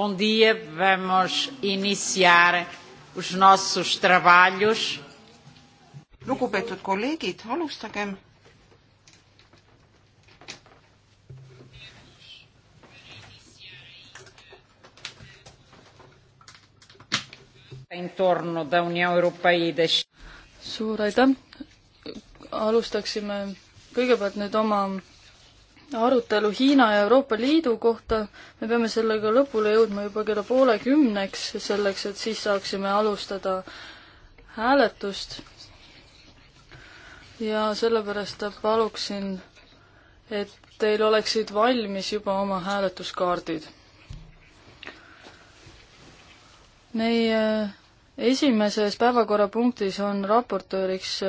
Bom dia, vamos iniciar os nossos trabalhos. Lugupeetud kolleegid, alustagem. Em torno da União Europeia e das... Suur aitäh! Alustaksime kõigepealt nüüd oma arutelu Hiina ja Euroopa Liidu kohta. me peame sellega lõpule jõudma juba kella poole kümneks, selleks et siis saaksime alustada hääletust. ja sellepärast paluksin, et teil oleksid valmis juba oma hääletuskaardid. meie esimeses päevakorrapunktis on raportööriks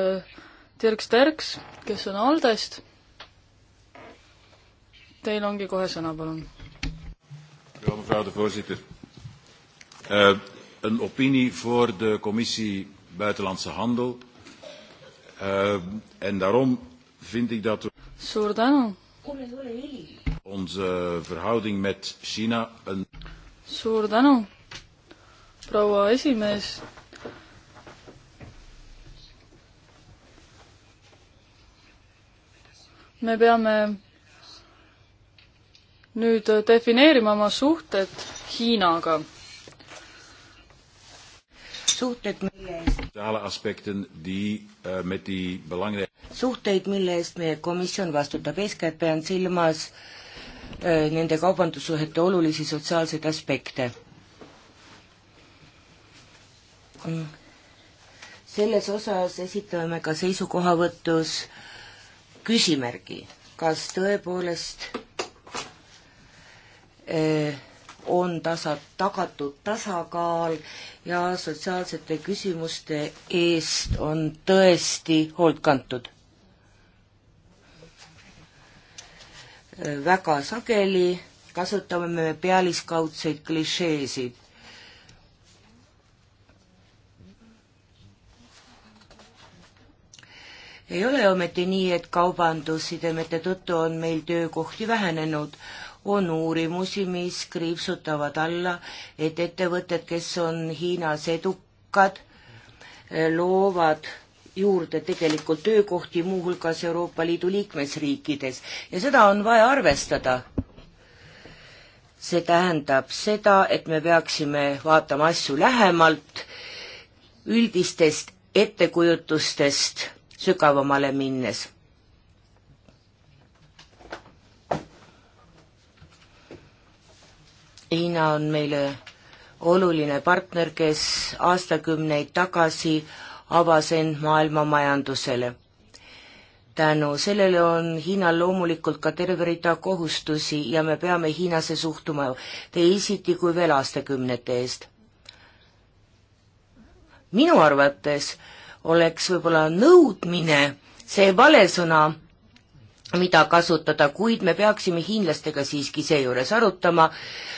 Dirk Sterks, kes on Aldest Teil ongi kohe sõna, palun. mevrouw de voorzitter uh,. Een opinie voor de commissie buitenlandse handel. Uh, en daarom vind ik dat we Suur tänu. onze verhouding met China een. Suur tänu, proua esimees. me peame nüüd äh, defineerima oma suhted Hiinaga. suhted, mille eest äh, suhteid, mille eest meie komisjon vastutab, eeskätt pean silmas äh, nende kaubandussuhete olulisi sotsiaalseid aspekte. Mm. selles osas esitame ka seisukohavõtus küsimärgi, kas tõepoolest Eh, on tasa, tagatud tasakaal ja sotsiaalsete küsimuste eest on tõesti hoolt kantud. Eh, väga sageli kasutame me pealiskaudseid klišeesid. ei ole ometi nii, et kaubandussidemete tõttu on meil töökohti vähenenud on uurimusi, mis kriipsutavad alla, et ettevõtted, kes on Hiinas edukad, loovad juurde tegelikult töökohti, muuhulgas Euroopa Liidu liikmesriikides ja seda on vaja arvestada. see tähendab seda, et me peaksime vaatama asju lähemalt, üldistest ettekujutustest sügavamale minnes Hiina on meile oluline partner, kes aastakümneid tagasi avas end maailma majandusele. tänu sellele on Hiinal loomulikult ka terve rida kohustusi ja me peame Hiinasse suhtuma teisiti kui veel aastakümnete eest. minu arvates oleks võib-olla nõudmine see vale sõna mida kasutada, kuid me peaksime hiinlastega siiski seejuures arutama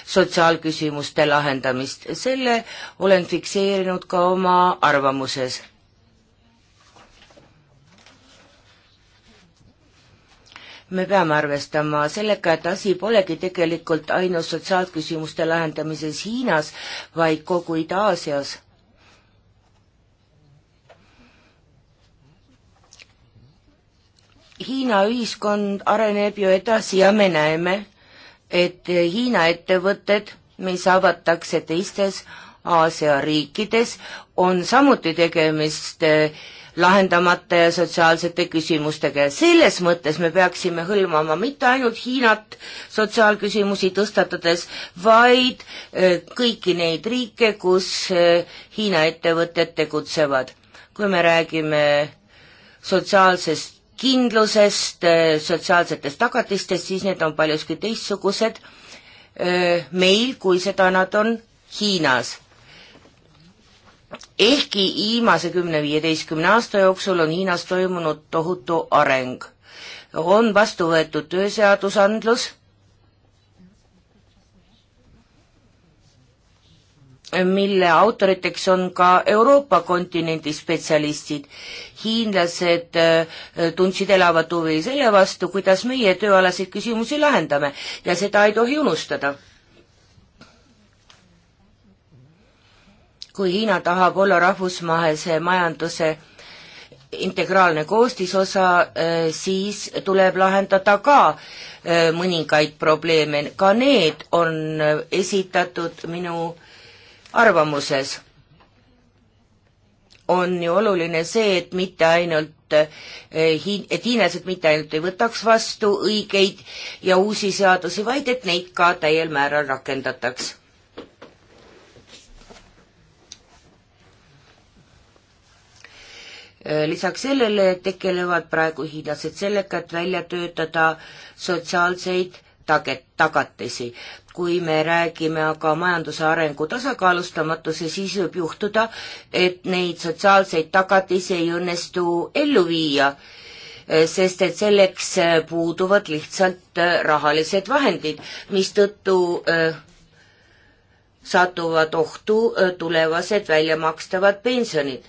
sotsiaalküsimuste lahendamist. selle olen fikseerinud ka oma arvamuses. me peame arvestama sellega, et asi polegi tegelikult ainult sotsiaalküsimuste lahendamises Hiinas, vaid kogu Ida-Aasias Hiina ühiskond areneb ju edasi ja me näeme, et Hiina ettevõtted, mis avatakse teistes Aasia riikides, on samuti tegemist eh, lahendamata ja sotsiaalsete küsimustega ja selles mõttes me peaksime hõlmama mitte ainult Hiinat sotsiaalküsimusi tõstatades, vaid eh, kõiki neid riike, kus eh, Hiina ettevõtted tegutsevad. kui me räägime sotsiaalsest kindlusest, äh, sotsiaalsetest tagatistest, siis need on paljuski teistsugused äh, meil, kui seda nad on Hiinas. ehkki viimase kümne-viieteistkümne aasta jooksul on Hiinas toimunud tohutu areng, on vastu võetud tööseadusandlus mille autoriteks on ka Euroopa kontinendi spetsialistid. hiinlased äh, tundsid elavat huvi selle vastu, kuidas meie tööalaseid küsimusi lahendame ja seda ei tohi unustada. kui Hiina tahab olla rahvusmahese majanduse integraalne koostisosa, äh, siis tuleb lahendada ka äh, mõningaid probleeme, ka need on esitatud minu arvamuses on ju oluline see, et mitte ainult hiin-, eh, et hiinlased mitte ainult ei võtaks vastu õigeid ja uusi seadusi, vaid et neid ka täiel määral rakendataks. Eh, lisaks sellele tegelevad praegu hiinlased sellega, et välja töötada sotsiaalseid taget, tagatisi. kui me räägime aga majanduse arengu tasakaalustamatuse, siis võib juhtuda, et neid sotsiaalseid tagatisi ei õnnestu ellu viia, eh, sest et selleks eh, puuduvad lihtsalt eh, rahalised vahendid, mistõttu satuvad ohtu tulevased väljamakstavad pensionid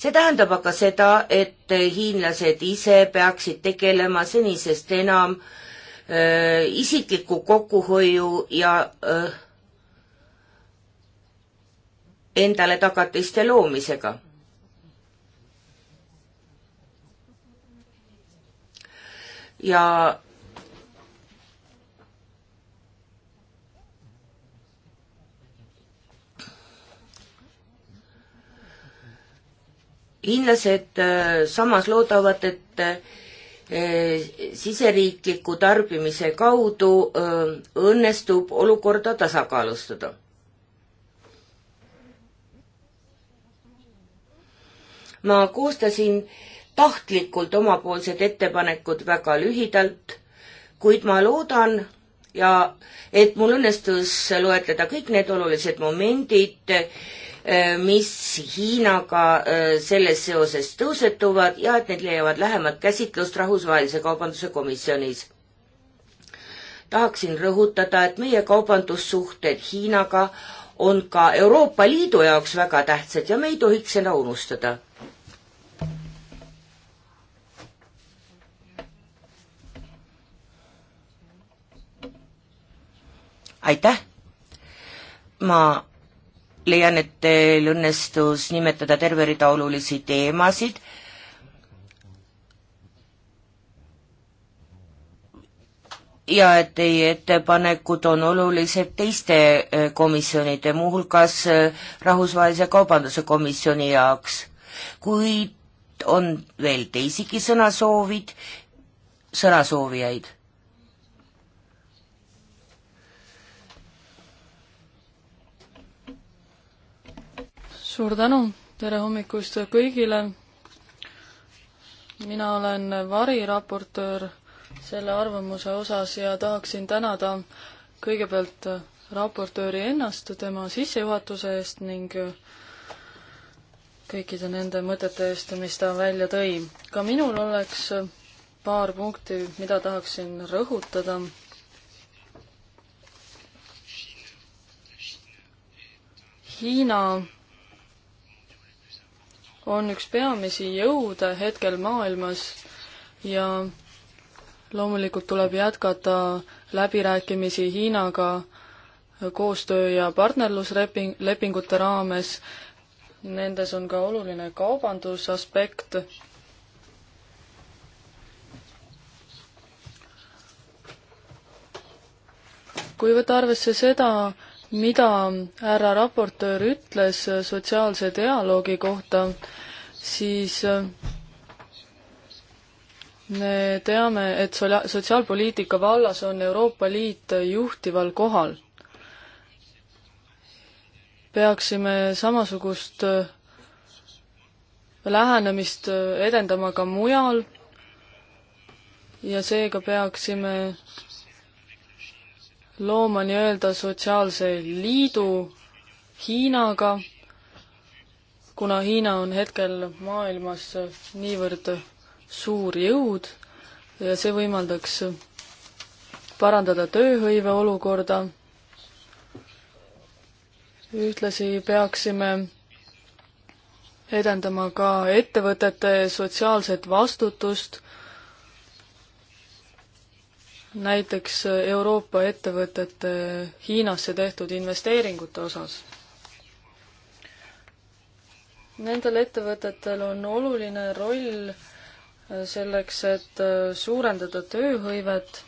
see tähendab aga seda, et hiinlased ise peaksid tegelema senisest enam äh, Äh, isikliku kokkuhoiu ja öö, äh, endale tagatiste loomisega. ja hiinlased äh, samas loodavad, et Eh, siseriikliku tarbimise kaudu eh, õnnestub olukorda tasakaalustada. ma koostasin tahtlikult omapoolsed ettepanekud väga lühidalt, kuid ma loodan ja et mul õnnestus loetleda kõik need olulised momendid, Äh, mis Hiinaga äh, selles seoses tõusetuvad ja et need leiavad lähemat käsitlust Rahvusvahelise Kaubanduse Komisjonis. tahaksin rõhutada, et meie kaubandussuhted Hiinaga on ka Euroopa Liidu jaoks väga tähtsad ja me ei tohiks seda unustada aitäh! ma leian, et teil õnnestus nimetada terve rida olulisi teemasid. ja et teie ettepanekud on olulised teiste eh, komisjonide, muuhulgas eh, Rahvusvahelise Kaubanduse Komisjoni jaoks. kuid on veel teisigi sõnasoovid, sõnasoovijaid suur tänu, tere hommikust kõigile. mina olen variraportöör selle arvamuse osas ja tahaksin tänada kõigepealt raportööri ennast tema sissejuhatuse eest ning kõikide nende mõtete eest, mis ta välja tõi. ka minul oleks paar punkti, mida tahaksin rõhutada. Hiina on üks peamisi jõude hetkel maailmas ja loomulikult tuleb jätkata läbirääkimisi Hiinaga koostöö- ja partnerlusleping, lepingute raames. Nendes on ka oluline kaubandusaspekt. kui võtta arvesse seda, mida härra raportöör ütles sotsiaalse dialoogi kohta, siis äh, me teame, et sola-, sotsiaalpoliitika vallas on Euroopa Liit juhtival kohal. peaksime samasugust äh, lähenemist äh, edendama ka mujal ja seega peaksime looma nii-öelda sotsiaalse liidu Hiinaga kuna Hiina on hetkel maailmas niivõrd suur jõud ja see võimaldaks parandada tööhõive olukorda. ühtlasi peaksime edendama ka ettevõtete sotsiaalset vastutust. näiteks Euroopa ettevõtete Hiinasse tehtud investeeringute osas Nendel ettevõtetel on oluline roll äh, selleks, et äh, suurendada tööhõivet.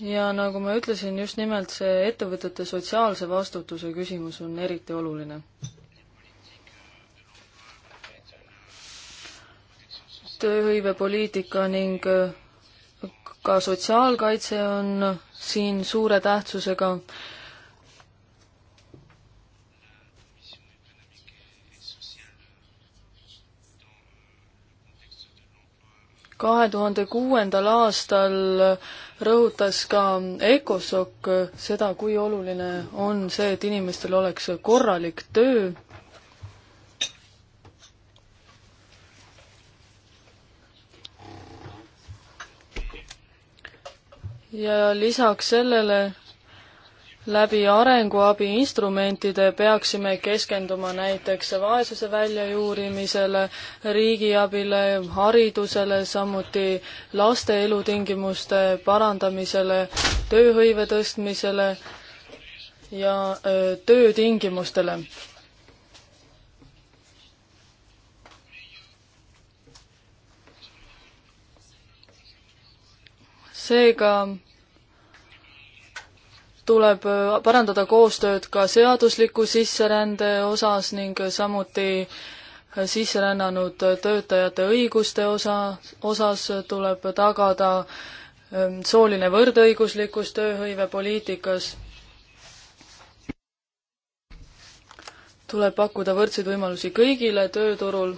ja nagu ma ütlesin, just nimelt see ettevõtete sotsiaalse vastutuse küsimus on eriti oluline. tööhõivepoliitika ning äh, ka sotsiaalkaitse on siin suure tähtsusega. kahe tuhande kuuendal aastal rõhutas ka Ecosoc seda, kui oluline on see, et inimestel oleks korralik töö ja lisaks sellele läbi arenguabi instrumentide peaksime keskenduma näiteks vaesuse väljajuurimisele, riigiabile, haridusele, samuti laste elutingimuste parandamisele, tööhõive tõstmisele ja öö, töötingimustele. seega tuleb äh, parandada koostööd ka seadusliku sisserände osas ning samuti äh, sisserännanud töötajate õiguste osa, osas tuleb tagada ähm, sooline võrdõiguslikkus tööhõivepoliitikas. tuleb pakkuda võrdseid võimalusi kõigile tööturul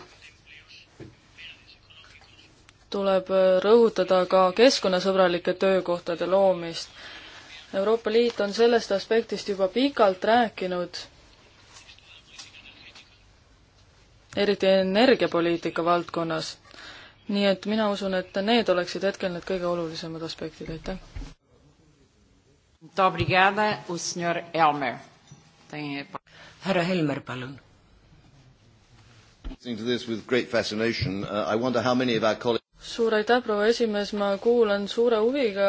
tuleb äh, rõhutada ka keskkonnasõbralike töökohtade loomist. Euroopa Liit on sellest aspektist juba pikalt rääkinud, eriti energiapoliitika valdkonnas. nii et mina usun, et need oleksid hetkel need kõige olulisemad aspektid, aitäh. härra Helmer, palun. Listening to this with great fascination, uh, I wonder how many of our colleagues suur aitäh, proua esimees, ma kuulan suure huviga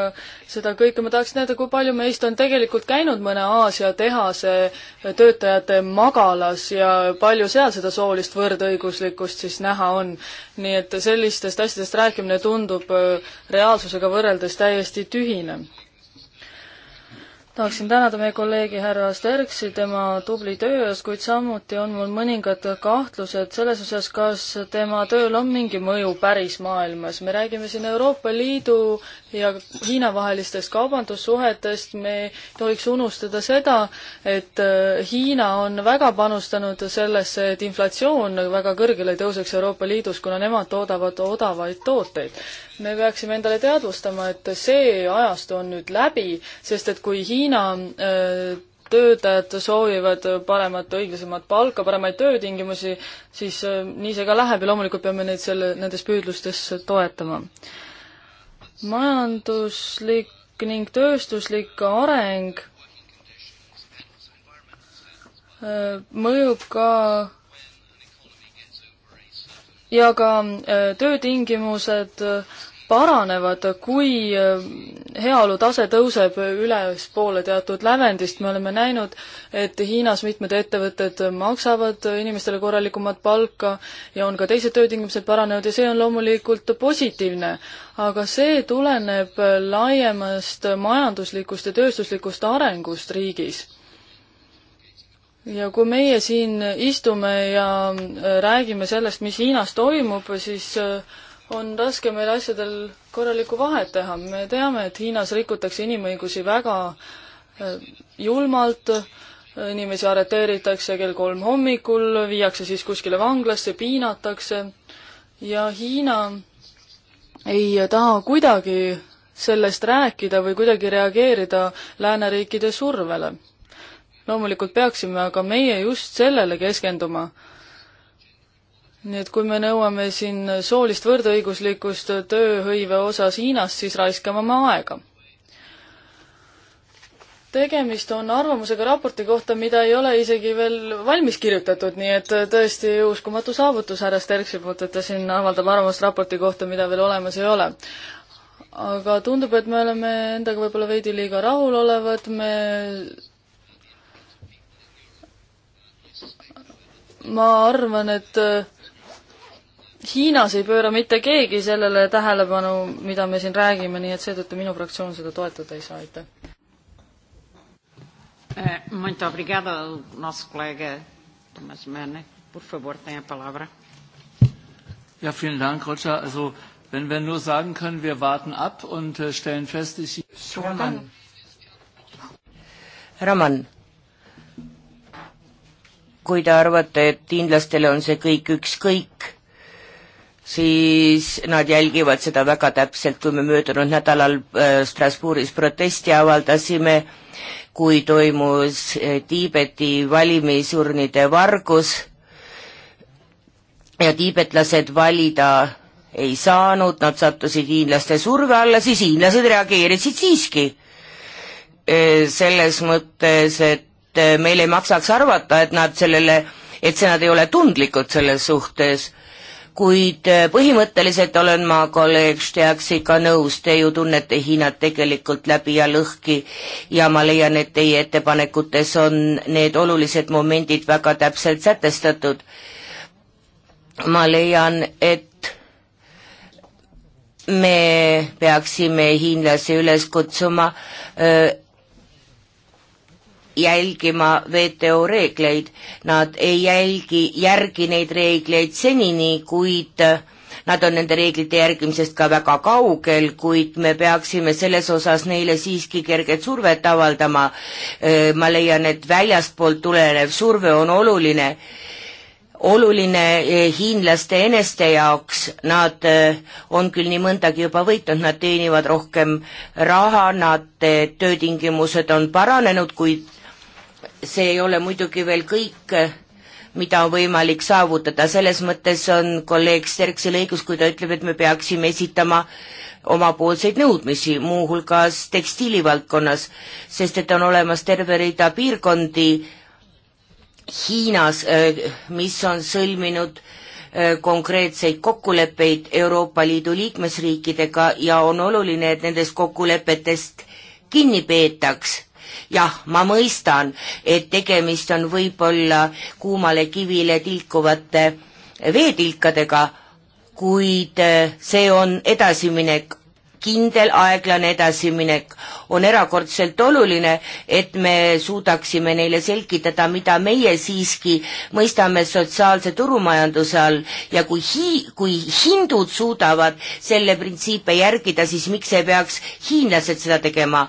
seda kõike, ma tahaks teada, kui palju meist on tegelikult käinud mõne Aasia tehase töötajate magalas ja palju seal seda soolist võrdõiguslikkust siis näha on. nii et sellistest asjadest rääkimine tundub äh, reaalsusega võrreldes täiesti tühine tahaksin tänada meie kolleegi härra Sterksi tema tubli töö eest, kuid samuti on mul mõningad kahtlused selles osas, kas tema tööl on mingi mõju päris maailmas. me räägime siin Euroopa Liidu ja Hiina vahelistest kaubandussuhetest me ei tohiks unustada seda, et äh, Hiina on väga panustanud sellesse, et inflatsioon väga kõrgele ei tõuseks Euroopa Liidus, kuna nemad toodavad odavaid tooteid me peaksime endale teadvustama, et see ajastu on nüüd läbi, sest et kui Hiina äh, töötajad soovivad paremat, õiglasemat palka, paremaid töötingimusi, siis äh, nii see ka läheb ja loomulikult peame neid selle, nendes püüdlustes toetama majanduslik ning tööstuslik areng äh, mõjub ka ja ka äh, töötingimused paranevad, kui äh, heaolutase tõuseb ülespoole teatud lävendist, me oleme näinud, et Hiinas mitmed ettevõtted maksavad inimestele korralikumat palka ja on ka teised töötingimused paranenud ja see on loomulikult positiivne. aga see tuleneb laiemast majanduslikust ja tööstuslikust arengust riigis ja kui meie siin istume ja äh, räägime sellest, mis Hiinas toimub, siis äh, on raske meil asjadel korralikku vahet teha. me teame, et Hiinas rikutakse inimõigusi väga äh, julmalt, inimesi arreteeritakse kell kolm hommikul, viiakse siis kuskile vanglasse, piinatakse ja Hiina ei taha kuidagi sellest rääkida või kuidagi reageerida lääneriikide survele. loomulikult peaksime aga meie just sellele keskenduma nii et kui me nõuame siin soolist võrdõiguslikkust tööhõive osas Hiinas, siis raiskame oma aega. tegemist on arvamusega raporti kohta, mida ei ole isegi veel valmis kirjutatud, nii et tõesti uskumatu saavutus härra Sterksi poolt, et ta siin avaldab arvamust raporti kohta, mida veel olemas ei ole. aga tundub, et me oleme endaga võib-olla veidi liiga rahulolevad, me ma arvan, et Hiinas ei pööra mitte keegi sellele tähelepanu, mida me siin räägime, nii et seetõttu minu fraktsioon seda toetada ei saa, aitäh. Eh, muito obrigada ao nosso colega Tomás Mann. Por favor, tem a palavra. Ja, vielen Dank, Roger. Also, wenn wir nur sagen können, wir warten ab und äh, stellen fest, ich... Raman. Raman. Kui te arvate, et hiinlastele on see kõik ükskõik, siis nad jälgivad seda väga täpselt, kui me möödunud nädalal äh, Strasbourgis protesti avaldasime, kui toimus äh, Tiibeti valimisurnide vargus ja tiibetlased valida ei saanud, nad sattusid hiinlaste surve alla, siis hiinlased reageerisid siiski. Äh, selles mõttes, et meil ei maksaks arvata, et nad sellele, et see, nad ei ole tundlikud selles suhtes kuid äh, põhimõtteliselt olen ma kolleeg Šteaksiga nõus, te ju tunnete Hiinat tegelikult läbi ja lõhki ja ma leian, et teie ettepanekutes on need olulised momendid väga täpselt sätestatud. ma leian, et me peaksime hiinlasi üles kutsuma öö, äh, jälgima WTO reegleid, nad ei jälgi, järgi neid reegleid senini, kuid nad on nende reeglite järgimisest ka väga kaugel, kuid me peaksime selles osas neile siiski kerget survet avaldama. ma leian, et väljastpoolt tulenev surve on oluline, oluline e, hiinlaste eneste jaoks, nad e, on küll nii mõndagi juba võitnud, nad teenivad rohkem raha, nad e, töötingimused on paranenud, kuid see ei ole muidugi veel kõik, eh, mida on võimalik saavutada, selles mõttes on kolleeg Sterksil õigus, kui ta ütleb, et me peaksime esitama omapoolseid nõudmisi, muuhulgas tekstiilivaldkonnas, sest et on olemas terve rida piirkondi Hiinas, eh, mis on sõlminud eh, konkreetseid kokkuleppeid Euroopa Liidu liikmesriikidega ja on oluline, et nendest kokkulepetest kinni peetaks jah, ma mõistan, et tegemist on võib-olla kuumale kivile tilkuvate veetilkadega, kuid eh, see on edasiminek, kindel aeglane edasiminek. on erakordselt oluline, et me suudaksime neile selgitada, mida meie siiski mõistame sotsiaalse turumajanduse all ja kui hi-, kui hindud suudavad selle printsiipe järgida, siis miks ei peaks hiinlased seda tegema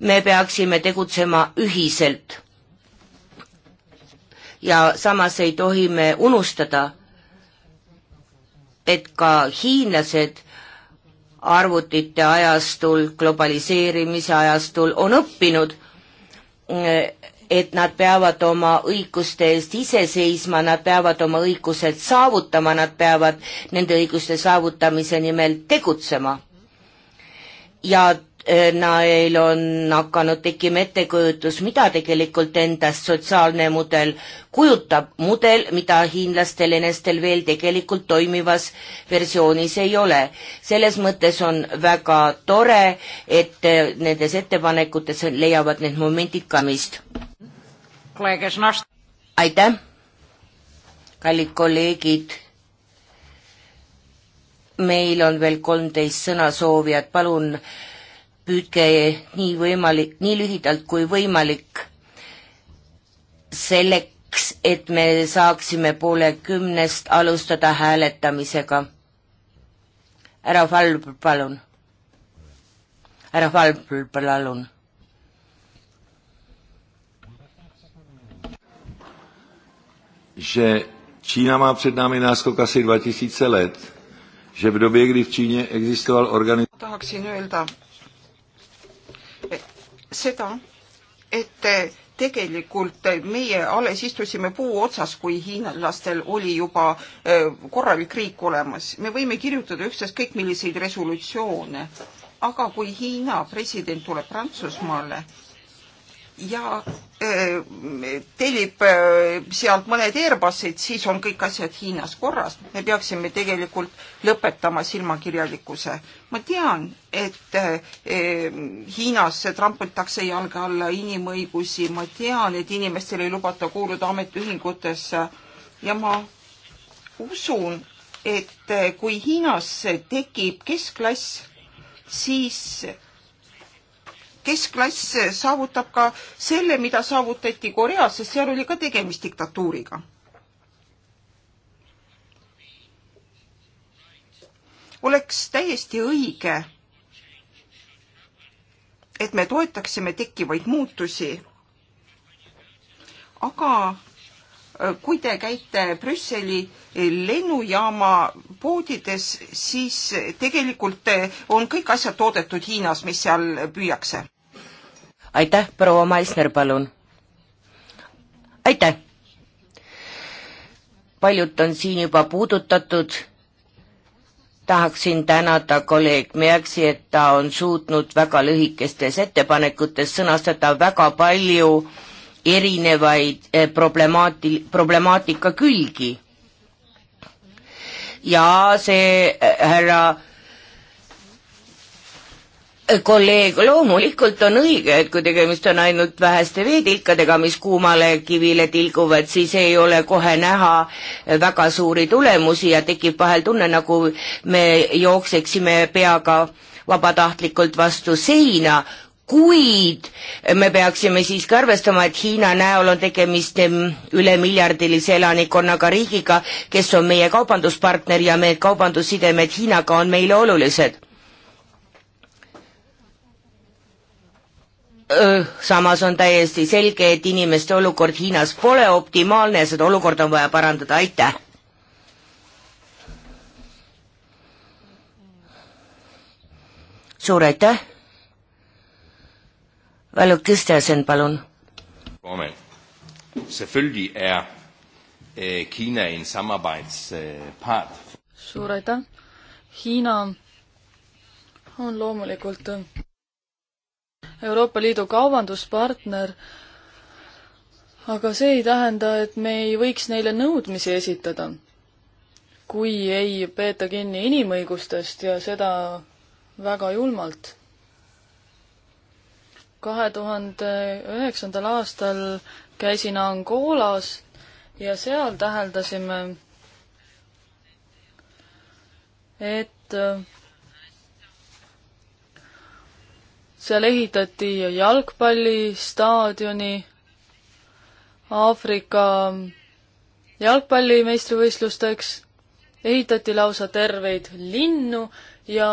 me peaksime tegutsema ühiselt. ja samas ei tohi me unustada, et ka hiinlased arvutite ajastul, globaliseerimise ajastul on õppinud, et nad peavad oma õiguste eest ise seisma, nad peavad oma õigused saavutama, nad peavad nende õiguste saavutamise nimel tegutsema. ja Äh, neil on hakanud tekkima ettekujutus, mida tegelikult endast sotsiaalne mudel kujutab, mudel, mida hiinlastel enestel veel tegelikult toimivas versioonis ei ole. selles mõttes on väga tore, et äh, nendes ettepanekutes leiavad need momendid kamist. aitäh, kallid kolleegid meil on veel kolmteist sõnasoovijat, palun püüdke nii võimalik, nii lühidalt kui võimalik selleks, et me saaksime poole kümnest alustada hääletamisega. härra Valb, palun. härra Valb, palun. že Čína má před námi náskok asi 2000 let, že v době, kdy v Číně existoval organizace... Tahaksin öelda, seda, et tegelikult meie alles istusime puu otsas, kui hiinlastel oli juba korralik riik olemas. me võime kirjutada üksteist kõik milliseid resolutsioone, aga kui Hiina president tuleb Prantsusmaale ja äh, tellib äh, sealt mõned Airbusid, siis on kõik asjad Hiinas korras. me peaksime tegelikult lõpetama silmakirjalikkuse. ma tean, et äh, Hiinas tramplitakse jalge alla inimõigusi, ma tean, et inimestel ei lubata kuuluda ametiühingutesse ja ma usun, et kui Hiinas tekib keskklass, siis keskklass saavutab ka selle, mida saavutati Koreas, sest seal oli ka tegemist diktatuuriga. oleks täiesti õige, et me toetaksime tekkivaid muutusi, aga kui te käite Brüsseli lennujaama poodides, siis tegelikult on kõik asjad toodetud Hiinas, mis seal püüakse. aitäh, proua Maisner, palun. aitäh. paljut on siin juba puudutatud. tahaksin tänada kolleeg Meaksi, et ta on suutnud väga lühikestes ettepanekutes sõnastada väga palju äh, erinevaid eh, problemaati-, problemaatika külgi. ja see eh, härra eh, kolleeg, loomulikult on õige, et kui tegemist on ainult väheste veetilkadega, mis kuumale kivile tilguvad, siis ei ole kohe näha väga suuri tulemusi ja tekib vahel tunne, nagu me jookseksime peaga vabatahtlikult vastu seina, kuid me peaksime siiski arvestama, et Hiina näol on tegemist üle miljardilise elanikkonnaga riigiga, kes on meie kaubanduspartner ja meie kaubandussidemed Hiinaga on meile olulised. samas on täiesti selge, et inimeste olukord Hiinas pole optimaalne ja seda olukorda on vaja parandada, aitäh! suur aitäh! Valuk Kristiansen, palun. formand, selvfølgelig er äh, Kina en samarbejdspart øh, äh,. suur aitäh. Hiina on loomulikult äh, Euroopa Liidu kaubanduspartner, aga see ei tähenda, et me ei võiks neile nõudmisi esitada, kui ei peeta kinni inimõigustest ja seda väga julmalt kahe tuhande üheksandal aastal käisin Angolas ja seal täheldasime, et seal ehitati jalgpallistaadioni Aafrika jalgpallimeistrivõistlusteks, ehitati lausa terveid linnu ja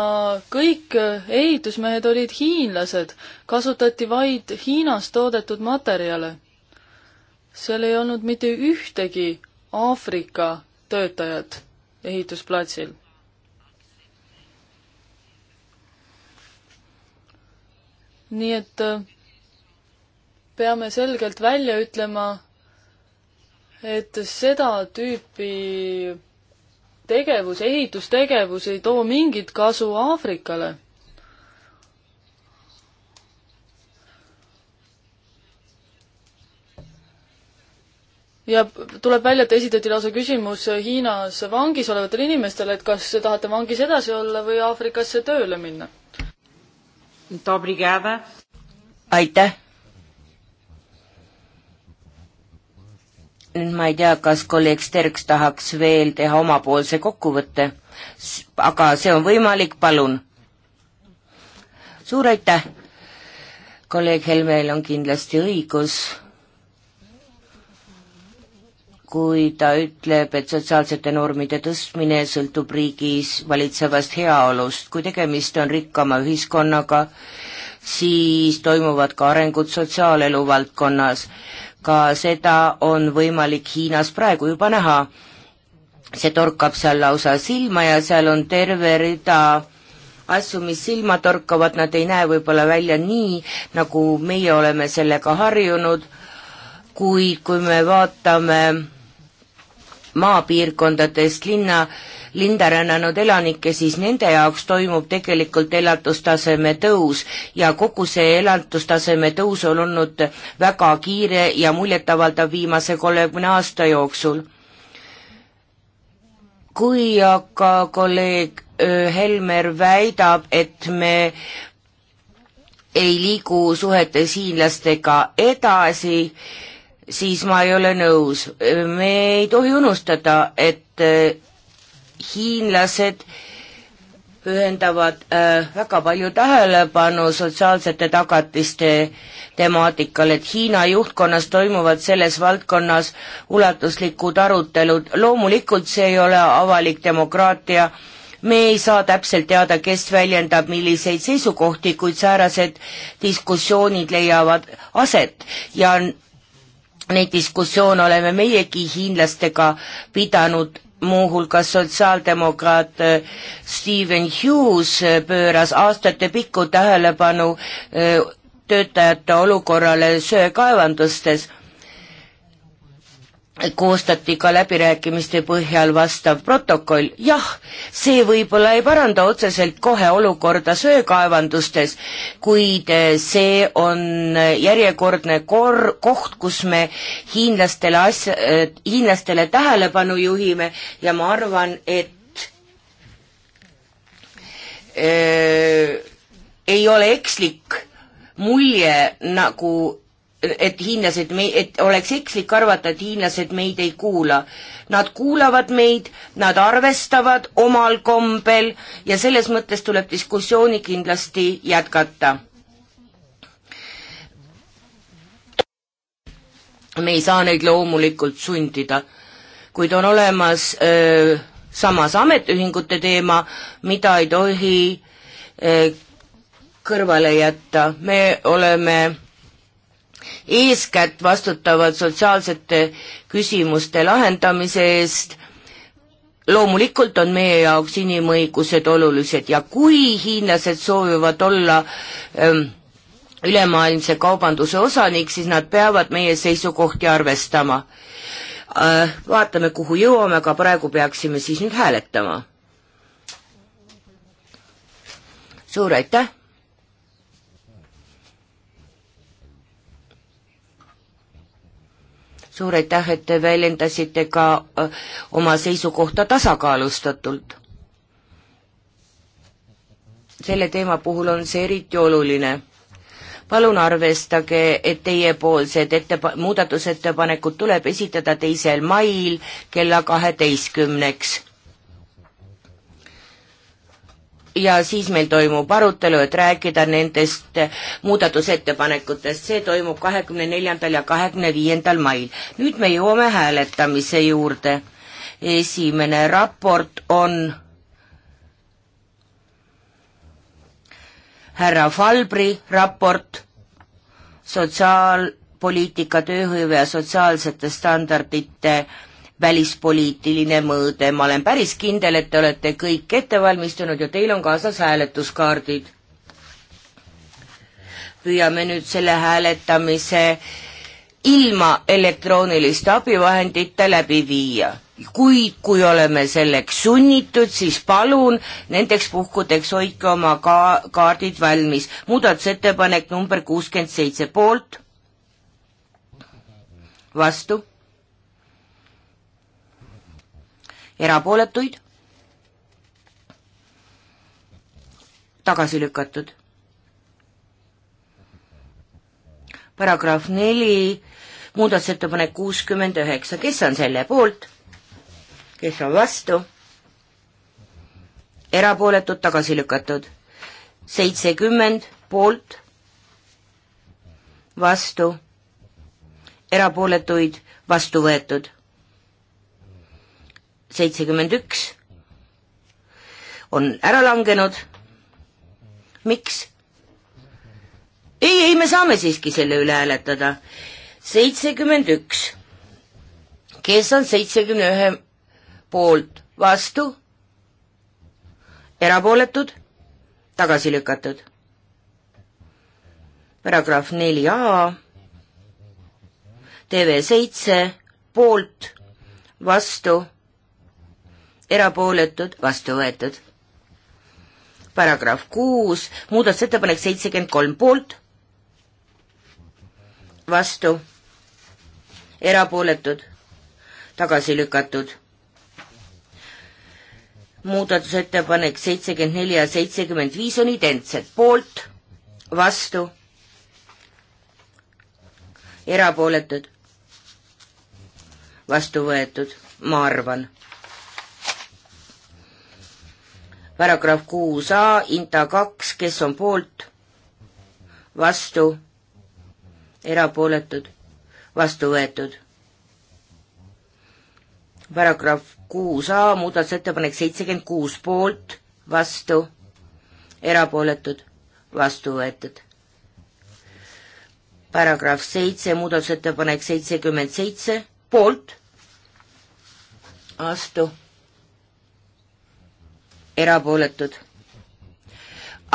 kõik ehitusmehed olid hiinlased, kasutati vaid Hiinas toodetud materjale. seal ei olnud mitte ühtegi Aafrika töötajat ehitusplatsil. nii et äh, peame selgelt välja ütlema, et seda tüüpi tegevus, ehitustegevus ei too mingit kasu Aafrikale. ja tuleb välja, et esitati lausa küsimus Hiinas vangis olevatele inimestele, et kas tahate vangis edasi olla või Aafrikasse tööle minna. aitäh nüüd ma ei tea, kas kolleeg Sterks tahaks veel teha omapoolse kokkuvõtte, aga see on võimalik, palun. suur aitäh! kolleeg Helmel on kindlasti õigus, kui ta ütleb, et sotsiaalsete normide tõstmine sõltub riigis valitsevast heaolust, kui tegemist on rikkama ühiskonnaga, siis toimuvad ka arengud sotsiaalelu valdkonnas ka seda on võimalik Hiinas praegu juba näha. see torkab seal lausa silma ja seal on terve rida asju, mis silma torkavad, nad ei näe võib-olla välja nii, nagu meie oleme sellega harjunud, kuid kui me vaatame maapiirkondadest linna, linda rännanud elanikke, siis nende jaoks toimub tegelikult elatustaseme tõus ja kogu see elatustaseme tõus on olnud väga kiire ja muljetavaldav viimase kolmekümne aasta jooksul. kui aga kolleeg Helmer väidab, et me ei liigu suhetes hiinlastega edasi, siis ma ei ole nõus. me ei tohi unustada, et hiinlased pühendavad äh, väga palju tähelepanu sotsiaalsete tagatiste temaatikale, et Hiina juhtkonnas toimuvad selles valdkonnas ulatuslikud arutelud, loomulikult see ei ole avalik demokraatia, me ei saa täpselt teada, kes väljendab milliseid seisukohti, kuid säärased diskussioonid leiavad aset ja neid diskussioone oleme meiegi hiinlastega pidanud muuhulgas sotsiaaldemokraat äh, Steven Hughes äh, pööras aastatepikku tähelepanu äh, töötajate olukorrale söekaevandustes koostati ka läbirääkimiste põhjal vastav protokoll, jah, see võib-olla ei paranda otseselt kohe olukorda söekaevandustes, kuid eh, see on eh, järjekordne kor-, koht, kus me hiinlastele asja, eh, hiinlastele tähelepanu juhime ja ma arvan, et öö, ei ole ekslik mulje, nagu et hiinlased me, et oleks ekslik arvata, et hiinlased meid ei kuula. Nad kuulavad meid, nad arvestavad omal kombel ja selles mõttes tuleb diskussiooni kindlasti jätkata. me ei saa neid loomulikult sundida, kuid on olemas öö, samas ametiühingute teema, mida ei tohi öö, kõrvale jätta. me oleme eeskätt vastutavad sotsiaalsete küsimuste lahendamise eest. loomulikult on meie jaoks inimõigused olulised ja kui hiinlased soovivad olla ähm, ülemaailmse kaubanduse osanik, siis nad peavad meie seisukohti arvestama äh,. vaatame, kuhu jõuame, aga praegu peaksime siis nüüd hääletama. suur aitäh! suur aitäh, et te väljendasite ka äh, oma seisukohta tasakaalustatult. selle teema puhul on see eriti oluline. palun arvestage, et teiepoolsed ettepa-, muudatusettepanekud tuleb esitada teisel mail kella kaheteistkümneks ja siis meil toimub arutelu, et rääkida nendest muudatusettepanekutest. see toimub kahekümne neljandal ja kahekümne viiendal mail. nüüd me jõuame hääletamise juurde. esimene raport on härra Falbri raport sotsiaalpoliitika, tööhõive ja sotsiaalsete standardite välispoliitiline mõõde, ma olen päris kindel, et te olete kõik ette valmistunud ja teil on kaasas hääletuskaardid. püüame nüüd selle hääletamise ilma elektrooniliste abivahendite läbi viia. kuid kui oleme selleks sunnitud, siis palun nendeks puhkudeks hoidke oma ka kaardid valmis. muudatusettepanek number kuuskümmend seitse poolt, vastu erapooletuid, tagasi lükatud. paragrahv neli, muudatusettepanek kuuskümmend üheksa, kes on selle poolt, kes on vastu, erapooletud, tagasi lükatud, seitsekümmend poolt, vastu, erapooletuid vastu võetud seitsekümmend üks on ära langenud. miks? ei, ei, me saame siiski selle üle hääletada. seitsekümmend üks. kes on seitsekümne ühe poolt vastu? erapooletud? tagasi lükatud. paragrahv neli A. TV seitse poolt, vastu erapooletud, vastu võetud. paragrahv kuus, muudatusettepanek seitsekümmend kolm poolt, vastu, erapooletud, tagasi lükatud. muudatusettepanek seitsekümmend neli ja seitsekümmend viis on identsed, poolt, vastu, erapooletud, vastu võetud, ma arvan paragrahv kuus A, Inta kaks, kes on poolt, vastu, erapooletud, vastu võetud. paragrahv kuus A, muudatusettepanek seitsekümmend kuus poolt, vastu, erapooletud, vastu võetud. paragrahv seitse, muudatusettepanek seitsekümmend seitse, poolt, vastu erapooletud.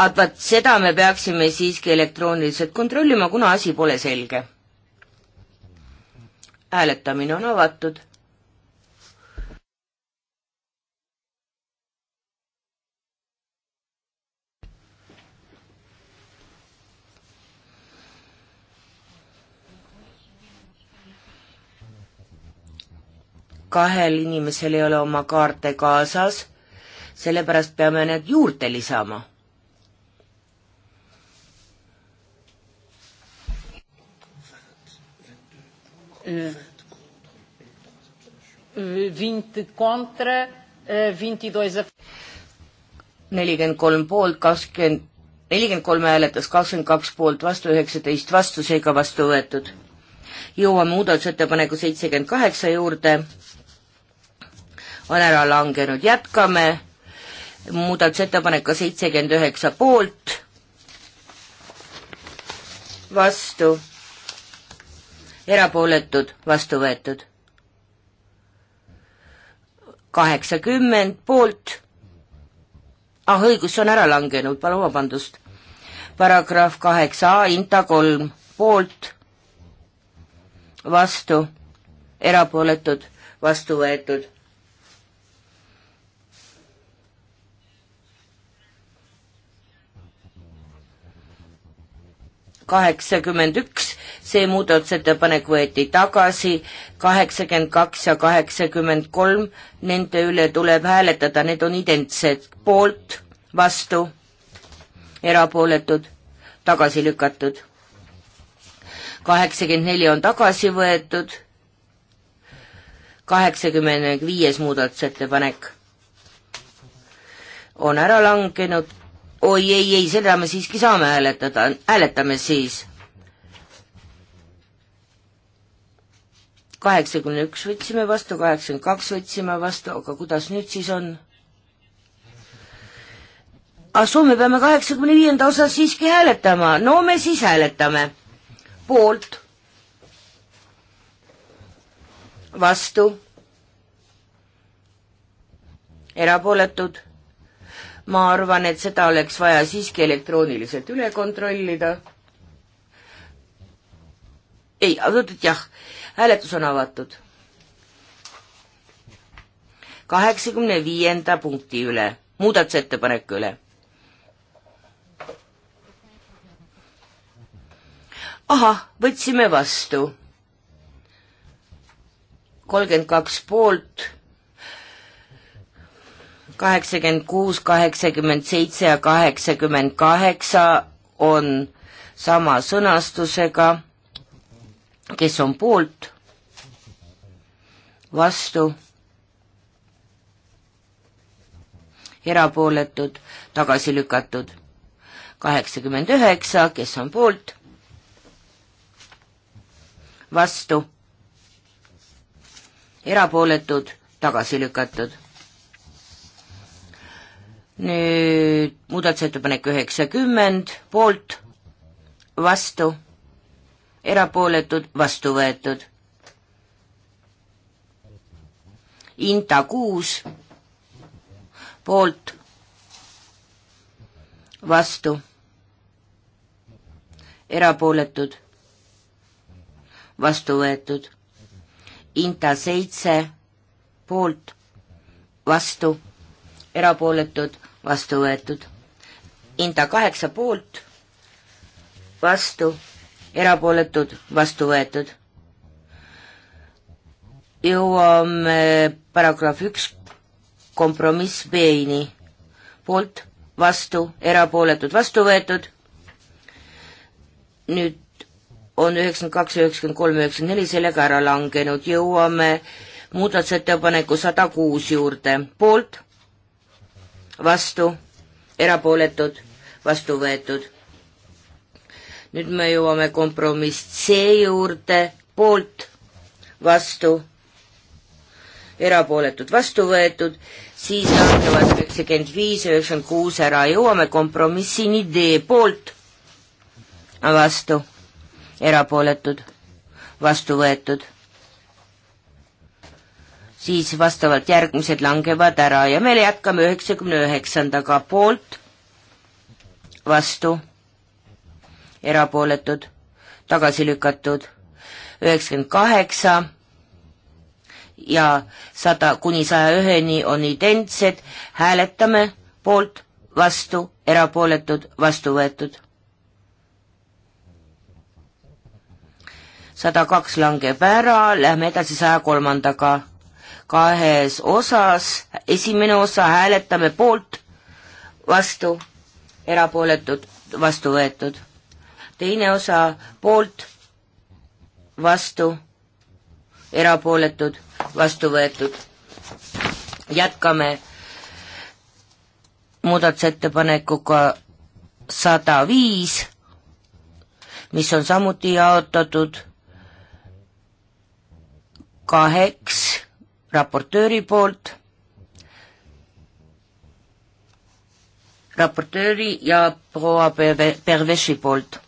aga vaat seda me peaksime siiski elektrooniliselt kontrollima, kuna asi pole selge. hääletamine on avatud kahel inimesel ei ole oma kaarte kaasas sellepärast peame need juurde lisama. Eh, e nelikümmend kolm poolt, kakskümmend, nelikümmend kolme hääletas kakskümmend kaks poolt vastu, üheksateist vastu, seega vastu võetud. jõuame muudatusettepaneku seitsekümmend kaheksa juurde on ära langenud, jätkame muudatusettepanek ka seitsekümmend üheksa poolt, vastu, erapooletud, vastu võetud. kaheksakümmend poolt, ah õigus, see on ära langenud, palun vabandust. paragrahv kaheksa A, inta kolm, poolt, vastu, erapooletud, vastu võetud kaheksakümmend üks, see muudatusettepanek võeti tagasi, kaheksakümmend kaks ja kaheksakümmend kolm, nende üle tuleb hääletada, need on identsed, poolt, vastu, erapooletud, tagasi lükatud. kaheksakümmend neli on tagasi võetud, kaheksakümne viies muudatusettepanek on ära langenud, oi ei, ei, seda me siiski saame hääletada, hääletame siis. kaheksakümne üks võtsime vastu, kaheksakümmend kaks võtsime vastu, aga kuidas nüüd siis on? asu, ah, me peame kaheksakümne viienda osas siiski hääletama, no me siis hääletame. poolt, vastu, erapooletud ma arvan, et seda oleks vaja siiski elektrooniliselt üle kontrollida. ei, jah, hääletus on avatud. kaheksakümne viienda punkti üle, muudatusettepaneku üle. ahah, võtsime vastu. kolmkümmend kaks poolt kaheksakümmend kuus, kaheksakümmend seitse ja kaheksakümmend kaheksa on sama sõnastusega, kes on poolt, vastu, erapooletud, tagasi lükatud. kaheksakümmend üheksa, kes on poolt, vastu, erapooletud, tagasi lükatud nüüd muudatusettepanek üheksakümmend, poolt, vastu, erapooletud, vastu võetud. Inta kuus, poolt, vastu, erapooletud, vastu võetud. Inta seitse, poolt, vastu, erapooletud, vastu võetud. Inta kaheksa poolt, vastu, erapooletud, vastu võetud. jõuame paragrahv üks, kompromiss B-ni, poolt, vastu, erapooletud, vastu võetud. nüüd on üheksakümmend kaks, üheksakümmend kolm, üheksakümmend neli sellega ära langenud, jõuame muudatusettepaneku sada kuus juurde, poolt vastu, erapooletud, vastu võetud. nüüd me jõuame kompromiss C juurde, poolt, vastu, erapooletud, vastu võetud, siis langevad üheksakümmend viis, üheksakümmend kuus ära, jõuame kompromissini D poolt, vastu, erapooletud, vastu võetud siis vastavalt järgmised langevad ära ja me jätkame üheksakümne üheksandaga poolt, vastu, erapooletud, tagasi lükatud, üheksakümmend kaheksa ja sada kuni saja üheni on identsed, hääletame poolt, vastu, erapooletud, vastu võetud. sada kaks langeb ära, lähme edasi saja kolmandaga kahes osas, esimene osa hääletame poolt, vastu, erapooletud, vastu võetud. teine osa poolt, vastu, erapooletud, vastu võetud. jätkame muudatusettepanekuga sada viis, mis on samuti jaotatud kaheks raportööri poolt, raportööri ja proua Perveši poolt.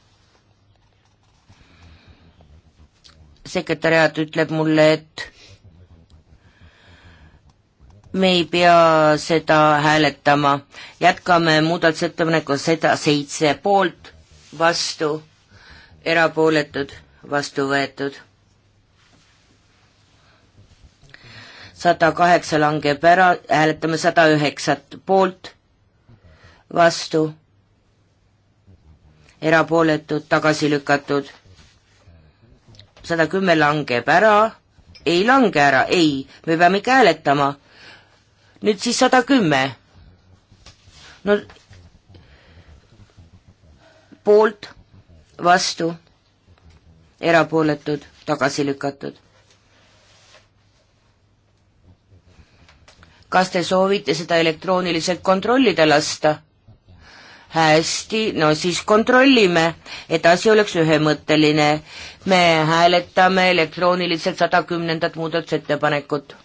sekretäriaat ütleb mulle, et me ei pea seda hääletama, jätkame muudatusettepanekuga seda seitse poolt, vastu, erapooletud, vastu võetud sada kaheksa langeb ära, hääletame sada üheksat poolt, vastu, erapooletud, tagasi lükatud. sada kümme langeb ära, ei lange ära, ei, me peame ikka hääletama. nüüd siis sada kümme. no poolt, vastu, erapooletud, tagasi lükatud kas te soovite seda elektrooniliselt kontrollida lasta? hästi, no siis kontrollime, et asi oleks ühemõtteline. me hääletame elektrooniliselt sada kümnendat muudatusettepanekut.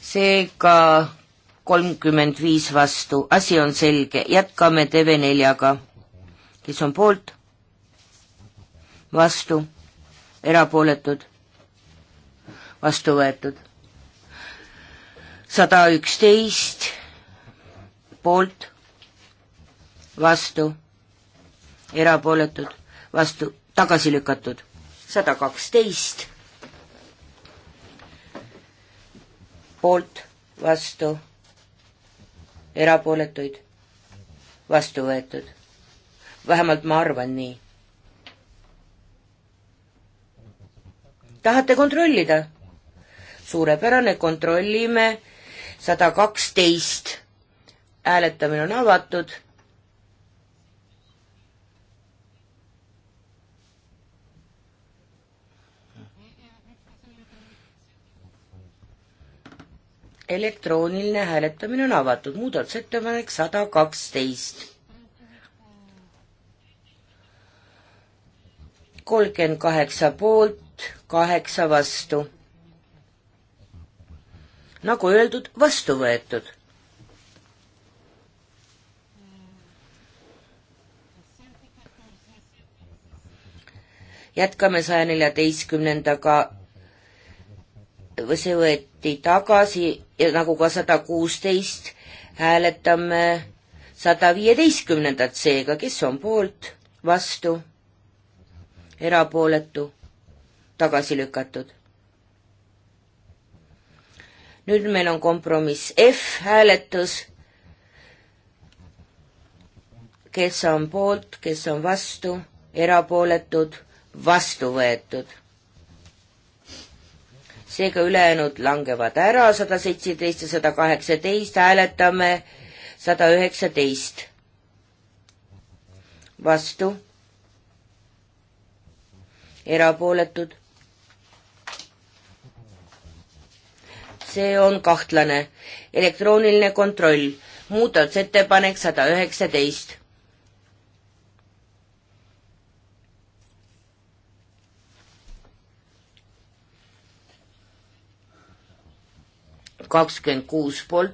seega kolmkümmend viis vastu, asi on selge, jätkame TV4-ga, kes on poolt, vastu, erapooletud, vastu võetud. sada üksteist poolt, vastu, erapooletud, vastu, tagasi lükatud, sada kaksteist poolt, vastu erapooletuid, vastu võetud. vähemalt ma arvan nii. tahate kontrollida? suurepärane, kontrollime sada kaksteist. hääletamine on avatud elektrooniline hääletamine on avatud, muudatusettepanek sada kaksteist. kolmkümmend kaheksa poolt, kaheksa vastu. nagu öeldud, vastu võetud. jätkame saja neljateistkümnendaga, see võeti võeti tagasi ja nagu ka sada kuusteist hääletame sada viieteistkümnendat seega, kes on poolt, vastu, erapooletu, tagasi lükatud. nüüd meil on kompromiss F hääletus, kes on poolt, kes on vastu, erapooletud, vastu võetud seega ülejäänud langevad ära, sada seitseteist ja sada kaheksateist, hääletame sada üheksateist. vastu, erapooletud. see on kahtlane, elektrooniline kontroll, muudatusettepanek sada üheksateist kakskümmend kuus poolt,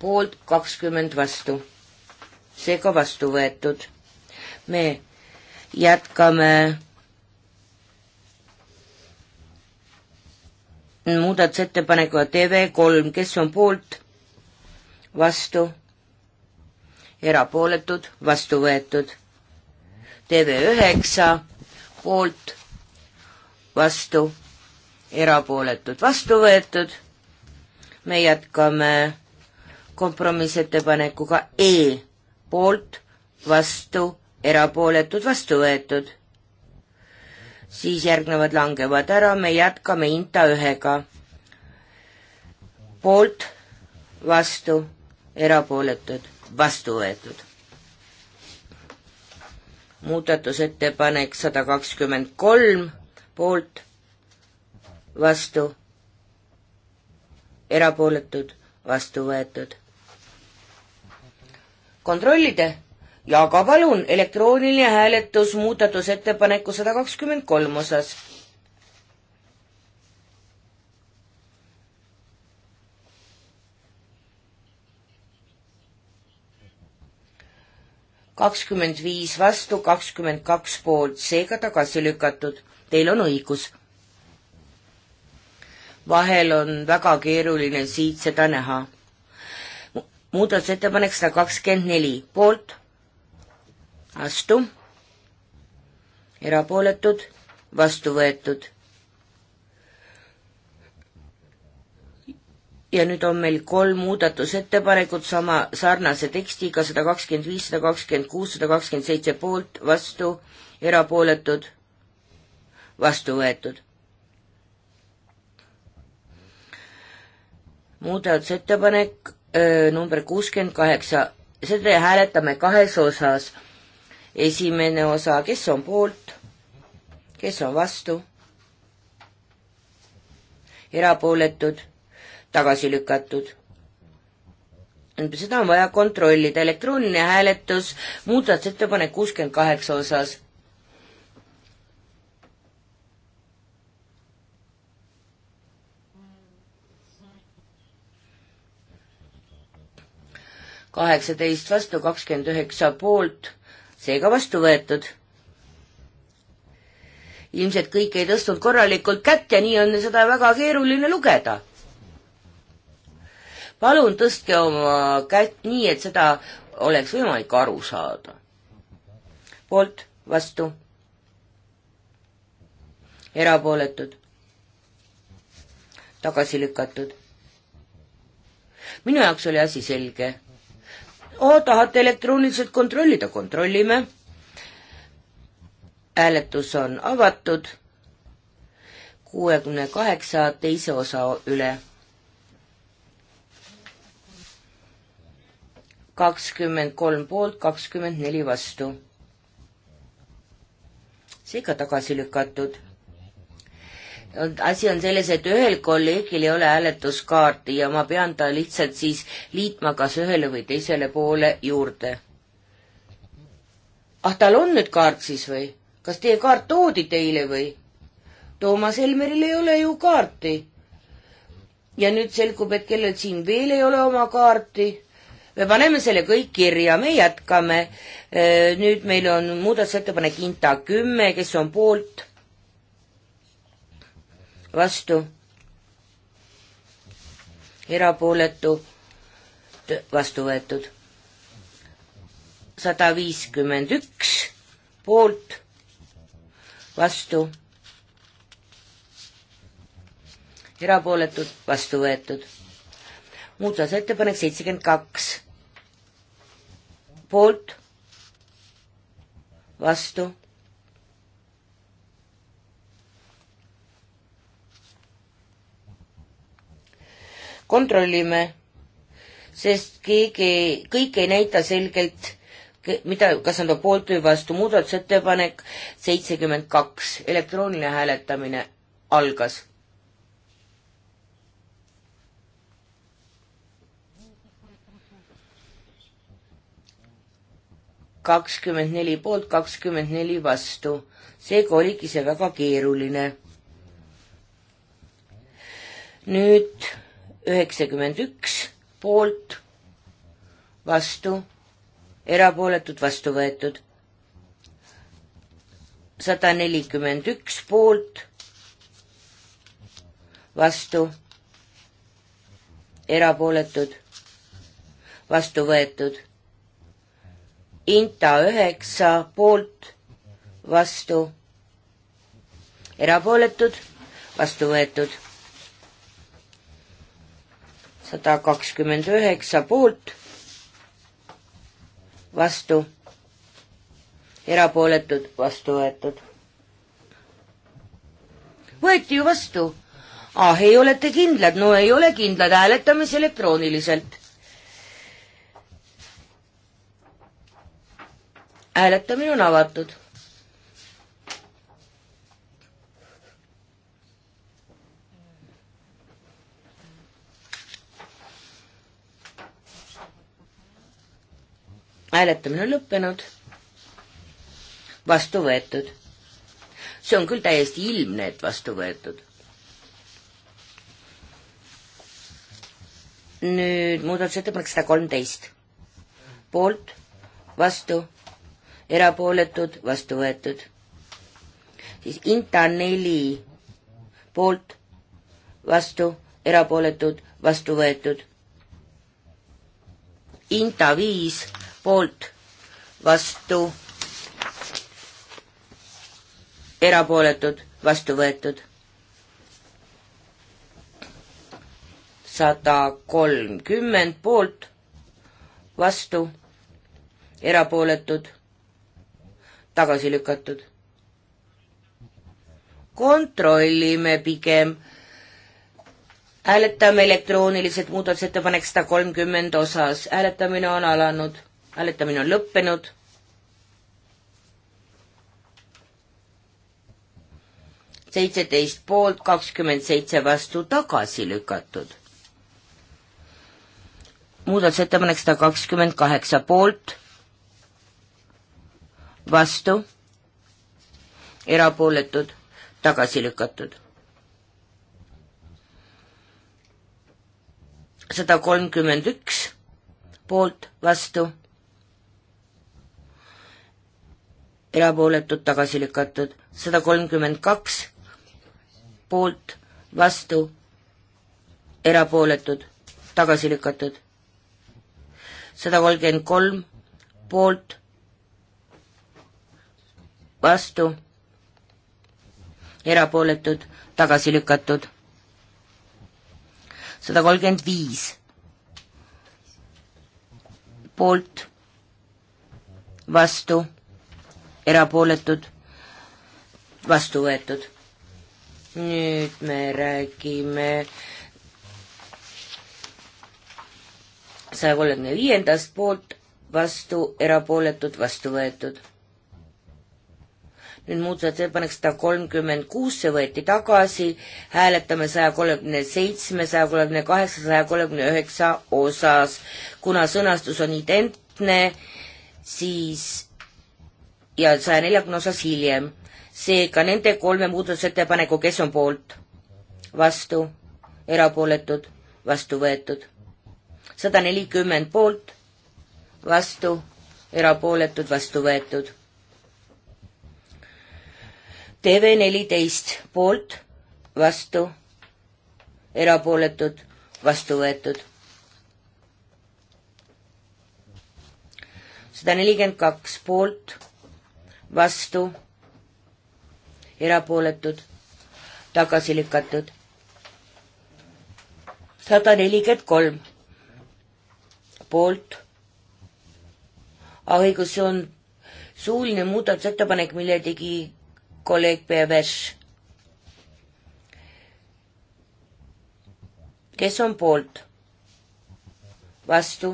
poolt kakskümmend vastu. seega vastu võetud. me jätkame muudatusettepanekuga TV3, kes on poolt, vastu, erapooletud, vastu võetud. TV9 poolt, vastu, erapooletud, vastu võetud me jätkame kompromissettepanekuga E poolt, vastu, erapooletud, vastu võetud. siis järgnevad langevad ära, me jätkame Inta ühega. poolt, vastu, erapooletud, vastu võetud. muudatusettepanek sada kakskümmend kolm, poolt, vastu erapooletud, vastu võetud. kontrollida ja ka palun elektrooniline hääletus muudatusettepaneku sada kakskümmend kolm osas. kakskümmend viis vastu, kakskümmend kaks poolt, seega tagasi lükatud. Teil on õigus vahel on väga keeruline siit seda näha. muudatusettepanek sada kakskümmend neli, poolt, vastu, erapooletud, vastu võetud. ja nüüd on meil kolm muudatusettepanekut sama sarnase tekstiga, sada kakskümmend viis, sada kakskümmend kuus, sada kakskümmend seitse poolt, vastu, erapooletud, vastu võetud muudatusettepanek number kuuskümmend kaheksa, seda hääletame kahes osas. esimene osa, kes on poolt, kes on vastu, erapooletud, tagasi lükatud seda on vaja kontrollida, elektrooniline hääletus muudatusettepanek kuuskümmend kaheksa osas. kaheksateist vastu, kakskümmend üheksa poolt, seega vastu võetud. ilmselt kõik ei tõstnud korralikult kätt ja nii on seda väga keeruline lugeda. palun tõstke oma kätt nii, et seda oleks võimalik aru saada. poolt, vastu, erapooletud, tagasi lükatud minu jaoks oli asi selge oh,. tahate elektrooniliselt kontrollida, kontrollime. hääletus on avatud kuuekümne kaheksa teise osa üle. kakskümmend kolm poolt, kakskümmend neli vastu. seega tagasi lükatud asi on selles, et ühel kolleegil ei ole hääletuskaarti ja ma pean ta lihtsalt siis liitma kas ühele või teisele poole juurde. ah, tal on nüüd kaart siis või? kas teie kaart toodi teile või? Toomas Helmeril ei ole ju kaarti. ja nüüd selgub, et kellel siin veel ei ole oma kaarti. me paneme selle kõik kirja, me jätkame. Äh, nüüd meil on muudatusettepanek Inta kümme, kes on poolt vastu, erapooletu, vastu võetud. sada viiskümmend üks poolt, vastu, erapooletud, vastu võetud. muudatusettepanek seitsekümmend kaks, poolt, vastu kontrollime, sest keegi, kõik ei näita selgelt, mida, kas nad on poolt või vastu. muudatusettepanek seitsekümmend kaks, elektrooniline hääletamine algas kakskümmend neli poolt, kakskümmend neli vastu. seega oligi see väga keeruline. nüüd üheksakümmend üks poolt, vastu, erapooletud, vastu võetud. sada nelikümmend üks poolt, vastu, erapooletud, vastu võetud. Inta üheksa poolt, vastu, erapooletud, vastu võetud sada kakskümmend üheksa poolt, vastu, erapooletud, vastu võetud. võeti ju vastu. ah, ei olete kindlad, no ei ole kindlad, hääletame elektrooniliselt. hääletamine on avatud hääletamine on lõppenud, vastu võetud. see on küll täiesti ilmne, et vastu võetud. nüüd muudatusettepanek sada kolmteist, poolt, vastu, erapooletud, vastu võetud. siis Inta neli, poolt, vastu, erapooletud, vastu võetud. Inta viis poolt, vastu, erapooletud, vastu võetud. sada kolmkümmend poolt, vastu, erapooletud, tagasi lükatud. kontrollime pigem hääletame elektrooniliselt muudatusettepanek sada kolmkümmend osas, hääletamine on alanud hääletamine on lõppenud. seitseteist poolt, kakskümmend seitse vastu tagasi lükatud. muudatusettepanek sada kakskümmend kaheksa poolt, vastu, erapooletud, tagasi lükatud sada kolmkümmend üks poolt, vastu, erapooletud tagasi lükatud, sada kolmkümmend kaks poolt, vastu, erapooletud, tagasi lükatud. sada kolmkümmend kolm poolt, vastu, erapooletud, tagasi lükatud. sada kolmkümmend viis poolt, vastu erapooletud, vastu võetud. nüüd me räägime saja kolmekümne viiendast poolt, vastu, erapooletud, vastu võetud. nüüd muudatusettepanek sada kolmkümmend kuus, see võeti tagasi, hääletame saja kolmekümne seitsme, saja kolmekümne kaheksa, saja kolmekümne üheksa osas. kuna sõnastus on identne, siis ja saja neljakümne osas hiljem. seega nende kolme muudatusettepaneku, kes on poolt, vastu, erapooletud, vastu võetud. sada nelikümmend poolt, vastu, erapooletud, vastu võetud. TV neliteist poolt, vastu, erapooletud, vastu võetud sada nelikümmend kaks poolt, vastu, erapooletud, tagasi lükatud. sada nelikümmend kolm poolt. ah, õigus, see on suuline muudatusettepanek, mille tegi kolleeg Pervers. kes on poolt? vastu?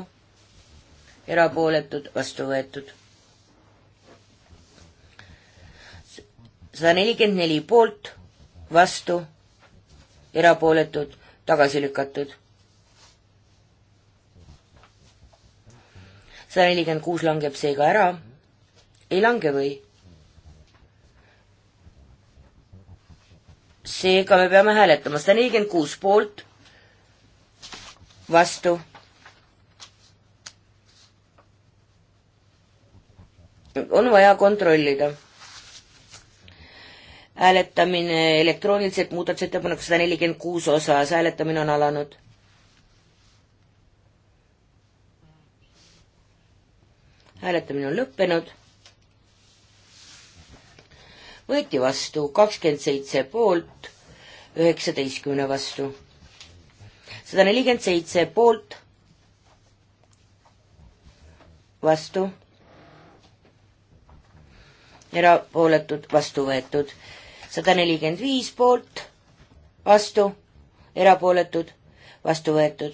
erapooletud, vastu võetud sada nelikümmend neli poolt, vastu, erapooletud, tagasi lükatud. sada nelikümmend kuus langeb seega ära. ei lange või? seega me peame hääletama sada nelikümmend kuus poolt, vastu. on vaja kontrollida hääletamine elektrooniliselt muudatusettepaneku sada nelikümmend kuus osas, hääletamine on alanud. hääletamine on lõppenud. võeti vastu kakskümmend seitse poolt, üheksateistkümne vastu. sada nelikümmend seitse poolt, vastu, erapooletud, vastu võetud sada nelikümmend viis poolt, vastu, erapooletud, vastu võetud.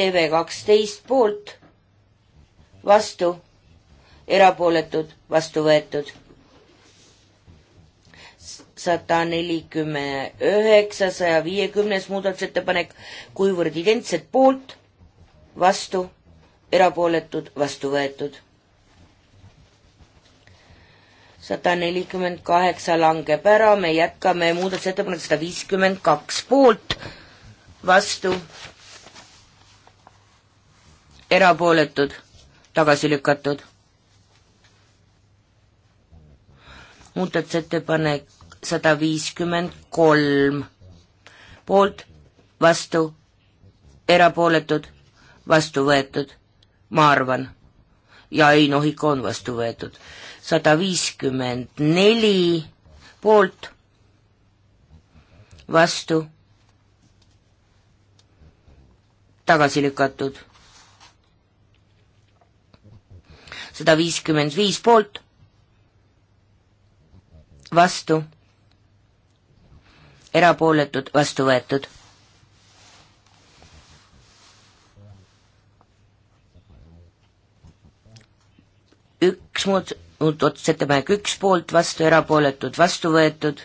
TV kaksteist poolt, vastu, erapooletud, vastu võetud. sada nelikümmend üheksa, saja viiekümnes muudatusettepanek, kuivõrd identsed poolt, vastu, erapooletud, vastu võetud sada nelikümmend kaheksa langeb ära, me jätkame muudatusettepanek sada viiskümmend kaks poolt, vastu, erapooletud, tagasi lükatud. muudatusettepanek sada viiskümmend kolm poolt, vastu, erapooletud, vastu võetud, ma arvan ja ei noh, ikka on vastu võetud. sada viiskümmend neli poolt, vastu, tagasi lükatud. sada viiskümmend viis poolt, vastu, erapooletud, vastu võetud üks muudatusettepanek üks poolt, vastu erapooletud, vastu võetud.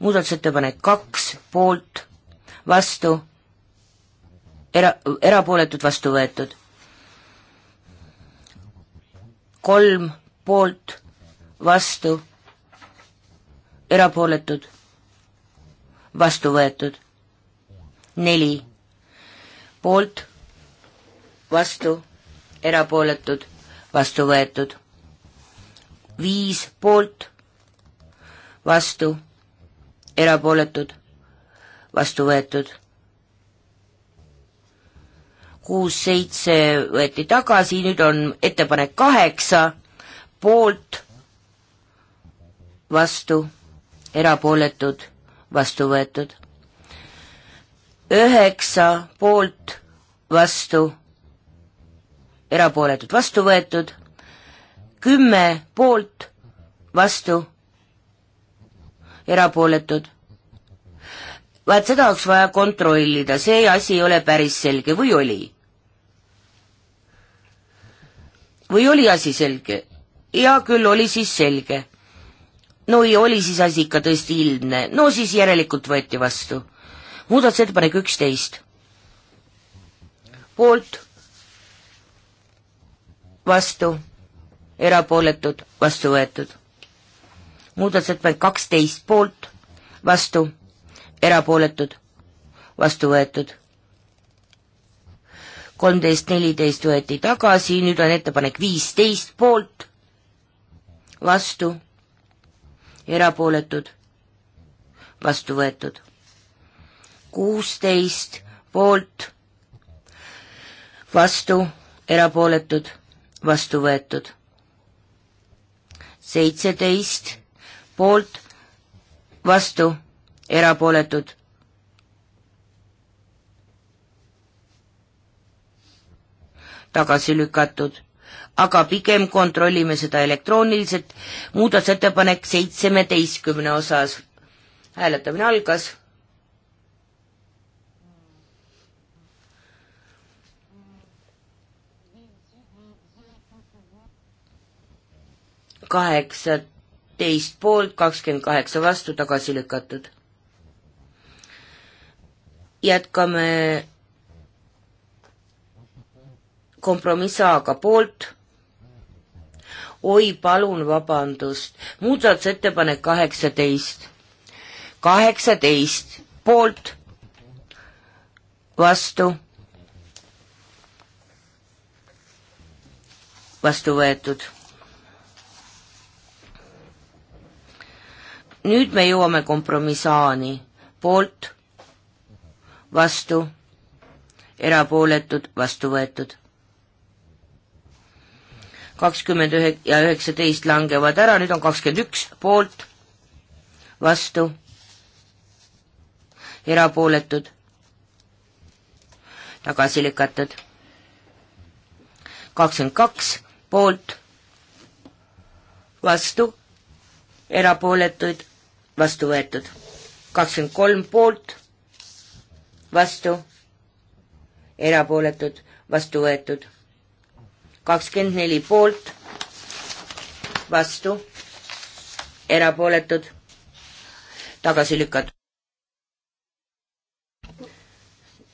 muudatusettepanek kaks poolt, vastu, era-, erapooletud, vastu võetud. kolm poolt, vastu, erapooletud, vastu võetud. neli poolt, vastu erapooletud, vastu võetud. viis poolt, vastu, erapooletud, vastu võetud. kuus, seitse võeti tagasi, nüüd on ettepanek kaheksa, poolt, vastu, erapooletud, vastu võetud. üheksa poolt, vastu erapooletud vastu võetud, kümme poolt vastu, erapooletud. vaat seda oleks vaja kontrollida, see asi ei ole päris selge või oli? või oli asi selge? hea küll, oli siis selge. no ja oli siis asi ikka tõesti ilmne, no siis järelikult võeti vastu. muudatusettepanek üksteist. poolt vastu, erapooletud, vastu võetud. muudatusettepanek kaksteist poolt, vastu, erapooletud, vastu võetud. kolmteist, neliteist võeti tagasi, nüüd on ettepanek viisteist poolt, vastu, erapooletud, vastu võetud. kuusteist poolt, vastu, erapooletud vastu võetud. seitseteist poolt, vastu, erapooletud. tagasi lükatud, aga pigem kontrollime seda elektrooniliselt, muudatusettepanek seitsmeteistkümne osas. hääletamine algas kaheksateist poolt, kakskümmend kaheksa vastu, tagasi lükatud. jätkame kompromiss A-ga poolt oi, palun vabandust, muudatusettepanek kaheksateist, kaheksateist poolt, vastu, vastu võetud. nüüd me jõuame kompromiss A-ni, poolt, vastu, erapooletud, vastu võetud. kakskümmend ühe ja üheksateist langevad ära, nüüd on kakskümmend üks, poolt, vastu, erapooletud, tagasi lükatud. kakskümmend kaks, poolt, vastu, erapooletuid vastu võetud. kakskümmend kolm poolt, vastu, erapooletud, vastu võetud. kakskümmend neli poolt, vastu, erapooletud, tagasi lükatud.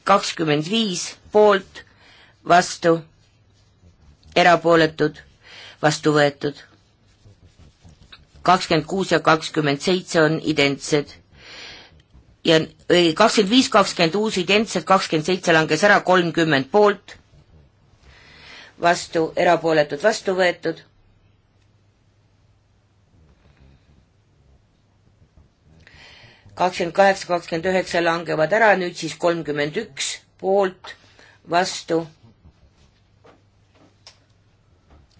kakskümmend viis poolt, vastu, erapooletud, vastu võetud kakskümmend kuus ja kakskümmend seitse on identsed. ja kakskümmend viis, kakskümmend kuus identsed, kakskümmend seitse langes ära, kolmkümmend poolt, vastu, erapooletud, vastu võetud. kakskümmend kaheksa, kakskümmend üheksa langevad ära, nüüd siis kolmkümmend üks poolt, vastu,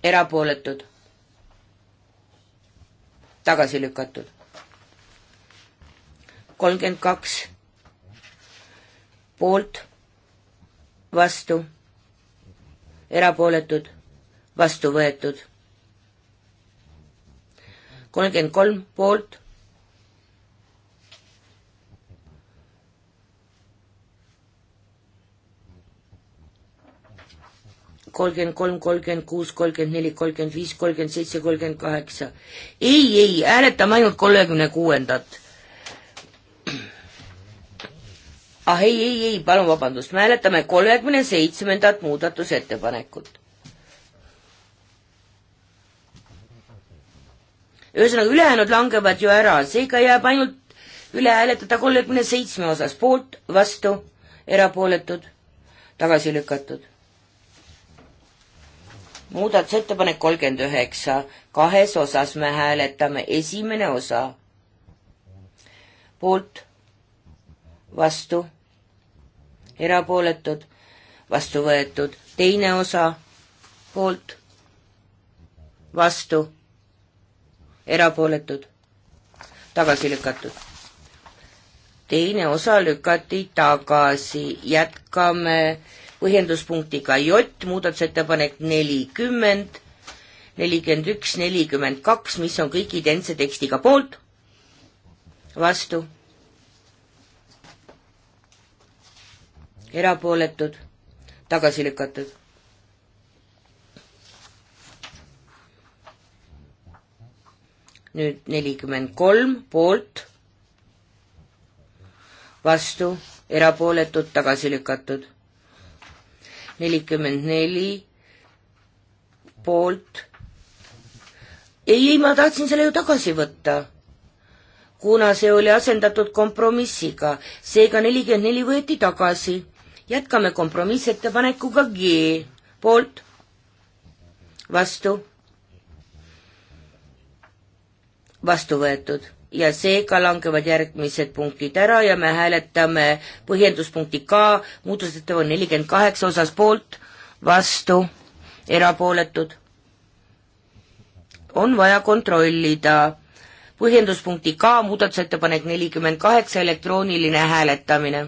erapooletud tagasi lükatud. kolmkümmend kaks poolt, vastu, erapooletud, vastu võetud. kolmkümmend kolm poolt kolmkümmend kolm, kolmkümmend kuus, kolmkümmend neli, kolmkümmend viis, kolmkümmend seitse, kolmkümmend kaheksa. ei, ei, hääletame ainult kolmekümne kuuendat. ah ei, ei, ei, palun vabandust, me hääletame kolmekümne seitsmendat muudatusettepanekut. ühesõnaga, ülejäänud langevad ju ära, seega jääb ainult üle hääletada kolmekümne seitsme osas, poolt, vastu, erapooletud, tagasi lükatud muudatusettepanek kolmkümmend üheksa, kahes osas me hääletame, esimene osa. poolt, vastu, erapooletud, vastu võetud, teine osa, poolt, vastu, erapooletud, tagasi lükatud. teine osa lükati tagasi, jätkame äh, põhjenduspunktiga J, muudatusettepanek nelikümmend, nelikümmend üks, nelikümmend kaks, mis on kõik identse tekstiga poolt, vastu, erapooletud, tagasi lükatud nüüd nelikümmend kolm poolt, vastu, erapooletud, tagasi lükatud nelikümmend neli poolt. ei, ei, ma tahtsin selle ju tagasi võtta, kuna see oli asendatud kompromissiga, seega nelikümmend neli võeti tagasi. jätkame kompromissettepanekuga G poolt, vastu, vastu võetud ja seega langevad järgmised punktid ära ja me hääletame põhjenduspunkti K, muudatusettepanek nelikümmend kaheksa osas poolt, vastu, erapooletud. on vaja kontrollida. põhjenduspunkti K, muudatusettepanek nelikümmend kaheksa, elektrooniline hääletamine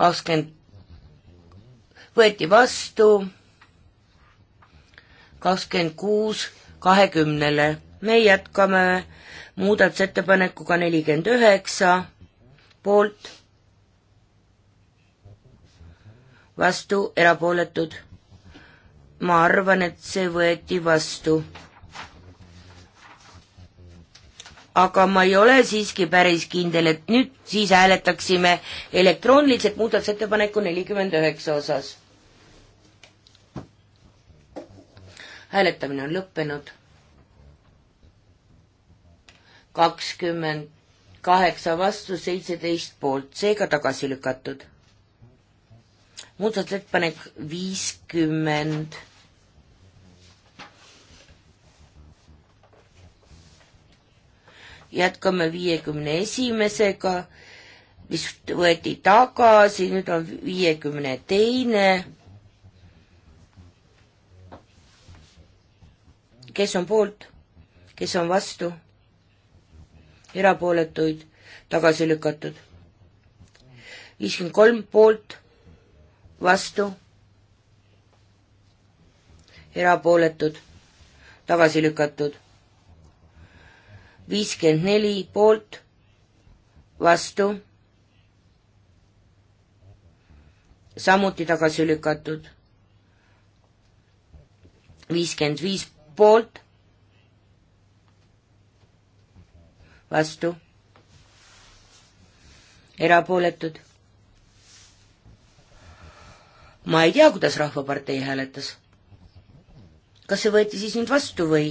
kakskümmend võeti vastu kakskümmend kuus kahekümnele. me jätkame muudatusettepanekuga nelikümmend üheksa poolt, vastu, erapooletud. ma arvan, et see võeti vastu. aga ma ei ole siiski päris kindel, et nüüd siis hääletaksime elektrooniliselt muudatusettepaneku nelikümmend üheksa osas hääletamine on lõppenud. kakskümmend kaheksa vastu, seitseteist poolt, seega tagasi lükatud. muudatusettepanek viiskümmend. jätkame viiekümne esimesega, mis võeti tagasi, nüüd on viiekümne teine kes on poolt, kes on vastu, erapooletuid tagasi lükatud. viiskümmend kolm poolt, vastu, erapooletud, tagasi lükatud. viiskümmend neli poolt, vastu, samuti tagasi lükatud. viiskümmend viis poolt, vastu, erapooletud. ma ei tea, kuidas Rahvapartei hääletas. kas see võeti siis nüüd vastu või?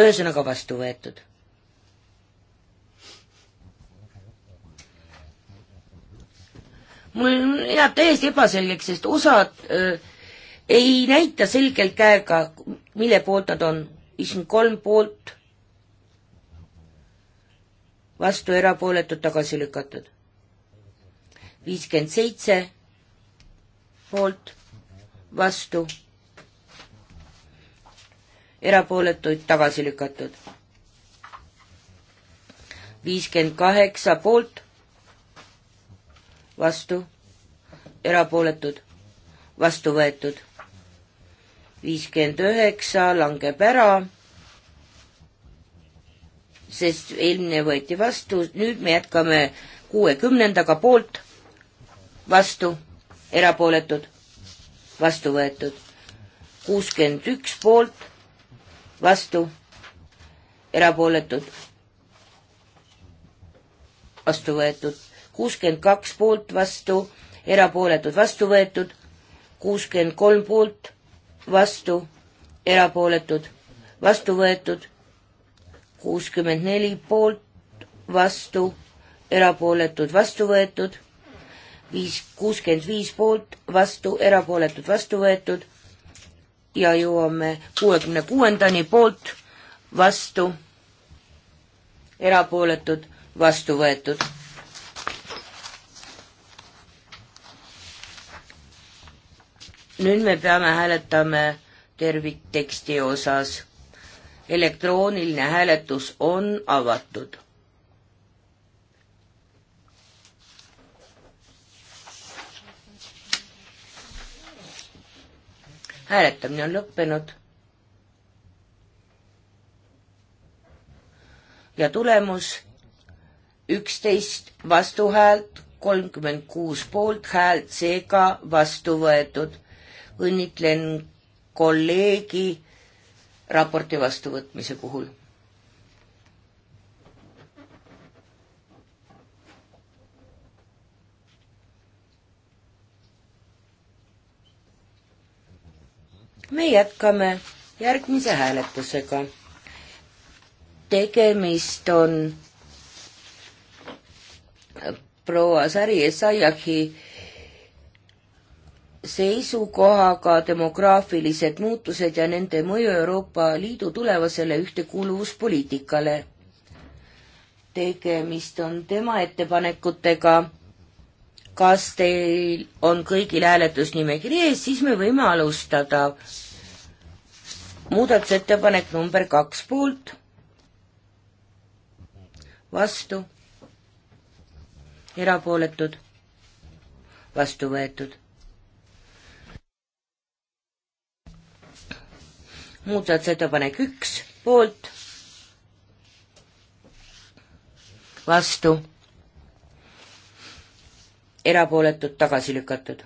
ühesõnaga vastu võetud. mul jääb täiesti ebaselgeks, sest osad öö, äh, ei näita selgelt käega, mille poolt nad on. viiskümmend kolm poolt, vastu erapooletud, tagasi lükatud. viiskümmend seitse poolt, vastu, erapooletuid tagasi lükatud. viiskümmend kaheksa poolt, vastu, erapooletud, vastu võetud viiskümmend üheksa langeb ära, sest eelmine võeti vastu, nüüd me jätkame kuuekümnendaga poolt, vastu, erapooletud, vastu võetud. kuuskümmend üks poolt, vastu, erapooletud, vastu võetud. kuuskümmend kaks poolt, vastu, erapooletud, vastu võetud. kuuskümmend kolm poolt vastu, erapooletud, vastu võetud, kuuskümmend neli poolt, vastu, erapooletud, vastu võetud, viis, kuuskümmend viis poolt, vastu, erapooletud, vastu võetud ja jõuame kuuekümne kuuendani poolt, vastu, erapooletud, vastu võetud nüüd me peame hääletama tervikteksti osas. elektrooniline hääletus on avatud. hääletamine on lõppenud. ja tulemus üksteist vastuhäält, kolmkümmend kuus poolthäält, seega vastu võetud õnnitlen kolleegi raporti vastuvõtmise puhul. me jätkame järgmise hääletusega. tegemist on proua Sari Esaiahi seisukohaga demograafilised muutused ja nende mõju Euroopa Liidu tulevasele ühtekuuluvuspoliitikale. tegemist on tema ettepanekutega. kas teil on kõigil hääletusnimekiri ees, siis me võime alustada. muudatusettepanek number kaks poolt, vastu, erapooletud, vastu võetud muudatusettepanek üks poolt, vastu, erapooletud tagasi lükatud.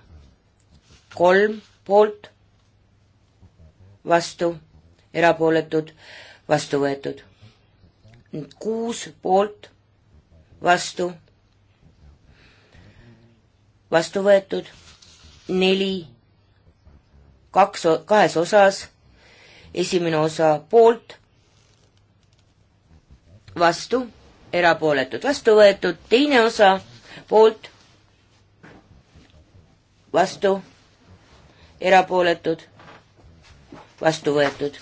kolm poolt, vastu, erapooletud, vastu võetud. kuus poolt, vastu, vastu võetud, neli, kaks, kahes osas esimene osa poolt, vastu, erapooletud, vastu võetud, teine osa poolt, vastu, erapooletud, vastu võetud.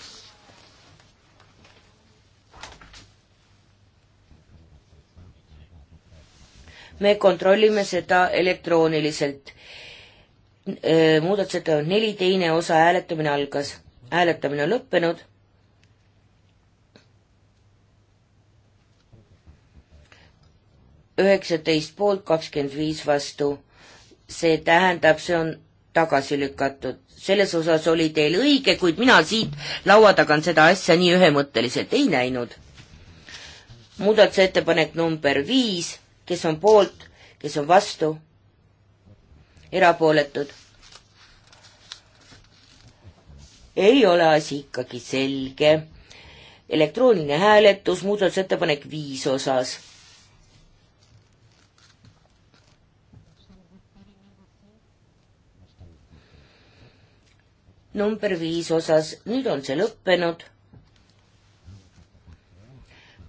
me kontrollime seda elektrooniliselt. Äh, muudatusettepanek neli, teine osa hääletamine algas hääletamine on lõppenud. üheksateist poolt, kakskümmend viis vastu. see tähendab, see on tagasi lükatud. selles osas oli teil õige, kuid mina siit laua tagant seda asja nii ühemõtteliselt ei näinud. muudatusettepanek number viis, kes on poolt, kes on vastu, erapooletud ei ole asi ikkagi selge. elektrooniline hääletus, muudatusettepanek viis osas. number viis osas, nüüd on see lõppenud.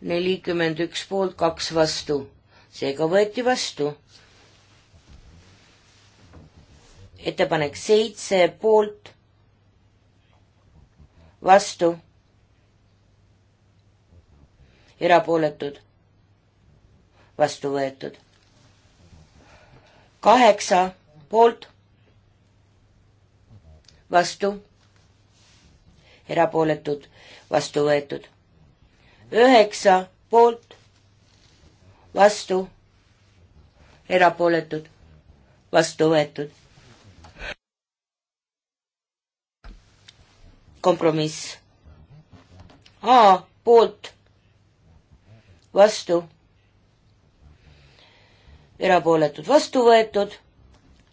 nelikümmend üks poolt, kaks vastu, seega võeti vastu. ettepanek seitse poolt vastu, erapooletud, vastu võetud. kaheksa poolt, vastu, erapooletud, vastu võetud. üheksa poolt, vastu, erapooletud, vastu võetud kompromiss. A poolt, vastu, erapooletud vastu võetud.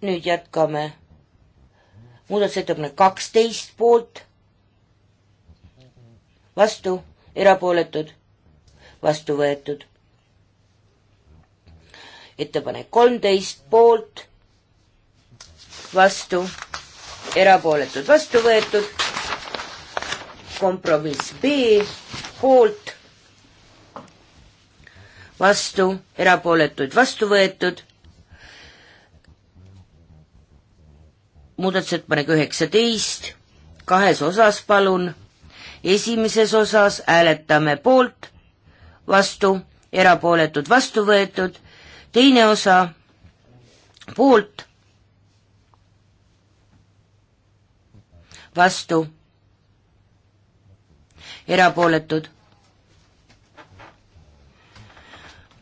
nüüd jätkame. muudatusettepanek kaksteist poolt, vastu, erapooletud, vastu võetud. ettepanek kolmteist poolt, vastu, erapooletud, vastu võetud kompromiss B poolt, vastu, erapooletuid vastu võetud. muudatusettepanek üheksateist, kahes osas palun. esimeses osas hääletame poolt, vastu, erapooletud vastu võetud, teine osa poolt, vastu erapooletud,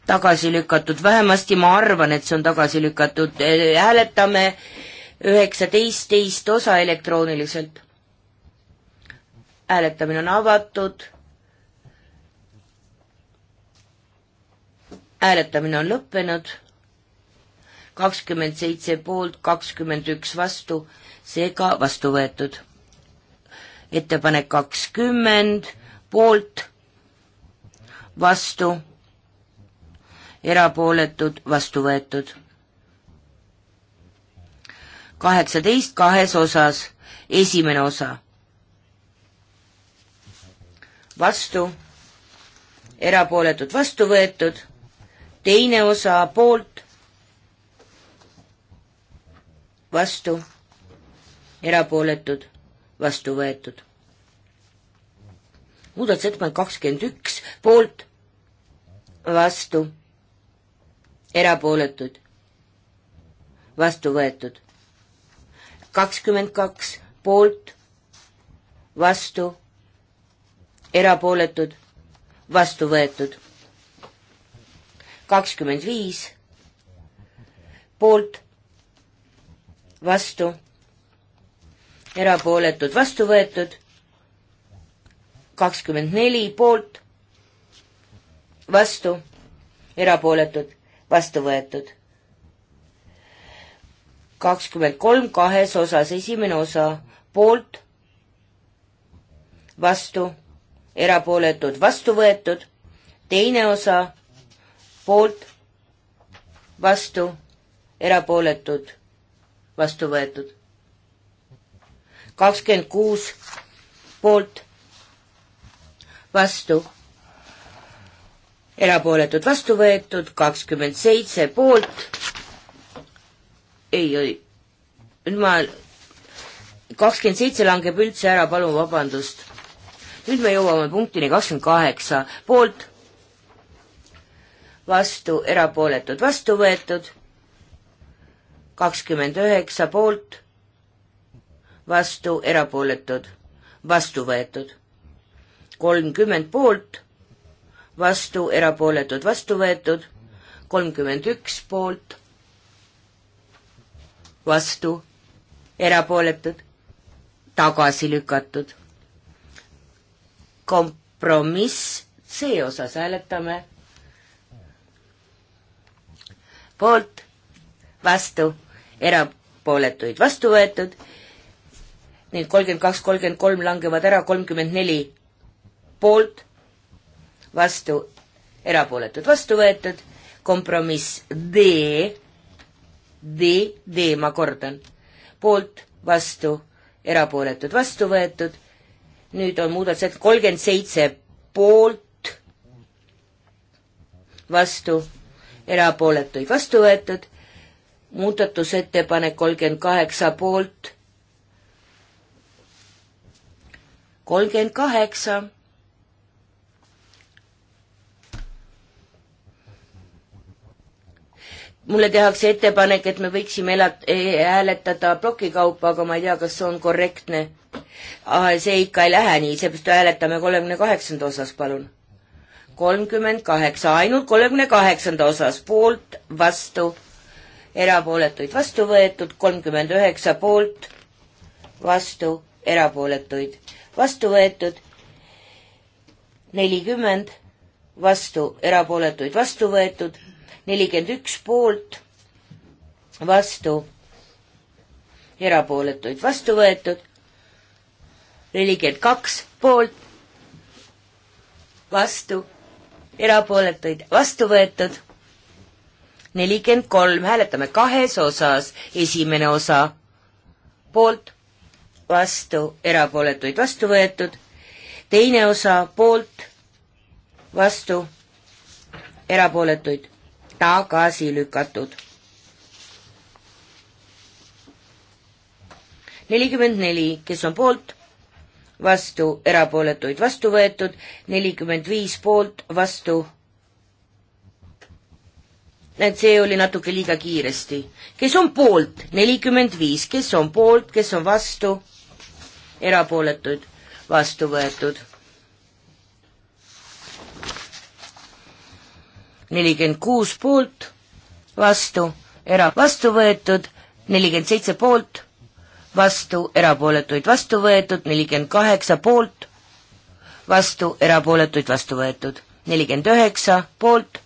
tagasi lükatud, vähemasti ma arvan, et see on tagasi lükatud, e, hääletame üheksateist teist osa elektrooniliselt. hääletamine on avatud hääletamine on lõppenud, kakskümmend seitse poolt, kakskümmend üks vastu, seega vastu võetud. ettepanek kakskümmend, poolt, vastu, erapooletud, vastu võetud. kaheksateist kahes osas, esimene osa, vastu, erapooletud, vastu võetud, teine osa poolt, vastu, erapooletud, vastu võetud muudatusettepanek kakskümmend üks, poolt, vastu, erapooletud, vastu võetud. kakskümmend kaks, poolt, vastu, erapooletud, vastu võetud. kakskümmend viis, poolt, vastu, erapooletud, vastu võetud kakskümmend neli poolt, vastu, erapooletud, vastu võetud. kakskümmend kolm kahes osas, esimene osa poolt, vastu, erapooletud, vastu võetud, teine osa poolt, vastu, erapooletud, vastu võetud. kakskümmend kuus poolt vastu, erapooletud vastu võetud, kakskümmend seitse poolt, ei, ei, ma, kakskümmend seitse langeb üldse ära, palun vabandust. nüüd me jõuame punktini kakskümmend kaheksa, poolt, vastu, erapooletud vastu võetud, kakskümmend üheksa poolt, vastu, erapooletud, vastu võetud kolmkümmend poolt, vastu, erapooletud, vastu võetud, kolmkümmend üks poolt, vastu, erapooletud, tagasi lükatud. kompromiss C osas hääletame. poolt, vastu, erapooletuid vastu võetud, nüüd kolmkümmend kaks, kolmkümmend kolm langevad ära, kolmkümmend neli poolt, vastu, erapooletud, vastu võetud, kompromiss D, D, D, ma kordan, poolt, vastu, erapooletud, vastu võetud, nüüd on muudatused kolmkümmend seitse poolt, vastu, erapooletuid vastu võetud, muudatusettepanek kolmkümmend kaheksa poolt, kolmkümmend kaheksa mulle tehakse ettepanek, et me võiksime elat- e, hääletada ploki kaupa, aga ma ei tea, kas see on korrektne. Ah, see ikka ei lähe nii, seepärast hääletame kolmekümne kaheksanda osas, palun. kolmkümmend kaheksa, ainult kolmekümne kaheksanda osas, poolt, vastu, erapooletuid vastu võetud, kolmkümmend üheksa poolt, vastu, erapooletuid vastu võetud, nelikümmend vastu, erapooletuid vastu võetud, nelikümmend üks poolt, vastu, erapooletuid vastu võetud, nelikümmend kaks poolt, vastu, erapooletuid vastu võetud, nelikümmend kolm, hääletame kahes osas, esimene osa poolt, vastu, erapooletuid vastu võetud, teine osa poolt, vastu, erapooletuid tagasi lükatud. nelikümmend neli, kes on poolt, vastu, erapooletuid vastu võetud, nelikümmend viis poolt, vastu. näed, see oli natuke liiga kiiresti. kes on poolt, nelikümmend viis, kes on poolt, kes on vastu, erapooletuid vastu võetud nelikümmend kuus poolt, vastu, era-, vastu võetud, nelikümmend seitse poolt, vastu, erapooletuid vastu võetud, nelikümmend kaheksa poolt, vastu, erapooletuid vastu võetud, nelikümmend üheksa poolt,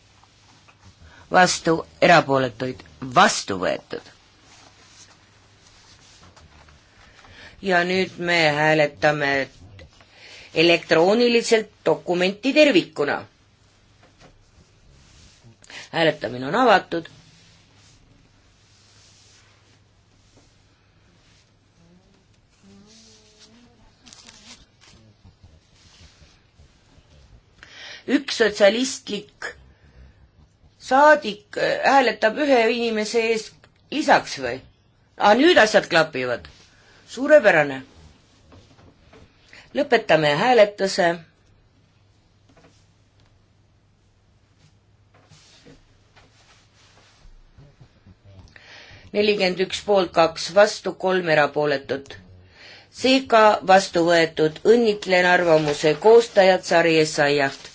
vastu, erapooletuid vastu võetud. ja nüüd me hääletame elektrooniliselt dokumenti tervikuna hääletamine on avatud. üks sotsialistlik saadik äh, hääletab ühe inimese ees lisaks või? aga nüüd asjad klapivad. suurepärane. lõpetame hääletuse nelikümmend üks poolt, kaks vastu, kolm erapooletut. seega vastu võetud, õnnitlen arvamuse koostajat Sari Essayah't.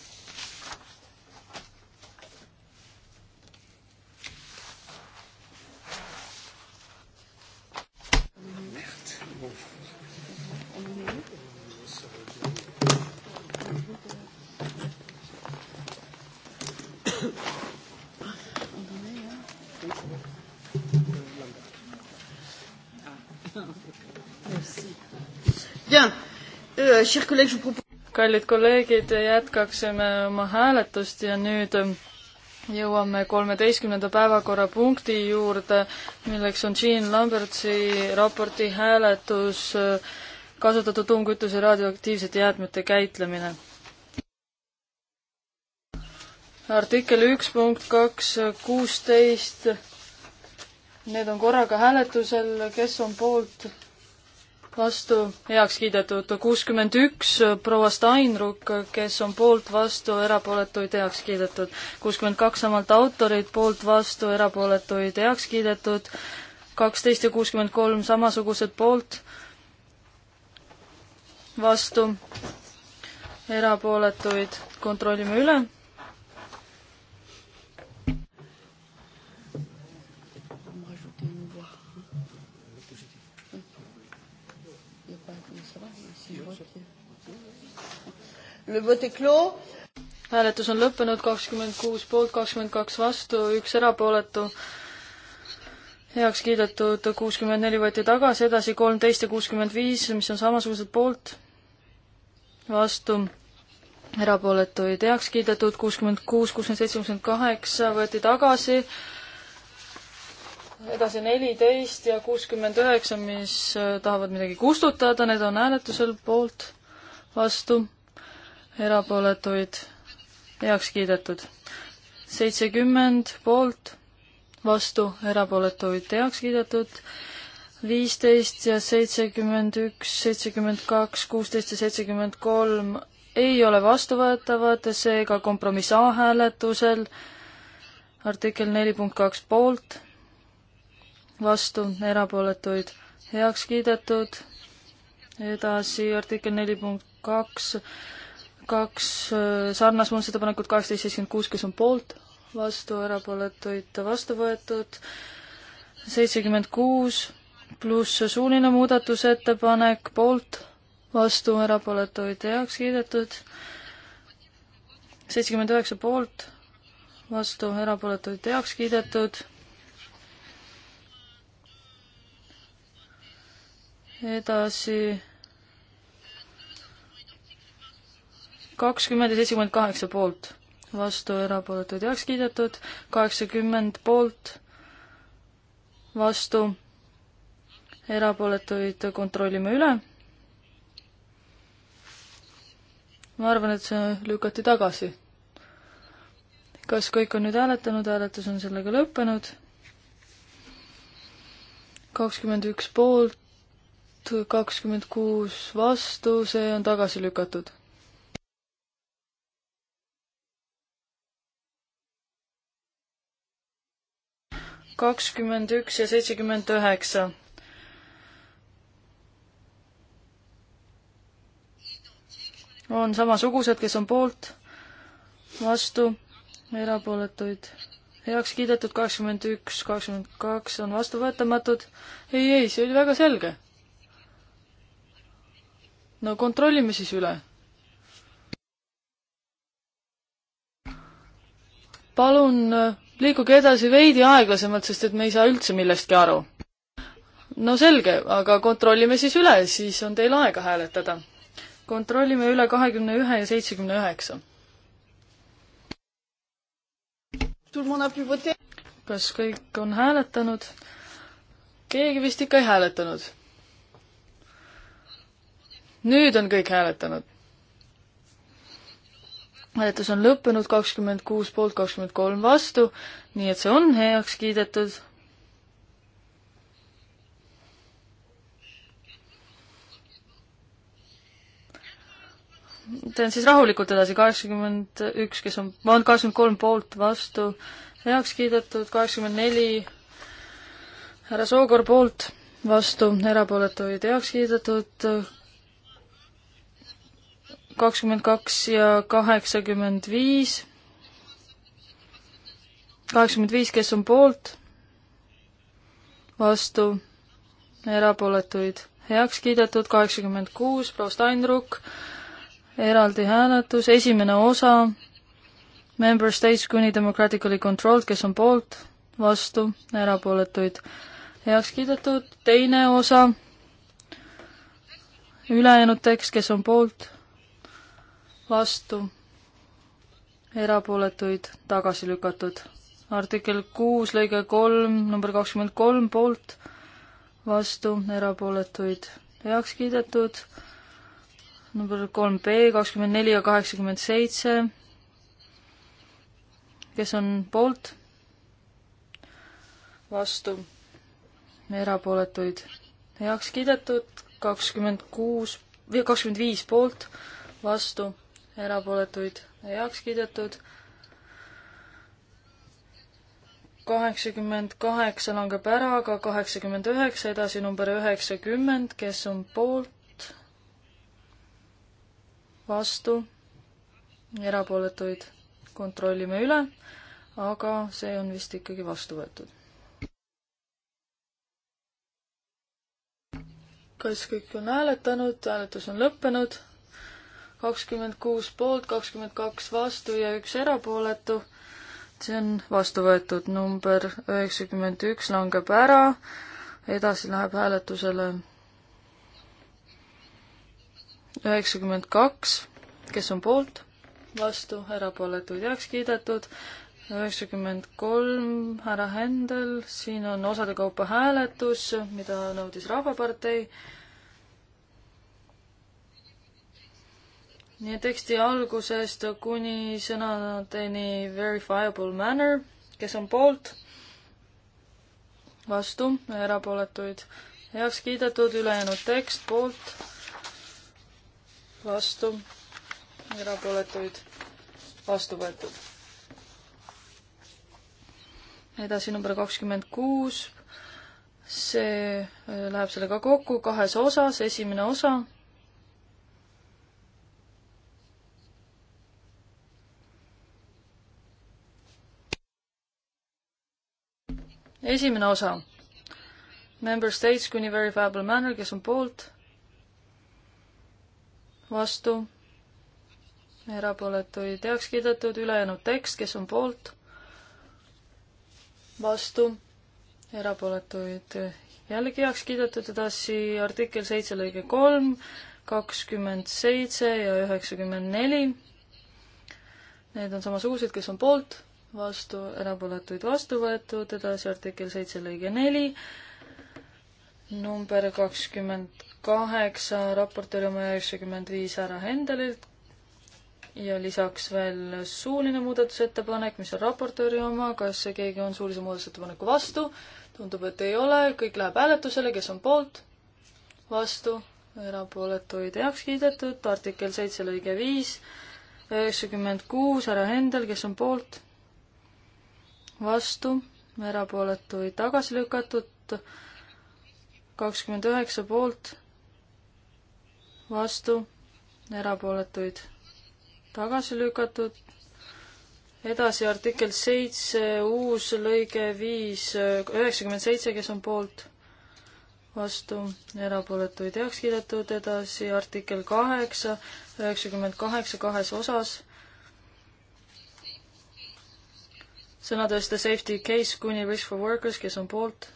Euh, kallid kolleegid, jätkaksime oma hääletust ja nüüd ähm, jõuame kolmeteistkümnenda päevakorrapunkti juurde, milleks on Jean Lambertsi raporti hääletus äh, kasutatud tungkütuse radioaktiivsete jäätmete käitlemine. artikkel üks punkt kaks kuusteist, need on korraga hääletusel, kes on poolt vastu heaks kiidetud kuuskümmend üks proua Steinruck, kes on poolt, vastu, erapooletuid heaks kiidetud. kuuskümmend kaks samalt autorit, poolt, vastu, erapooletuid heaks kiidetud. kaksteist ja kuuskümmend kolm samasugused poolt, vastu, erapooletuid kontrollime üle hääletus on lõppenud, kakskümmend kuus poolt, kakskümmend kaks vastu, üks erapooletu. heaks kiidetud kuuskümmend neli võeti tagasi, edasi kolmteist ja kuuskümmend viis, mis on samasugused poolt, vastu, erapooletuid heaks kiidetud, kuuskümmend kuus, kuuskümmend seitse, kuuskümmend kaheksa võeti tagasi edasi neliteist ja kuuskümmend üheksa, mis äh, tahavad midagi kustutada, need on hääletusel poolt, vastu, erapooletuid heaks kiidetud. seitsekümmend poolt, vastu, erapooletuid heaks kiidetud, viisteist ja seitsekümmend üks, seitsekümmend kaks, kuusteist ja seitsekümmend kolm ei ole vastuvõetavad, seega kompromiss A hääletusel, artikkel neli punkt kaks poolt, vastu, erapooletuid heaks kiidetud, edasi artikkel neli punkt kaks, kaks äh, sarnast muudatusettepanekut, kaheksateist seitsekümmend kuus, kes on poolt, vastu, erapooletuid vastu võetud, seitsekümmend kuus pluss suuline muudatusettepanek poolt, vastu, erapooletuid heaks kiidetud, seitsekümmend üheksa poolt, vastu, erapooletuid heaks kiidetud edasi kakskümmend ja seitsekümmend kaheksa poolt, vastu erapooletud heaks kiidetud, kaheksakümmend poolt, vastu erapooletuid kontrollime üle. ma arvan, et see lükati tagasi. kas kõik on nüüd hääletanud, hääletus on sellega lõppenud. kakskümmend üks poolt, kakskümmend kuus vastu, see on tagasi lükatud kakskümmend üks ja seitsekümmend üheksa. on samasugused, kes on poolt, vastu, erapooletuid heaks kiidetud, kakskümmend üks, kakskümmend kaks on vastuvõetamatud. ei, ei, see oli väga selge. no kontrollime siis üle. palun liiguge edasi veidi aeglasemalt, sest et me ei saa üldse millestki aru. no selge, aga kontrollime siis üle, siis on teil aega hääletada. kontrollime üle kahekümne ühe ja seitsekümne üheksa. kas kõik on hääletanud? keegi vist ikka ei hääletanud. nüüd on kõik hääletanud hääletus on lõppenud, kakskümmend kuus poolt, kakskümmend kolm vastu, nii et see on heaks kiidetud. teen siis rahulikult edasi, kaheksakümmend üks, kes on, ma olen kaheksakümmend kolm poolt vastu, heaks kiidetud, kaheksakümmend neli härra Sookor poolt, vastu, erapooletuid heaks kiidetud, kakskümmend kaks ja kaheksakümmend viis. kaheksakümmend viis, kes on poolt, vastu, erapooletuid heaks kiidetud, kaheksakümmend kuus, proua Steinruck, eraldi hääletus, esimene osa, Member States kuni Democratically Controlled, kes on poolt, vastu, erapooletuid heaks kiidetud, teine osa, ülejäänud tekst, kes on poolt vastu, erapooletuid tagasi lükatud. artikkel kuus lõige kolm, number kakskümmend kolm poolt, vastu, erapooletuid heaks kiidetud. number kolm B, kakskümmend neli ja kaheksakümmend seitse. kes on poolt? vastu, erapooletuid heaks kiidetud, kakskümmend kuus, kakskümmend viis poolt, vastu erapooletuid heaks kiidetud. kaheksakümmend kaheksa langeb ära, aga kaheksakümmend üheksa edasi number üheksakümmend, kes on poolt, vastu, erapooletuid kontrollime üle, aga see on vist ikkagi vastu võetud. kas kõik on hääletanud, hääletus on lõppenud kakskümmend kuus poolt, kakskümmend kaks vastu ja üks erapooletu. see on vastu võetud number üheksakümmend üks langeb ära, edasi läheb hääletusele üheksakümmend kaks, kes on poolt, vastu, erapooletuid heaks kiidetud, üheksakümmend kolm, härra Händel, siin on osade kaupa hääletus, mida nõudis Rahvapartei nii teksti algusest kuni sõnadeni verifiable manner, kes on poolt, vastu, erapooletuid heaks kiidetud, ülejäänud tekst poolt, vastu, erapooletuid vastu võetud. edasi number kakskümmend kuus, see äh, läheb sellega kokku kahes osas, esimene osa esimene osa. Member States kuni verifiable manner, kes on poolt, vastu, erapooletuid heaks kiidetud, ülejäänud tekst, kes on poolt, vastu, erapooletuid jällegi heaks kiidetud, edasi artikkel seitse lõige kolm, kakskümmend seitse ja üheksakümmend neli. Need on samasugused, kes on poolt, vastu, erapooletuid vastu võetud, edasi artikkel seitse lõige neli, number kakskümmend kaheksa, raportööri oma üheksakümmend viis härra Hendelilt ja lisaks veel suuline muudatusettepanek, mis on raportööri oma, kas keegi on suulise muudatusettepaneku vastu? tundub, et ei ole, kõik läheb hääletusele, kes on poolt, vastu, erapooletuid heaks kiidetud, artikkel seitse lõige viis, üheksakümmend kuus härra Hendel, kes on poolt vastu, erapooletuid tagasi lükatud, kakskümmend üheksa poolt, vastu, erapooletuid tagasi lükatud, edasi artikkel seitse, uus lõige viis, üheksakümmend seitse, kes on poolt, vastu, erapooletuid heaks kiidetud, edasi artikkel kaheksa, üheksakümmend kaheksa kahes osas sõnadest the safety case kuni risk for workers, kes on poolt,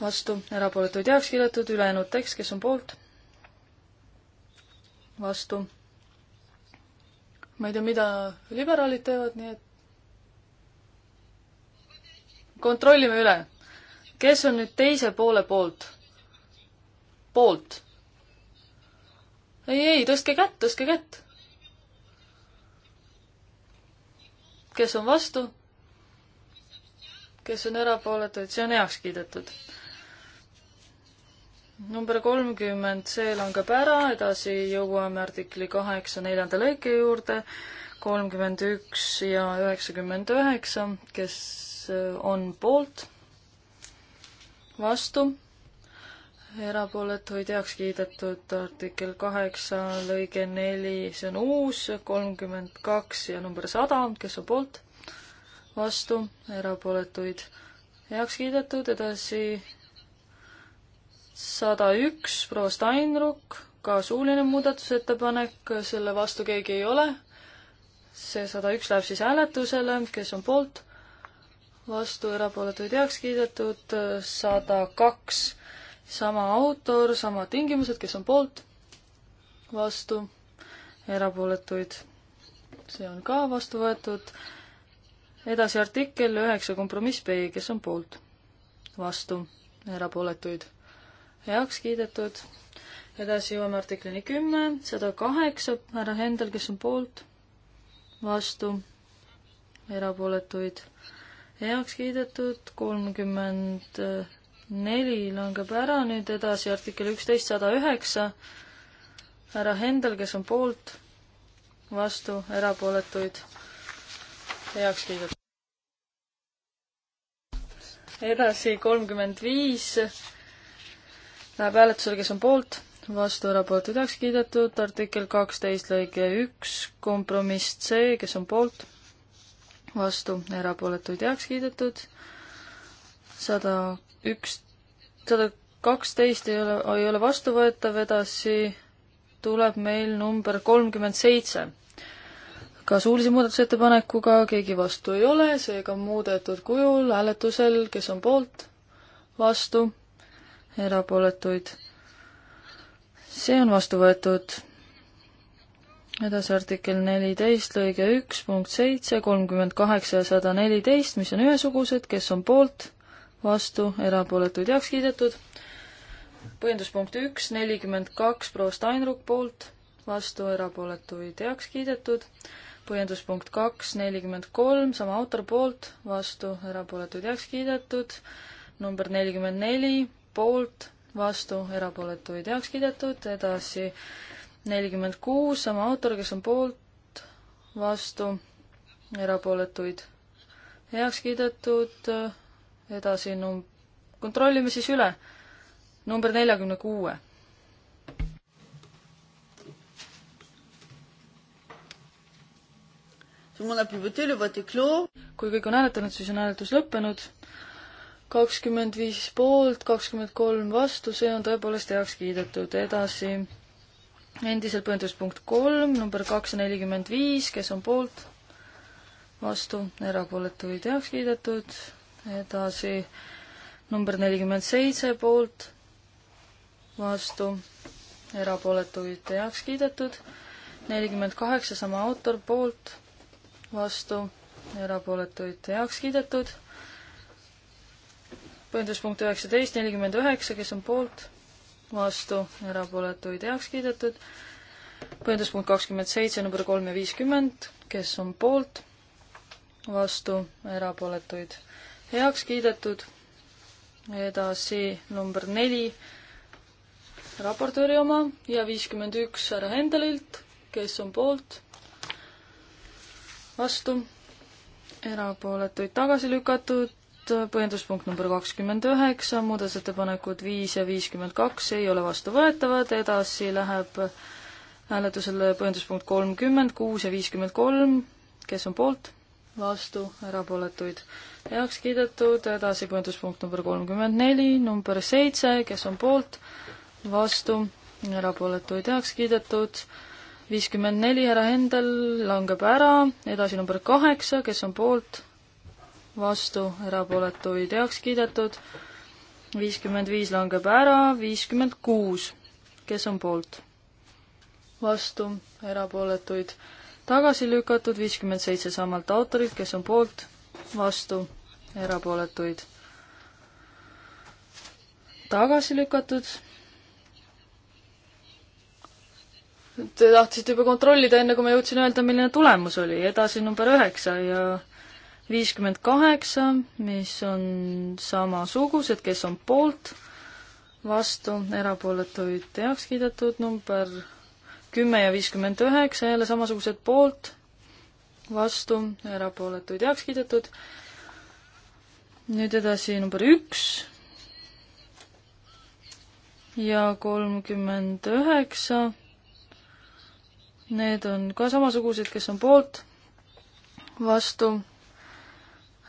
vastu, erapooletuid heaks kiidetud, ülejäänud tekst, kes on poolt, vastu. ma ei tea, mida liberaalid teevad, nii et kontrollime üle. kes on nüüd teise poole poolt? poolt. ei, ei, tõstke kätt, tõstke kätt kes on vastu, kes on erapooletuid, see on heaks kiidetud. number kolmkümmend, see langeb ära, edasi jõuame artikli kaheksa neljanda lõike juurde, kolmkümmend üks ja üheksakümmend üheksa, kes on poolt, vastu erapooletuid heaks kiidetud artikkel kaheksa lõige neli, see on uus, kolmkümmend kaks ja number sada, kes on poolt, vastu, erapooletuid heaks kiidetud, edasi sada üks, proua Steinruck, ka suuline muudatusettepanek, selle vastu keegi ei ole. see sada üks läheb siis hääletusele, kes on poolt, vastu, erapooletuid heaks kiidetud, sada kaks sama autor, samad tingimused, kes on poolt, vastu, erapooletuid. see on ka vastu võetud. edasi artikkel üheksa, kompromiss B, kes on poolt, vastu, erapooletuid, heaks kiidetud. edasi jõuame artiklini kümme, sada kaheksa, härra Hendel, kes on poolt, vastu, erapooletuid, heaks kiidetud, kolmkümmend 30 neli langeb ära, nüüd edasi artikkel üksteist sada üheksa. härra Hendel, kes on poolt, vastu, erapooletuid, heaks kiidetud. edasi kolmkümmend viis läheb hääletusele, kes on poolt, vastu, erapooletuid, heaks kiidetud. artikkel kaksteist lõige üks, kompromiss C, kes on poolt, vastu, erapooletuid, heaks kiidetud. sada üks, sada kaksteist ei ole, ei ole vastuvõetav, edasi tuleb meil number kolmkümmend seitse. ka suulise muudatusettepanekuga keegi vastu ei ole, seega muudetud kujul hääletusel, kes on poolt, vastu, erapooletuid. see on vastu võetud. edasi artikkel neliteist lõige üks punkt seitse, kolmkümmend kaheksa ja sada neliteist, mis on ühesugused, kes on poolt vastu, erapooletuid heaks kiidetud. põhjenduspunkt üks, nelikümmend kaks proua Steinruck poolt, vastu, erapooletuid heaks kiidetud. põhjenduspunkt kaks, nelikümmend kolm, sama autor poolt, vastu, erapooletuid heaks kiidetud. number nelikümmend neli, poolt, vastu, erapooletuid heaks kiidetud, edasi nelikümmend kuus, sama autor, kes on poolt, vastu, erapooletuid heaks kiidetud edasi num-, kontrollime siis üle. number neljakümne kuue. kui kõik on hääletanud, siis on hääletus lõppenud. kakskümmend viis poolt, kakskümmend kolm vastu, see on tõepoolest heaks kiidetud. edasi endiselt põhjenduspunkt kolm, number kakssada nelikümmend viis, kes on poolt, vastu, erapooletuid heaks kiidetud edasi number nelikümmend seitse poolt, vastu, erapooletuid heaks kiidetud, nelikümmend kaheksa sama autor poolt, vastu, erapooletuid heaks kiidetud, põhjenduspunkt üheksateist, nelikümmend üheksa, kes on poolt, vastu, erapooletuid heaks kiidetud, põhjenduspunkt kakskümmend seitse, number kolm ja viiskümmend, kes on poolt, vastu, erapooletuid heaks kiidetud. edasi number neli, raportööri oma ja viiskümmend üks härra Hendelilt, kes on poolt, vastu, erapooletuid tagasi lükatud, põhjenduspunkt number kakskümmend üheksa, muudatusettepanekud viis ja viiskümmend kaks ei ole vastuvõetavad, edasi läheb hääletusele põhjenduspunkt kolmkümmend, kuus ja viiskümmend kolm, kes on poolt, vastu, erapooletuid heaks kiidetud, edasi põhjenduspunkt number kolmkümmend neli, number seitse, kes on poolt, vastu, erapooletuid heaks kiidetud, viiskümmend neli, härra Hendel langeb ära, edasi number kaheksa, kes on poolt, vastu, erapooletuid heaks kiidetud, viiskümmend viis langeb ära, viiskümmend kuus, kes on poolt, vastu, erapooletuid tagasi lükatud, viiskümmend seitse samalt autorilt, kes on poolt vastu, erapooletuid tagasi lükatud. Te tahtsite juba kontrollida, enne kui ma jõudsin öelda, milline tulemus oli. edasi number üheksa ja viiskümmend kaheksa, mis on samasugused, kes on poolt, vastu, erapooletuid heaks kiidetud, number kümme ja viiskümmend üheksa jälle samasugused poolt, vastu, erapooletuid heaks kiidetud. nüüd edasi number üks ja kolmkümmend üheksa. Need on ka samasugused, kes on poolt, vastu,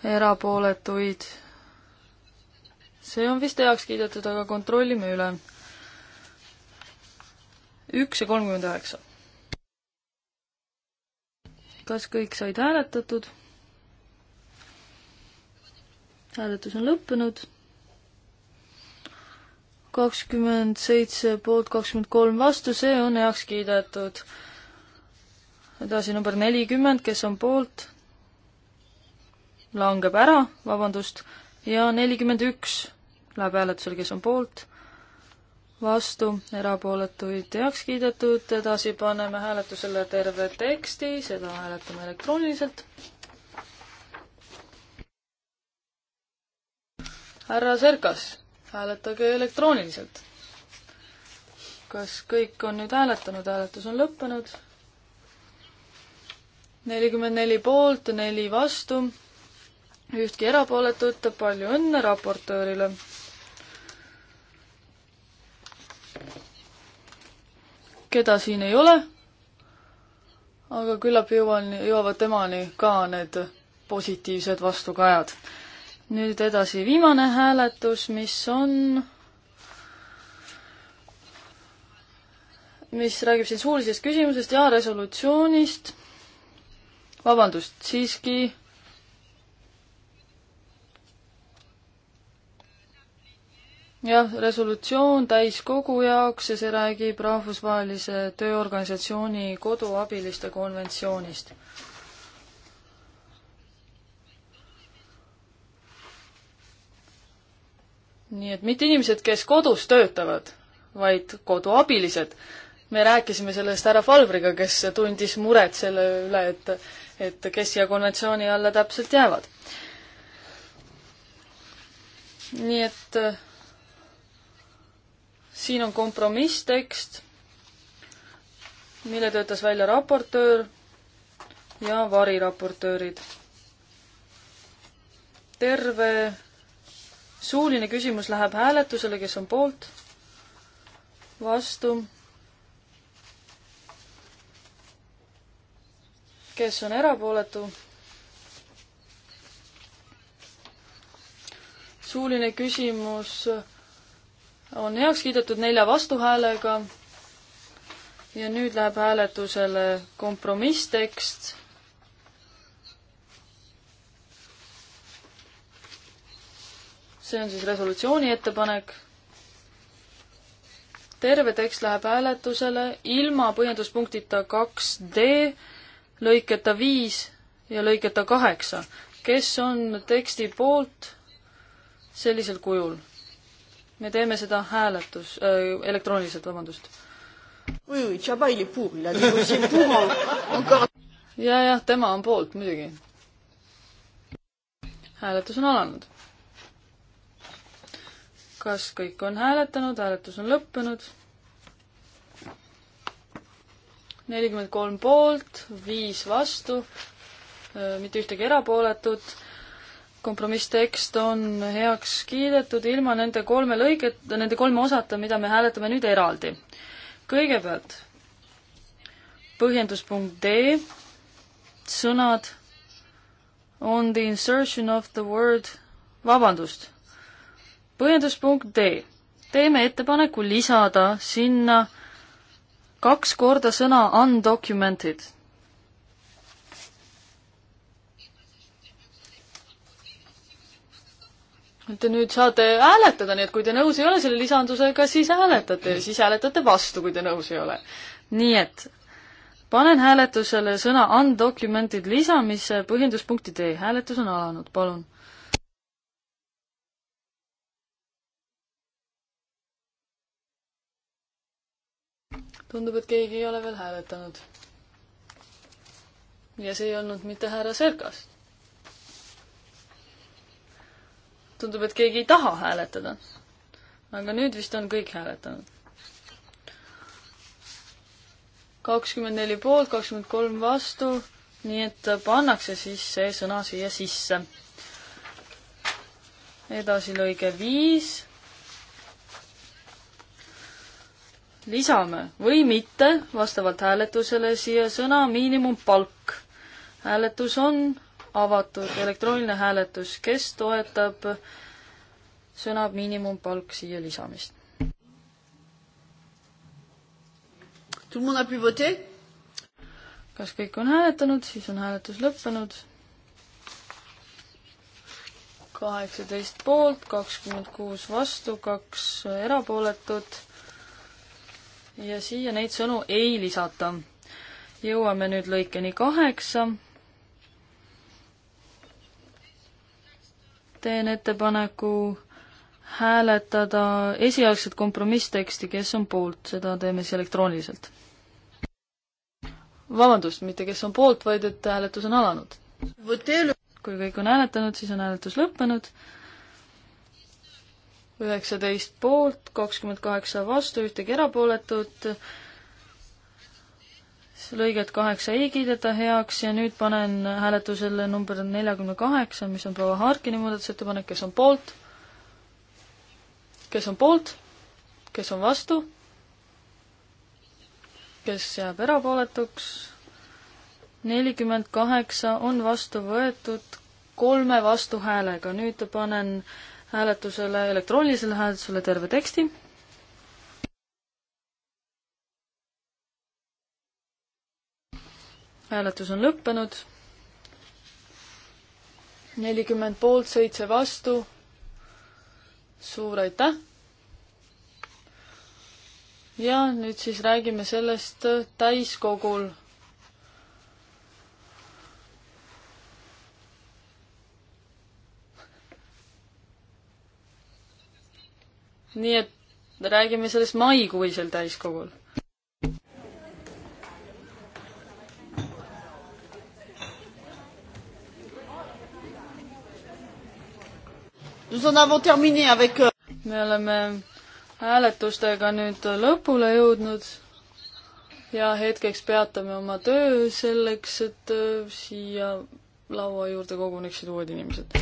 erapooletuid. see on vist heaks kiidetud, aga kontrollime üle. üks ja kolmkümmend üheksa kas kõik said hääletatud? hääletus on lõppenud. kakskümmend seitse poolt, kakskümmend kolm vastu, see on heaks kiidetud. edasi number nelikümmend, kes on poolt, langeb ära, vabandust, ja nelikümmend üks läheb hääletusele, kes on poolt vastu, erapooletuid heaks kiidetud, edasi paneme hääletusele terve teksti, seda hääletame elektrooniliselt. härra Serkas, hääletage elektrooniliselt. kas kõik on nüüd hääletanud, hääletus on lõppenud? nelikümmend neli poolt, neli vastu, ühtki erapooletut, palju õnne raportöörile keda siin ei ole. aga küllap jõuan, jõuavad temani ka need positiivsed vastukajad. nüüd edasi viimane hääletus, mis on mis räägib siin suulisest küsimusest ja resolutsioonist. vabandust, siiski jah, resolutsioon täiskogu jaoks ja see räägib Rahvusvahelise Tööorganisatsiooni koduabiliste konventsioonist. nii et mitte inimesed, kes kodus töötavad, vaid koduabilised. me rääkisime sellest härra Falvriga, kes tundis muret selle üle, et, et kes siia konventsiooni alla täpselt jäävad. nii et äh, siin on kompromisstekst, mille töötas välja raportöör ja variraportöörid. terve suuline küsimus läheb hääletusele, kes on poolt, vastu, kes on erapooletu suuline küsimus on heaks kiidetud nelja vastuhäälega. ja nüüd läheb hääletusele kompromisstekst. see on siis resolutsiooni ettepanek. terve tekst läheb hääletusele ilma põhjenduspunktita kaks D, lõiketa viis ja lõiketa kaheksa. kes on teksti poolt sellisel kujul? me teeme seda hääletus äh,, elektrooniliselt, vabandust. ja, jah, tema on poolt muidugi. hääletus on alanud. kas kõik on hääletanud, hääletus on lõppenud? nelikümmend kolm poolt, viis vastu, äh, mitte ühtegi erapooletut kompromisstekst on heaks kiidetud ilma nende kolme lõiget, nende kolme osata, mida me hääletame nüüd eraldi. kõigepealt põhjenduspunkt D, sõnad on the insertion of the word, vabandust, põhjenduspunkt D, teeme ettepaneku lisada sinna kaks korda sõna undocumented Te nüüd saate hääletada, nii et kui te nõus ei ole selle lisandusega, siis hääletate ja siis hääletate vastu, kui te nõus ei ole. nii et panen hääletusele sõna undocumented lisamise põhjenduspunktide e. hääletus on alanud, palun. tundub, et keegi ei ole veel hääletanud. ja see ei olnud mitte härra Serkas tundub, et keegi ei taha hääletada. aga nüüd vist on kõik hääletanud. kakskümmend neli poolt, kakskümmend kolm vastu, nii et pannakse siis see sõna siia sisse. edasi lõige viis. lisame või mitte vastavalt hääletusele siia sõna miinimumpalk. hääletus on avatud elektrooniline hääletus, kes toetab sõna miinimumpalk siia lisamist? kas kõik on hääletanud, siis on hääletus lõppenud. kaheksateist poolt, kakskümmend kuus vastu, kaks erapooletut. ja siia neid sõnu ei lisata. jõuame nüüd lõikeni kaheksa teen ettepaneku hääletada esialgset kompromissteksti, kes on poolt, seda teeme siis elektrooniliselt. vabandust, mitte kes on poolt, vaid et hääletus on alanud. kui kõik on hääletanud, siis on hääletus lõppenud. üheksateist poolt, kakskümmend kaheksa vastu, ühtegi erapooletut lõiget kaheksa ei kiideta heaks ja nüüd panen hääletusele number neljakümne kaheksa, mis on proua Harkini muudatusettepanek, kes on poolt, kes on poolt, kes on vastu, kes jääb erapooletuks, nelikümmend kaheksa on vastu võetud kolme vastuhäälega, nüüd panen hääletusele, elektroonilisele hääletusele terve teksti hääletus on lõppenud. nelikümmend poolt, seitse vastu. suur aitäh! ja nüüd siis räägime sellest täiskogul. nii et räägime sellest maikuisel täiskogul Euh, me oleme hääletustega nüüd lõpule jõudnud ja hetkeks peatame oma töö selleks, et äh, siia laua juurde koguneksid uued inimesed.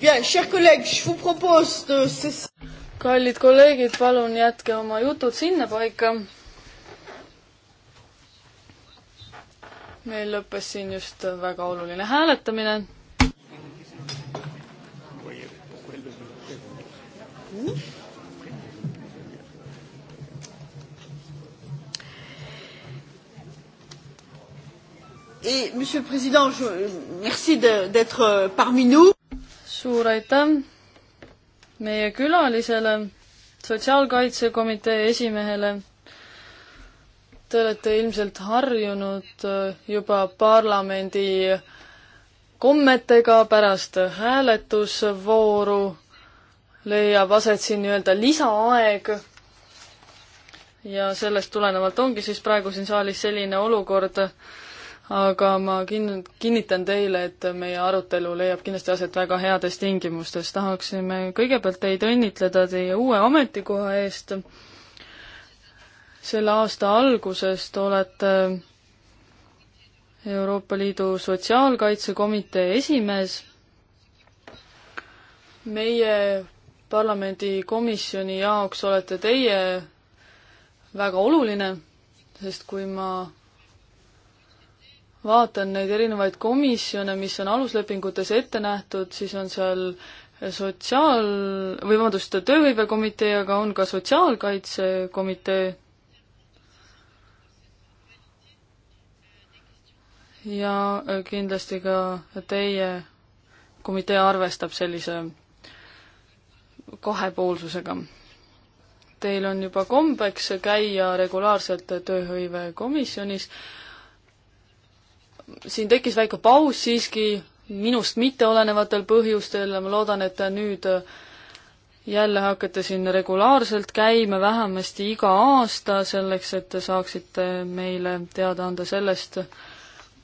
Bien, chers collègues, je vous propose de kallid kolleegid, palun jätke oma jutud sinnapaika. meil lõppes siin just väga oluline hääletamine. Et Monsieur le Président, je, merci d'être euh, parmi nous suur aitäh meie külalisele, sotsiaalkaitsekomitee esimehele. Te olete ilmselt harjunud äh, juba parlamendi kommetega pärast hääletusvooru leiab aset siin nii-öelda lisaaeg. ja sellest tulenevalt ongi siis praegu siin saalis selline olukord, aga ma kin-, kinnitan teile, et meie arutelu leiab kindlasti aset väga heades tingimustes. tahaksime kõigepealt teid õnnitleda teie uue ametikoha eest. selle aasta algusest olete Euroopa Liidu Sotsiaalkaitsekomitee esimees. meie parlamendikomisjoni jaoks olete teie väga oluline, sest kui ma vaatan neid erinevaid komisjone, mis on aluslepingutes ette nähtud, siis on seal sotsiaal, või vabandust, tööhõivekomitee, aga on ka sotsiaalkaitsekomitee. ja kindlasti ka teie komitee arvestab sellise kahepoolsusega. Teil on juba kombeks käia regulaarselt tööhõivekomisjonis siin tekkis väike paus siiski minust mitteolenevatel põhjustel, ma loodan, et nüüd jälle hakkate siin regulaarselt käima, vähemasti iga aasta, selleks et te saaksite meile teada anda sellest,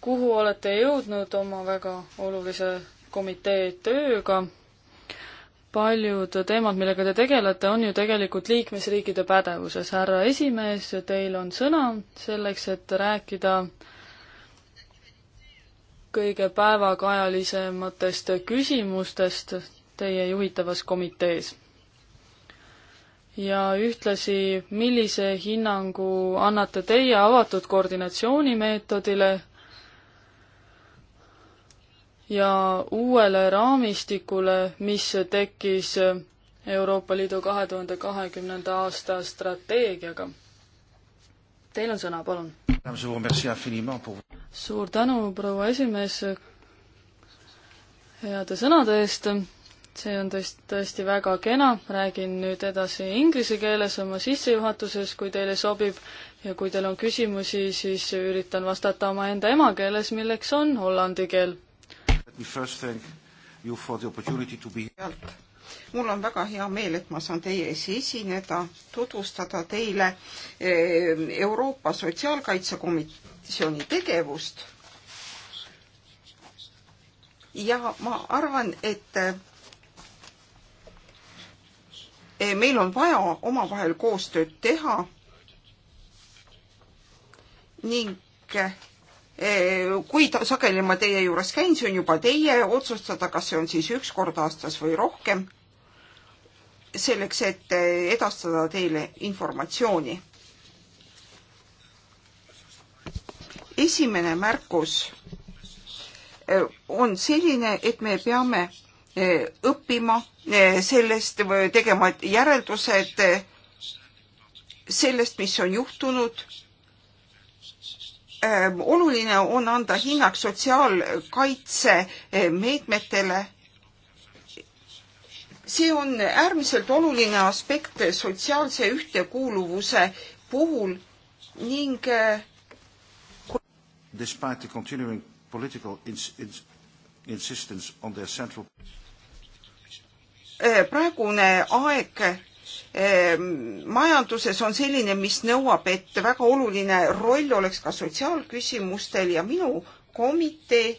kuhu olete jõudnud oma väga olulise komitee tööga. paljud teemad, millega te tegelete, on ju tegelikult liikmesriikide pädevuses. härra esimees, teil on sõna selleks, et rääkida äh, kõige päevakajalisematest küsimustest teie juhitavas komitees? ja ühtlasi, millise hinnangu annate teie avatud koordinatsioonimeetodile ja uuele raamistikule, mis tekkis Euroopa Liidu kahe tuhande kahekümnenda aasta strateegiaga Teil on sõna, palun. suur tänu, proua esimees, heade sõnade eest. see on tõesti, tõesti väga kena. räägin nüüd edasi inglise keeles oma sissejuhatuses, kui teile sobib. ja kui teil on küsimusi, siis üritan vastata omaenda emakeeles, milleks on hollandi keel. Let me first thank you for the opportunity to be here mul on väga hea meel, et ma saan teie ees esineda, tutvustada teile eh, Euroopa Sotsiaalkaitsekomisjoni tegevust. ja ma arvan, et eh, meil on vaja omavahel koostööd teha ning eh, kui sageli ma teie juures käin, see on juba teie otsustada, kas see on siis üks kord aastas või rohkem selleks, et edastada teile informatsiooni. esimene märkus eh, on selline, et me peame eh, õppima eh, sellest, tegema järeldused sellest, mis on juhtunud oluline on anda hinnaks sotsiaalkaitsemeetmetele see on äärmiselt oluline aspekt sotsiaalse ühtekuuluvuse puhul ning äh, Despite the continuing political ins ins insistence on their central äh, praegune aeg ähm, majanduses on selline, mis nõuab, et väga oluline roll oleks ka sotsiaalküsimustel ja minu komitee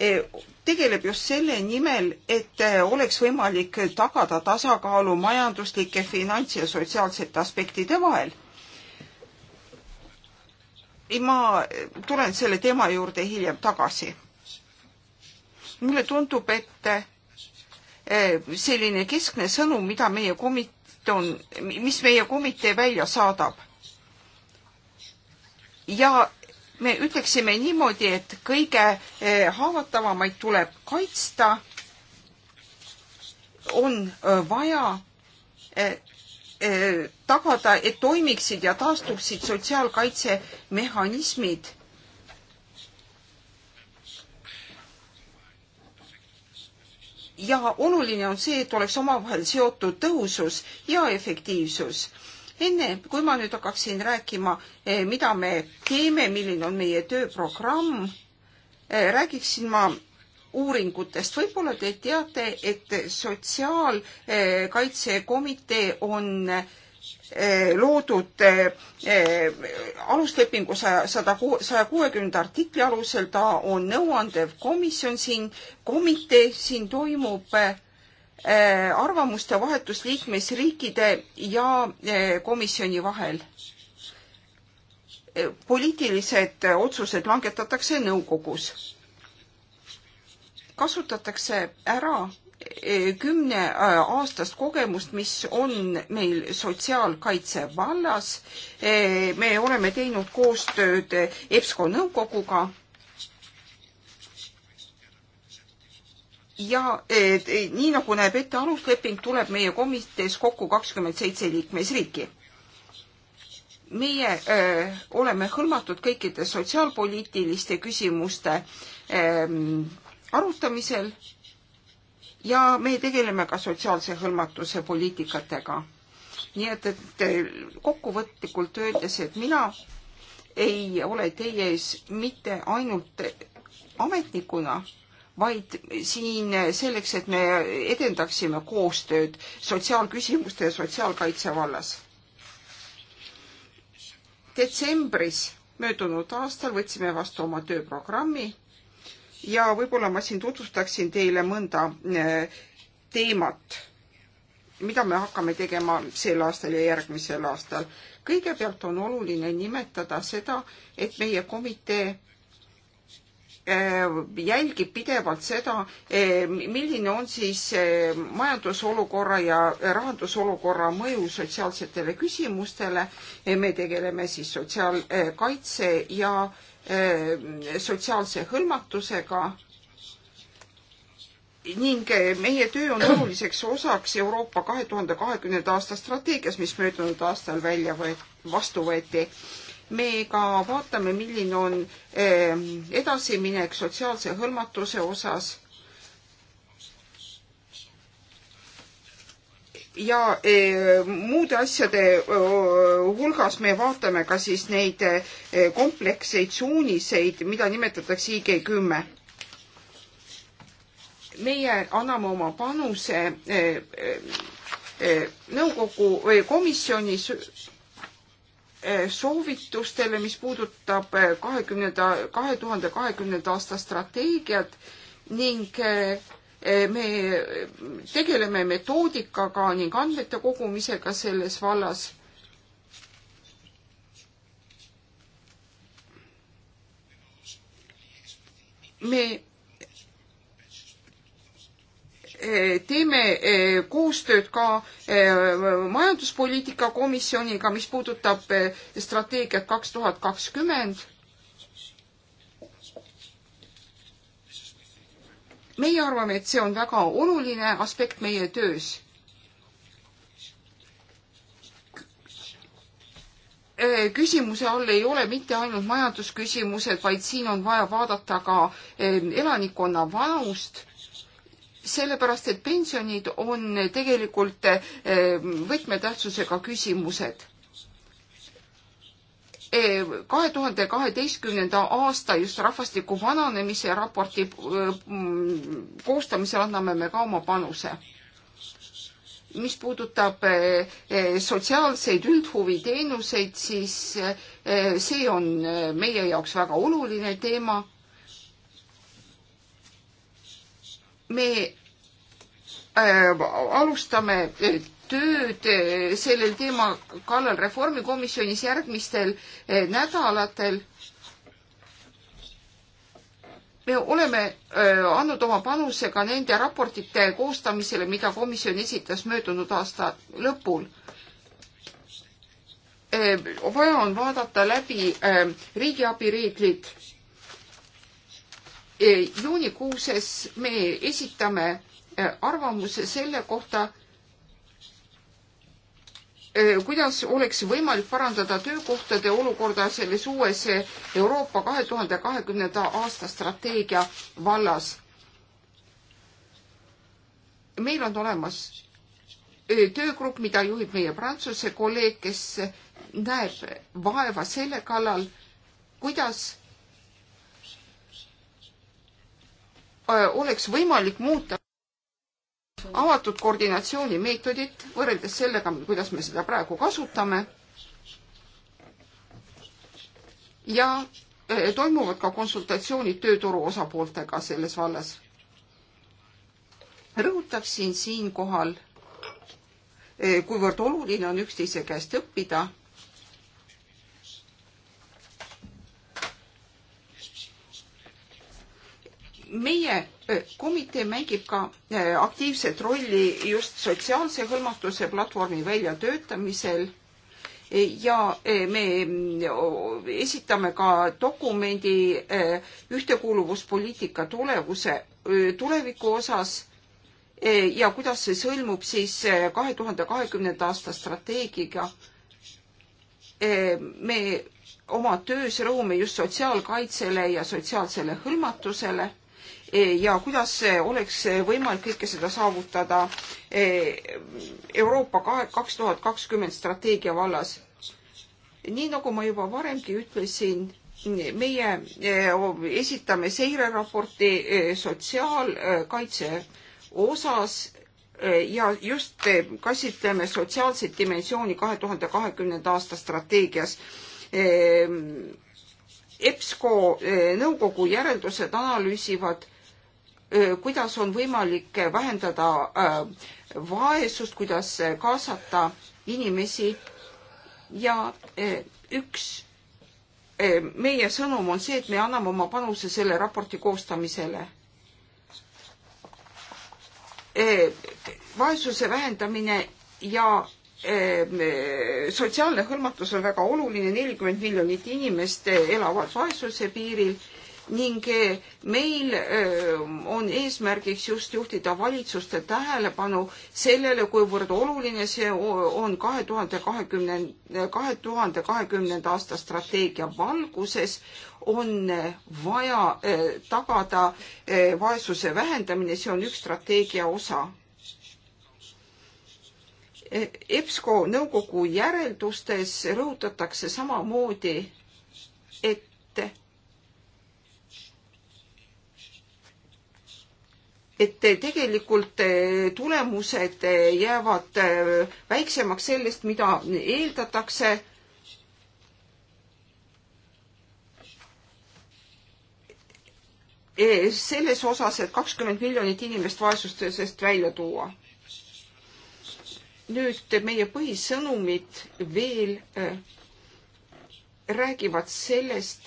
Eh, tegeleb just selle nimel, et eh, oleks võimalik tagada tasakaalu majanduslike, finants- ja sotsiaalsete aspektide vahel. ma eh, tulen selle teema juurde hiljem tagasi. mulle tundub, et selline keskne sõnum, mida meie komitee on, mis meie komitee välja saadab ja me ütleksime niimoodi, et kõige eh, haavatavamaid tuleb kaitsta, on eh, vaja eh, tagada, et toimiksid ja taastuksid sotsiaalkaitsemehhanismid. ja oluline on see, et oleks omavahel seotud tõhusus ja efektiivsus enne kui ma nüüd hakkaksin rääkima, eh, mida me teeme, milline on meie tööprogramm, eh, räägiksin ma uuringutest. võib-olla te teate, et Sotsiaalkaitsekomitee eh, on loodud aluslepingu sada, saja kuuekümnenda artikli alusel, ta on nõuandev komisjon siin, komitee siin toimub Äh, arvamuste vahetus liikmesriikide ja äh, komisjoni vahel. Äh, poliitilised otsused langetatakse nõukogus. kasutatakse ära kümne aastast kogemust, mis on meil sotsiaalkaitse vallas. me oleme teinud koostööd EBSCO nõukoguga ja et, nii nagu näeb ette alusleping, tuleb meie komitees kokku kakskümmend seitse liikmesriiki. meie öö, äh, oleme hõlmatud kõikide sotsiaalpoliitiliste küsimuste öö, ähm, arutamisel ja me tegeleme ka sotsiaalse hõlmatuse poliitikatega. nii et, et kokkuvõtlikult öeldes, et mina ei ole teie ees mitte ainult ametnikuna, vaid siin selleks, et me edendaksime koostööd sotsiaalküsimuste ja sotsiaalkaitse vallas. detsembris möödunud aastal võtsime vastu oma tööprogrammi ja võib-olla ma siin tutvustaksin teile mõnda eh, teemat, mida me hakkame tegema sel aastal ja järgmisel aastal. kõigepealt on oluline nimetada seda, et meie komitee Äh, jälgib pidevalt seda, äh, milline on siis äh, majandusolukorra ja rahandusolukorra mõju sotsiaalsetele küsimustele. me tegeleme siis sotsiaalkaitse ja sotsiaalse hõlmatusega ning meie töö on oluliseks osaks Euroopa kahe tuhande kahekümnenda aasta strateegias, mis möödunud aastal välja võet-, vastu võeti me ka vaatame, milline on ehm, edasiminek sotsiaalse hõlmatuse osas. ja ehm, muude asjade hulgas me vaatame ka siis neid ehm, kompleksseid suuniseid, mida nimetatakse IG kümme meie anname oma panuse nõukogu või komisjonis Eh, soovitustele, mis puudutab eh, kahekümnenda, kahe tuhande kahekümnenda aasta strateegiat ning eh, me tegeleme metoodikaga ning andmete kogumisega selles vallas. me E, teeme e, koostööd ka e, majanduspoliitika komisjoniga, mis puudutab strateegiat kaks tuhat kakskümmend. meie arvame, et see on väga oluline aspekt meie töös küsimuse all ei ole mitte ainult majandusküsimused, vaid siin on vaja vaadata ka elanikkonna vanust sellepärast, et pensionid on tegelikult eh, võtmetähtsusega küsimused eh, kahe tuhande kaheteistkümnenda aasta just rahvastiku vananemise raporti eh, mm, koostamisel anname me ka oma panuse. mis puudutab sotsiaalseid üldhuviteenuseid, siis see on meie jaoks väga oluline teema. me Äh, alustame äh, tööd äh, sellel teema kallal reformikomisjonis järgmistel nädalatel. me oleme andnud oma panuse ka nende raportite koostamisele, mida komisjon esitas möödunud aasta lõpul vaja on vaadata läbi riigiabi reeglid. juunikuuses me esitame Äh, arvamuse selle kohta, äh, kuidas oleks võimalik parandada töökohtade olukorda selles uues Euroopa kahe tuhande kahekümnenda aasta strateegia vallas. meil on olemas äh, töögrupp, mida juhib meie prantsuse kolleeg, kes näeb vaeva selle kallal, kuidas oleks võimalik muuta avatud koordinatsioonimeetodit võrreldes sellega, kuidas me seda praegu kasutame. ja eh, toimuvad ka konsultatsioonid tööturu osapooltega selles vallas. rõhutaksin siinkohal, eh, kuivõrd oluline on üksteise käest õppida meie komitee mängib ka eh, aktiivset rolli just sotsiaalse hõlmatuse platvormi väljatöötamisel eh, ja eh, me mm, esitame ka dokumendi ühtekuuluvuspoliitika tulevuse, tuleviku osas ja kuidas see sõlmub siis kahe tuhande kahekümnenda aasta strateegiaga. me oma töös rõhume just sotsiaalkaitsele ja sotsiaalsele hõlmatusele E, ja kuidas oleks võimalik kõike seda saavutada e, Euroopa kaks tuhat kakskümmend strateegia vallas. nii nagu ma juba varemgi ütlesin, meie e, esitame seireraporti sotsiaalkaitse osas ja just käsitleme sotsiaalset dimensiooni kahe tuhande kahekümnenda aasta strateegias EBSCO nõukogu järeldused analüüsivad kuidas on võimalik vähendada vaesust, kuidas kaasata inimesi ja üks meie sõnum on see, et me anname oma panuse selle raporti koostamisele. vaesuse vähendamine ja sotsiaalne hõlmatus on väga oluline, nelikümmend miljonit inimest elavad vaesuse piiril ning eh, meil eh, on eesmärgiks just juhtida valitsuste tähelepanu sellele, kuivõrd oluline see on kahe tuhande kahekümne, kahe tuhande kahekümnenda aasta strateegia valguses on eh, vaja tagada vaesuse vähendamine, see on üks strateegia osa EBSCO nõukogu järeldustes rõhutatakse samamoodi, et et tegelikult eh, tulemused eh, jäävad eh, väiksemaks sellest, mida eeldatakse. selles osas, et kakskümmend miljonit inimest vaesusest välja tuua. nüüd meie põhisõnumid veel räägivad sellest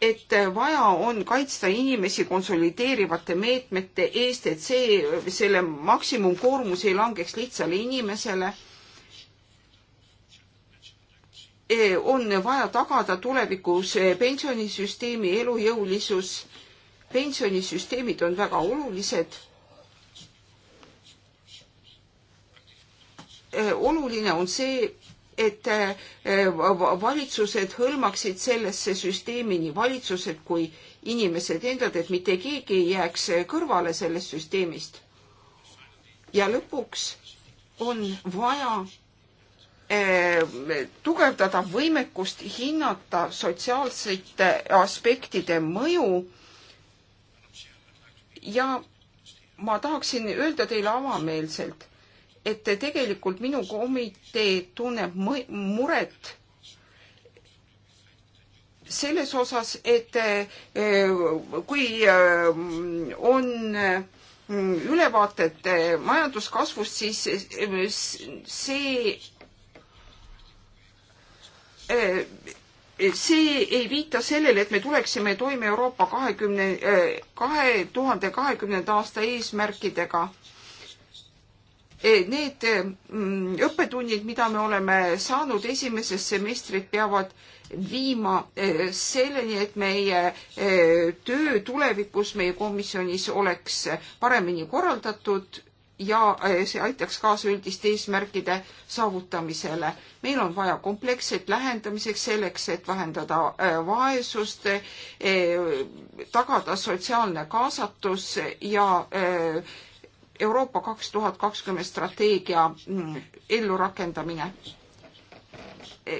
et vaja on kaitsta inimesi konsolideerivate meetmete eest, et see, selle maksimumkoormus ei langeks lihtsale inimesele. E, on vaja tagada tulevikus pensionisüsteemi elujõulisus. pensionisüsteemid on väga olulised e, oluline on see, et eh, valitsused hõlmaksid sellesse süsteemi nii valitsused kui inimesed endad, et mitte keegi ei jääks kõrvale sellest süsteemist. ja lõpuks on vaja eh, tugevdada võimekust hinnata sotsiaalsete aspektide mõju ja ma tahaksin öelda teile avameelselt et tegelikult minu komitee tunneb muret selles osas, et eh, kui eh, on mm, ülevaated eh, majanduskasvust, siis see see ei viita sellele, et me tuleksime toime Euroopa kahekümne, kahe tuhande kahekümnenda aasta eesmärkidega. Eh, need eh, mm, õppetunnid, mida me oleme saanud esimesest semestrit, peavad viima eh, selleni, et meie töö tulevikus meie komisjonis oleks paremini korraldatud ja see aitaks kaasa üldiste eesmärkide saavutamisele. meil on vaja kompleksset lähendamiseks selleks, et vähendada vaesust, tagada sotsiaalne kaasatus ja Euroopa kaks tuhat kakskümmend strateegia mm, ellurakendamine. E,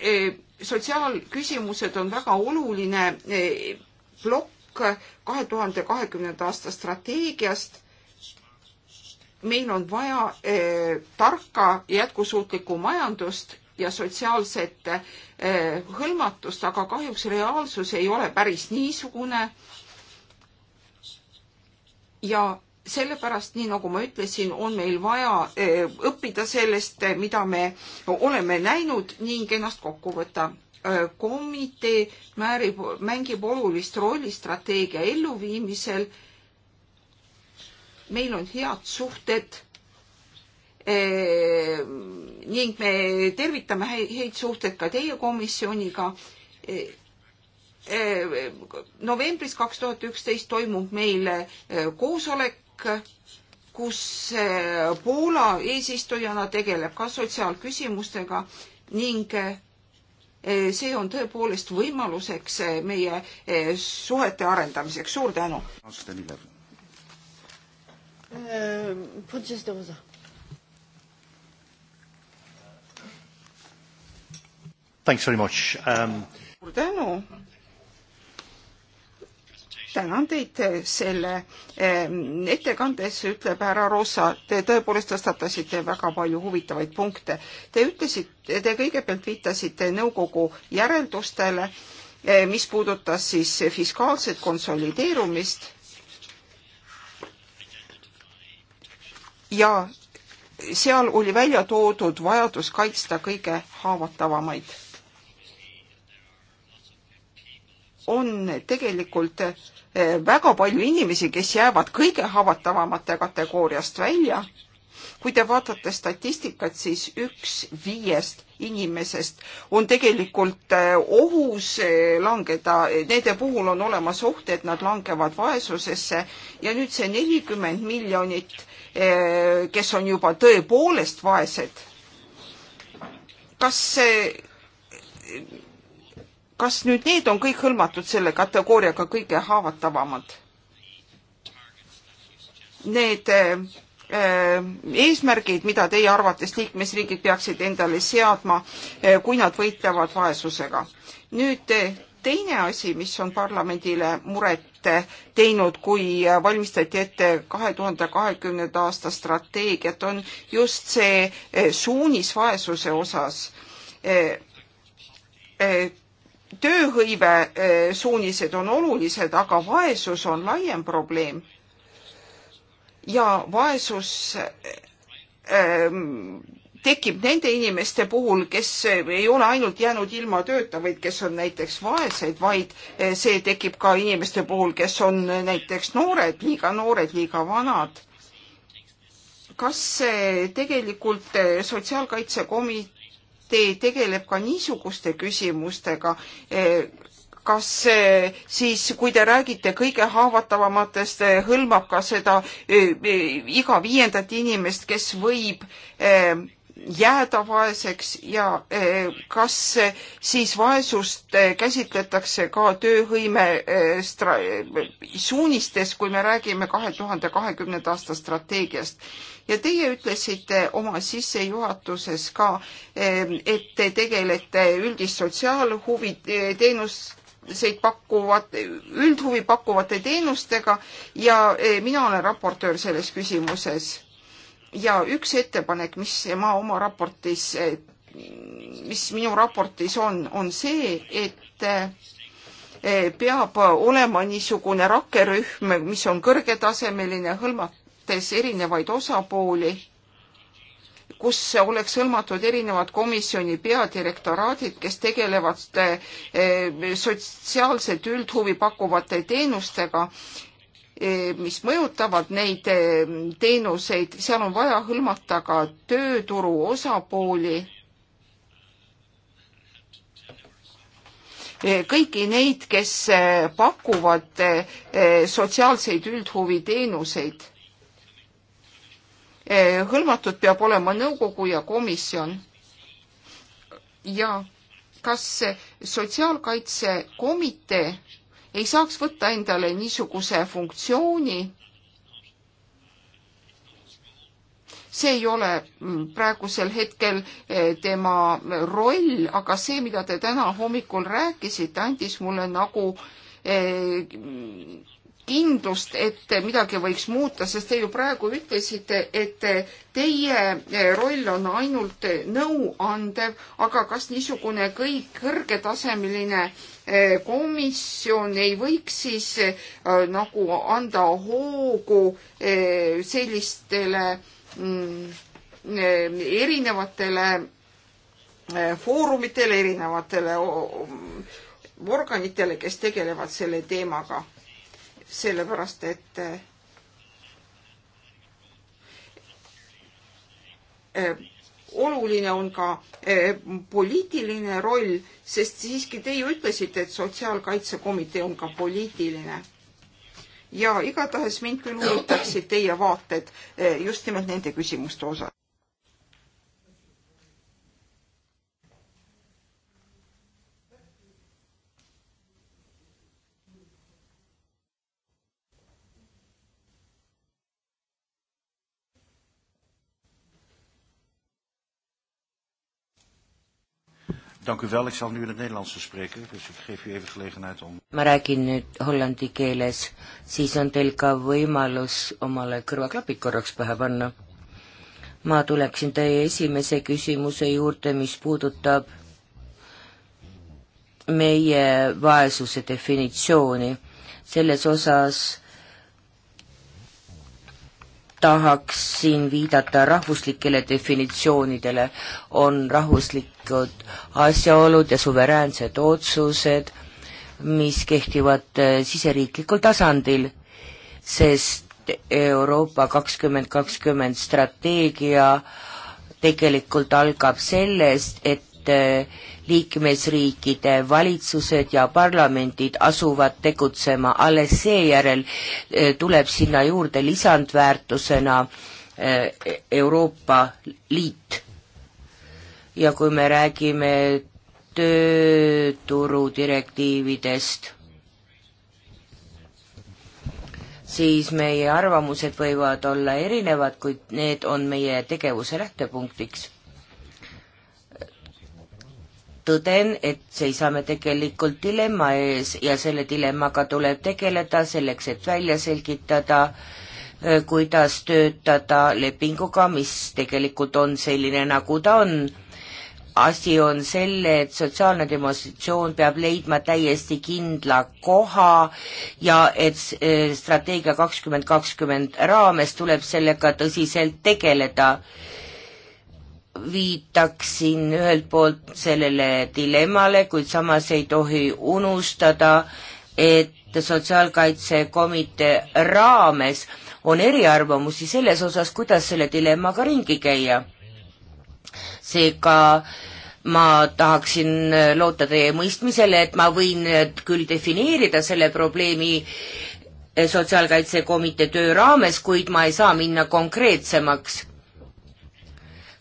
e, sotsiaalküsimused on väga oluline e, plokk kahe tuhande kahekümnenda aasta strateegiast. meil on vaja tarka jätkusuutlikku majandust ja sotsiaalset hõlmatust, aga kahjuks reaalsus ei ole päris niisugune ja sellepärast, nii nagu ma ütlesin, on meil vaja eh, õppida sellest, eh, mida me oleme näinud ning ennast kokku võtta. Eh, komitee määrib, mängib olulist rolli strateegia elluviimisel. meil on head suhted ning me tervitame häid suhteid ka teie komisjoniga novembris kaks tuhat üksteist toimub meil koosolek märk, kus Poola eesistujana tegeleb ka sotsiaalküsimustega ning eh, see on tõepoolest võimaluseks eh, meie eh, suhete arendamiseks. suur tänu! Ehm, um, suur tänu! tänan teid selle eh, ettekandes, ütleb härra Rossa, te tõepoolest tõstatasite väga palju huvitavaid punkte. Te ütlesite, te kõigepealt viitasite nõukogu järeldustele, eh, mis puudutas siis fiskaalset konsolideerumist ja seal oli välja toodud vajadus kaitsta kõige haavatavamaid on tegelikult eh, väga palju inimesi, kes jäävad kõige haavatavamate kategooriast välja. kui te vaatate statistikat, siis üks viiest inimesest on tegelikult eh, ohus eh, langeda, nende puhul on olemas oht, et nad langevad vaesusesse ja nüüd see nelikümmend miljonit, kes on juba tõepoolest vaesed. kas see kas nüüd need on kõik hõlmatud selle kategooriaga kõige haavatavamad? Need äh, äh, eesmärgid, mida teie arvates liikmesriigid peaksid endale seadma, äh, kui nad võitlevad vaesusega. nüüd teine asi, mis on parlamendile muret teinud, kui valmistati ette kahe tuhande kahekümnenda aasta strateegiat, on just see suunis vaesuse osas tööhõive eh, suunised on olulised, aga vaesus on laiem probleem. ja vaesus ähm, tekib nende inimeste puhul, kes ei ole ainult jäänud ilma tööta, vaid kes on näiteks vaesed, vaid eh, see tekib ka inimeste puhul, kes on näiteks noored, liiga noored, liiga vanad. kas eh, tegelikult Sotsiaalkaitsekomitee komitee tegeleb ka niisuguste küsimustega, e, kas e, siis, kui te räägite kõige haavatavamatest, e, hõlmab ka seda iga viiendat inimest, kes võib jääda vaeseks ja kas siis vaesust käsitletakse ka tööhõime suunistes, kui me räägime kahe tuhande kahekümnenda aasta strateegiast ja teie ütlesite oma sissejuhatuses ka, et te tegelete üldist sotsiaalhuvi e, teenust seid pakkuvate, üldhuvi pakkuvate teenustega ja e, mina olen raportöör selles küsimuses. ja üks ettepanek, mis ma oma raportis, e, mis minu raportis on, on see, et peab olema niisugune rakkerühm, mis on kõrgetasemeline, hõlmab kaasates erinevaid osapooli, kus oleks hõlmatud erinevad komisjoni peadirektoraadid, kes tegelevad eh, sotsiaalset üldhuvi pakkuvate teenustega, eh, mis mõjutavad neid eh, teenuseid, seal on vaja hõlmata ka tööturu osapooli kõiki neid, kes pakuvad sotsiaalseid üldhuviteenuseid. Eh, hõlmatud peab olema nõukogu ja komisjon. ja kas sotsiaalkaitsekomitee ei saaks võtta endale niisuguse funktsiooni, see ei ole mm, praegusel hetkel eh, tema roll, aga see, mida te täna hommikul rääkisite, andis mulle nagu eh, kindlust, et midagi võiks muuta, sest te ju praegu ütlesite, et teie roll on ainult nõuandev, aga kas niisugune kõik kõrgetasemeline eh, komisjon ei võiks siis eh, nagu anda hoogu eh, sellistele mm, erinevatele foorumitele, erinevatele organitele, kes tegelevad selle teemaga sellepärast et äh, oluline on ka äh, poliitiline roll, sest siiski teie ütlesite, et Sotsiaalkaitsekomitee on ka poliitiline. ja igatahes mind küll huvitaksid teie vaated äh, just nimelt nende küsimuste osas. Dank u wel. Ik zal nu in het Nederlands spreken, dus ik geef u even gelegenheid om... ma räägin nüüd hollandi keeles, siis on teil ka võimalus omale kõrvaklapid korraks pähe panna. ma tuleksin teie esimese küsimuse juurde, mis puudutab meie vaesuse definitsiooni. selles osas tahaksin viidata rahvuslikele definitsioonidele, on rahvuslikud asjaolud ja suveräänsed otsused, mis kehtivad eh, siseriiklikul tasandil, sest Euroopa kakskümmend kakskümmend strateegia tegelikult algab sellest, et et äh, liikmesriikide valitsused ja parlamendid asuvad tegutsema, alles seejärel äh, tuleb sinna juurde lisandväärtusena äh, Euroopa Liit. ja kui me räägime tööturu direktiividest, siis meie arvamused võivad olla erinevad, kuid need on meie tegevuse lähtepunktiks tõden, et seisame tegelikult dilemma ees ja selle dilemmaga tuleb tegeleda selleks, et välja selgitada, äh, kuidas töötada lepinguga, mis tegelikult on selline, nagu ta on. asi on selle, et sotsiaalne demonstratsioon peab leidma täiesti kindla koha ja et äh, strateegia kakskümmend kakskümmend raames tuleb sellega tõsiselt tegeleda viitaksin ühelt poolt sellele dilemmale, kuid samas ei tohi unustada, et Sotsiaalkaitsekomitee raames on eriarvamusi selles osas, kuidas selle dilemmaga ringi käia. seega ma tahaksin loota teie mõistmisele, et ma võin küll defineerida selle probleemi Sotsiaalkaitsekomitee töö raames, kuid ma ei saa minna konkreetsemaks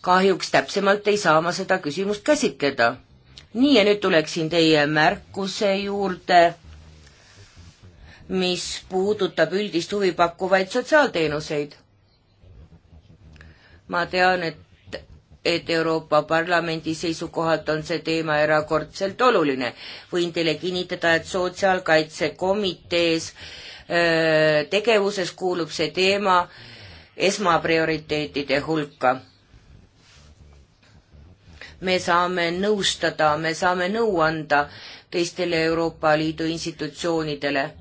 kahjuks täpsemalt ei saa ma seda küsimust käsitleda. nii, ja nüüd tuleksin teie märkuse juurde, mis puudutab üldist huvi pakkuvaid sotsiaalteenuseid. ma tean, et et Euroopa Parlamendi seisukohalt on see teema erakordselt oluline. võin teile kinnitada, et Sotsiaalkaitsekomitees tegevuses kuulub see teema esmaprioriteetide hulka me saame nõustada, me saame nõu anda teistele Euroopa Liidu institutsioonidele.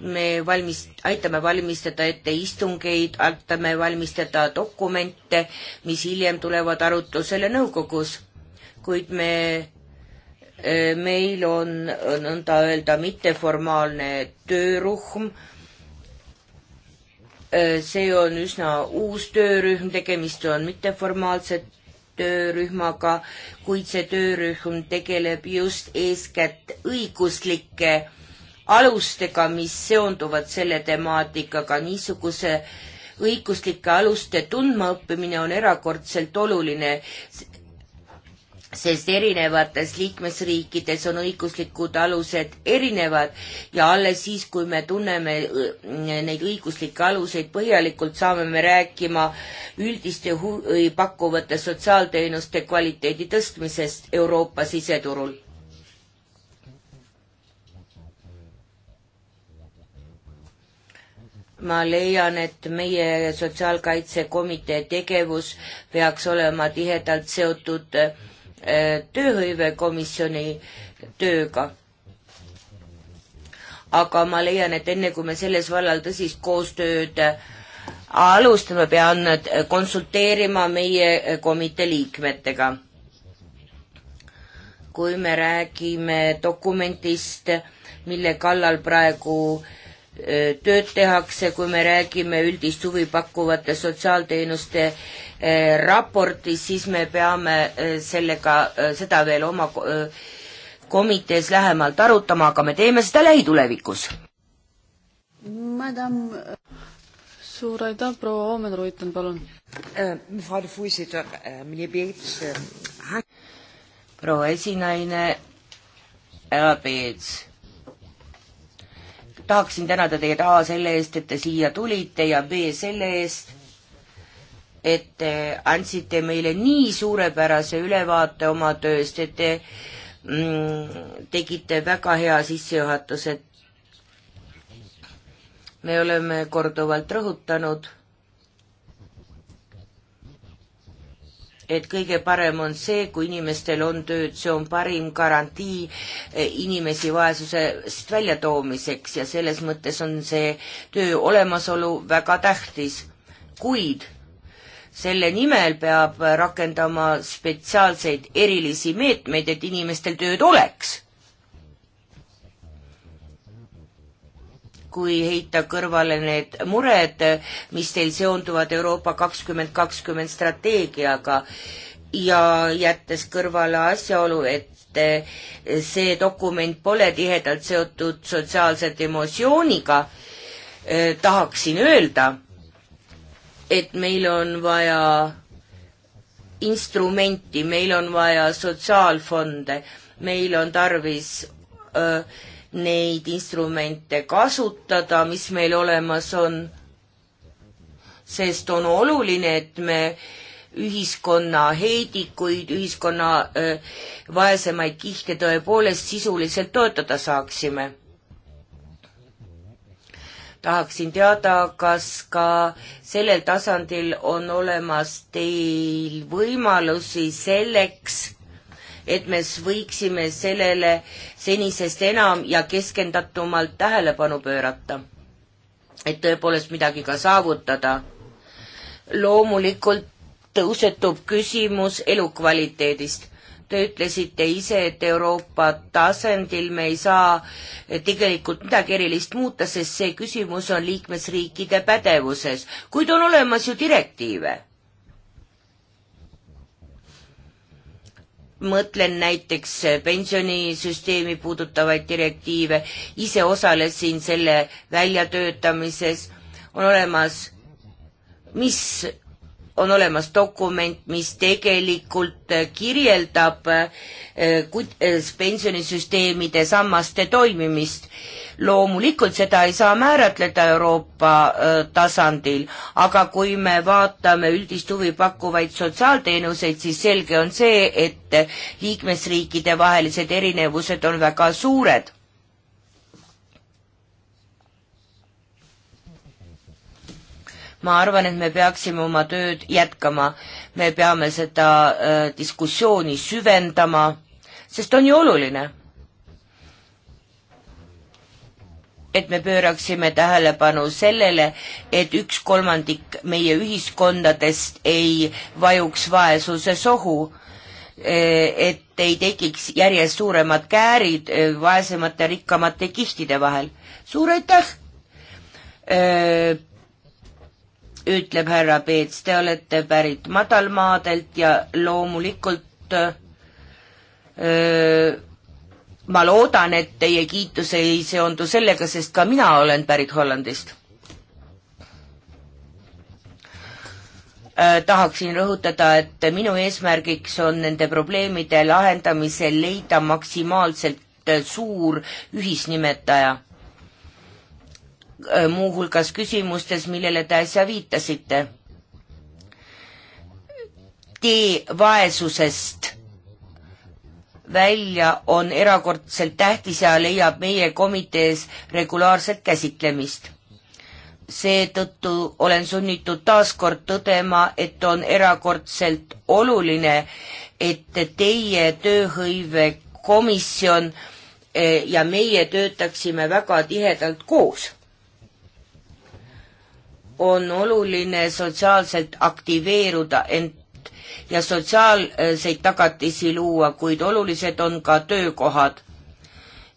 me valmis, aitame valmistada ette istungeid, aitame valmistada dokumente, mis hiljem tulevad arutlusele nõukogus, kuid me e, meil on nõnda öelda mitteformaalne töörühm, e, see on üsna uus töörühm, tegemist on mitteformaalset töörühmaga, kuid see töörühm tegeleb just eeskätt õiguslike alustega, mis seonduvad selle temaatikaga, niisuguse õiguslike aluste tundmaõppimine on erakordselt oluline sest erinevates liikmesriikides on õiguslikud alused erinevad ja alles siis, kui me tunneme äh, neid õiguslikke aluseid põhjalikult, saame me rääkima üldiste huvi pakkuvate sotsiaalteenuste kvaliteedi tõstmisest Euroopa siseturul. ma leian, et meie Sotsiaalkaitsekomitee tegevus peaks olema tihedalt seotud äh, Äh, tööhõivekomisjoni tööga. aga ma leian, et enne kui me selles vallal tõsist koostööd äh, alustame, pean äh, konsulteerima meie komitee liikmetega. kui me räägime dokumentist, mille kallal praegu äh, tööd tehakse, kui me räägime üldist huvi pakkuvate sotsiaalteenuste raportis, siis me peame sellega, seda veel oma komitees lähemalt arutama, aga me teeme seda lähitulevikus. Madam suur aitäh, proua Oomen Ruiten, palun. proua esinaine, härra Peets tahaksin tänada teid A selle eest, et te siia tulite ja B selle eest, et te andsite meile nii suurepärase ülevaate oma tööst, et te mm, tegite väga hea sissejuhatuse. me oleme korduvalt rõhutanud et kõige parem on see, kui inimestel on tööd, see on parim garantii eh, inimesi vaesusest väljatoomiseks ja selles mõttes on see töö olemasolu väga tähtis. kuid selle nimel peab rakendama spetsiaalseid erilisi meetmeid, et inimestel tööd oleks kui heita kõrvale need mured, mis teil seonduvad Euroopa kakskümmend kakskümmend strateegiaga ja jättes kõrvale asjaolu, et eh, see dokument pole tihedalt seotud sotsiaalse emotsiooniga, eh, tahaksin öelda, et meil on vaja instrumenti, meil on vaja sotsiaalfonde, meil on tarvis öö, eh, neid instrumente kasutada, mis meil olemas on, sest on oluline, et me ühiskonna heidikuid, ühiskonna öö, vaesemaid kihte tõepoolest sisuliselt toetada saaksime. tahaksin teada, kas ka sellel tasandil on olemas teil võimalusi selleks, et me võiksime sellele senisest enam ja keskendatumalt tähelepanu pöörata. et tõepoolest midagi ka saavutada. loomulikult tõusetub küsimus elukvaliteedist te ütlesite ise, et Euroopa tasandil me ei saa tegelikult midagi erilist muuta, sest see küsimus on liikmesriikide pädevuses, kuid on olemas ju direktiive. mõtlen näiteks pensionisüsteemi puudutavaid direktiive, ise osalesin selle väljatöötamises, on olemas, mis on olemas dokument, mis tegelikult kirjeldab eh, eh, pensionisüsteemide sammaste toimimist. loomulikult seda ei saa määratleda Euroopa eh, tasandil, aga kui me vaatame üldist huvi pakkuvaid sotsiaalteenuseid, siis selge on see, et liikmesriikide vahelised erinevused on väga suured ma arvan, et me peaksime oma tööd jätkama, me peame seda äh, diskussiooni süvendama, sest on ju oluline, et me pööraksime tähelepanu sellele, et üks kolmandik meie ühiskondadest ei vajuks vaesuse sohu, e, et ei tekiks järjest suuremad käärid e, vaesemate, rikkamate kihtide vahel. suur aitäh! E, ütleb härra Peets, te olete pärit madalmaadelt ja loomulikult öö, ma loodan, et teie kiitus ei seondu sellega, sest ka mina olen pärit Hollandist. tahaksin rõhutada, et minu eesmärgiks on nende probleemide lahendamisel leida maksimaalselt äh, suur ühisnimetaja Äh, muuhulgas küsimustes, millele te äsja viitasite. tee vaesusest välja on erakordselt tähtis ja leiab meie komitees regulaarset käsitlemist. seetõttu olen sunnitud taaskord tõdema, et on erakordselt oluline, et teie tööhõivekomisjon eh, ja meie töötaksime väga tihedalt koos on oluline sotsiaalselt aktiveeruda ent ja sotsiaalseid tagatisi luua, kuid olulised on ka töökohad.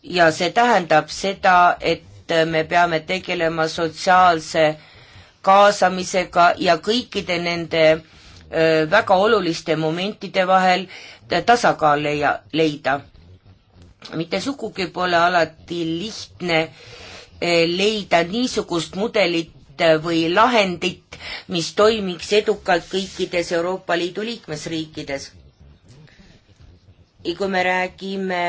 ja see tähendab seda, et me peame tegelema sotsiaalse kaasamisega ja kõikide nende öö, väga oluliste momentide vahel tasakaal leia, leida. mitte sugugi pole alati lihtne öö, leida niisugust mudelit, või lahendit, mis toimiks edukalt kõikides Euroopa Liidu liikmesriikides. ja kui me räägime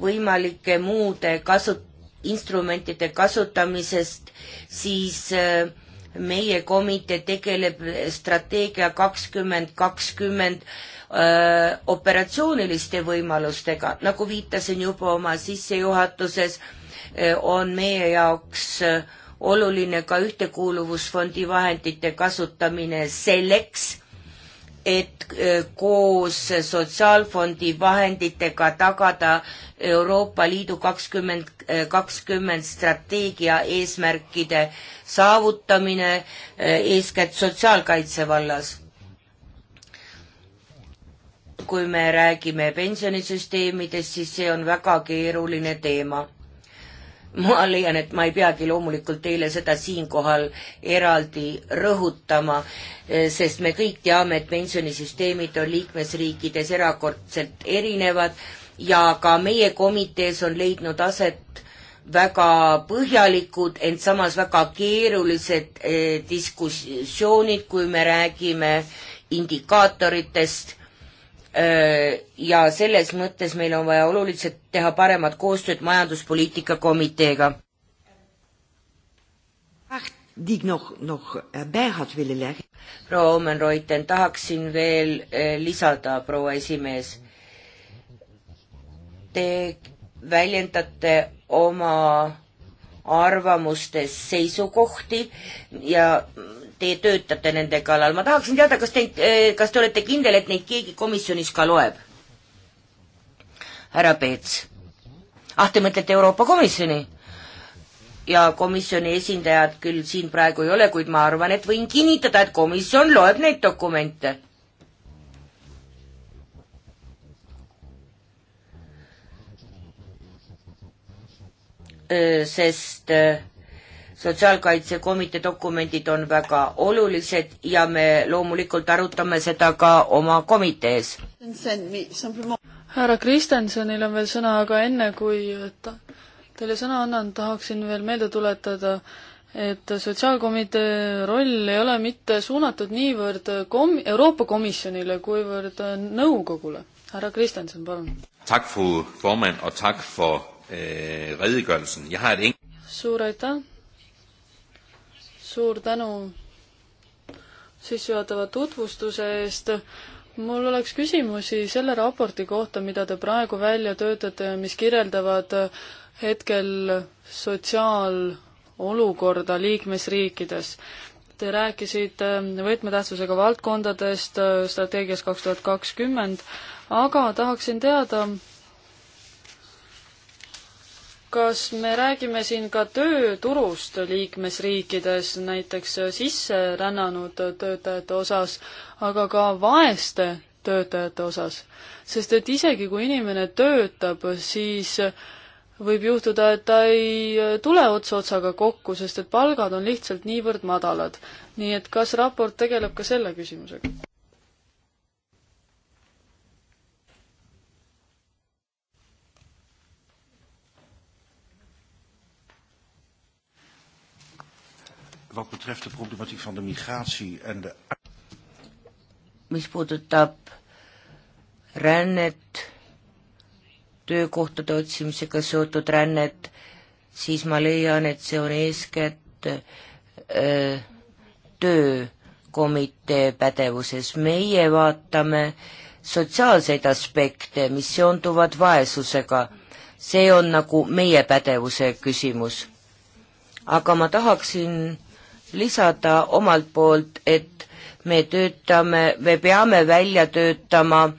võimalike muude kasu-, instrumentide kasutamisest, siis äh, meie komitee tegeleb strateegia kakskümmend kakskümmend äh, operatsiooniliste võimalustega, nagu viitasin juba oma sissejuhatuses, äh, on meie jaoks öö, oluline ka Ühtekuuluvusfondi vahendite kasutamine selleks, et e, koos Sotsiaalfondi vahenditega tagada Euroopa Liidu kakskümmend, e, kakskümmend strateegia eesmärkide saavutamine, e, eeskätt sotsiaalkaitse vallas. kui me räägime pensionisüsteemidest, siis see on väga keeruline teema ma leian, et ma ei peagi loomulikult teile seda siinkohal eraldi rõhutama, eh, sest me kõik teame, et pensionisüsteemid on liikmesriikides erakordselt erinevad ja ka meie komitees on leidnud aset väga põhjalikud, ent samas väga keerulised eh, diskussioonid, kui me räägime indikaatoritest ja selles mõttes meil on vaja oluliselt teha paremat koostööd majanduspoliitika komiteega. Äh, proua Omenreuten, tahaksin veel äh, lisada, proua esimees. Te väljendate oma arvamustes seisukohti ja te töötate nende kallal, ma tahaksin teada, kas teid, eh, kas te olete kindel, et neid keegi komisjonis ka loeb? härra Peets. ah, te mõtlete Euroopa Komisjoni? ja komisjoni esindajad küll siin praegu ei ole, kuid ma arvan, et võin kinnitada, et komisjon loeb neid dokumente. Äh, sest äh, sotsiaalkaitsekomitee dokumendid on väga olulised ja me loomulikult arutame seda ka oma komitees. härra Kristensonil on veel sõna, aga enne kui ta, teile sõna annan, tahaksin veel meelde tuletada, et sotsiaalkomitee roll ei ole mitte suunatud niivõrd kom-, Euroopa Komisjonile, kuivõrd nõukogule. härra Kristjanson, palun. Øh, suur aitäh suur tänu sissejuhatava tutvustuse eest. mul oleks küsimusi selle raporti kohta, mida te praegu välja töötate ja mis kirjeldavad hetkel sotsiaalolukorda liikmesriikides. Te rääkisite võtmetähtsusega valdkondadest strateegias kaks tuhat kakskümmend, aga tahaksin teada, kas me räägime siin ka tööturust liikmesriikides, näiteks sisserännanud töötajate osas, aga ka vaeste töötajate osas? sest et isegi, kui inimene töötab, siis võib juhtuda, et ta ei tule ots otsaga kokku, sest et palgad on lihtsalt niivõrd madalad. nii et kas raport tegeleb ka selle küsimusega? wat betreft de problematiek van de migratie en de... mis puudutab rännet, töökohtade otsimisega seotud rännet, siis ma leian, et see on eeskätt öö, äh, töökomitee pädevuses. meie vaatame sotsiaalseid aspekte, mis seonduvad vaesusega. see on nagu meie pädevuse küsimus. aga ma tahaksin lisada omalt poolt, et me töötame, me peame välja töötama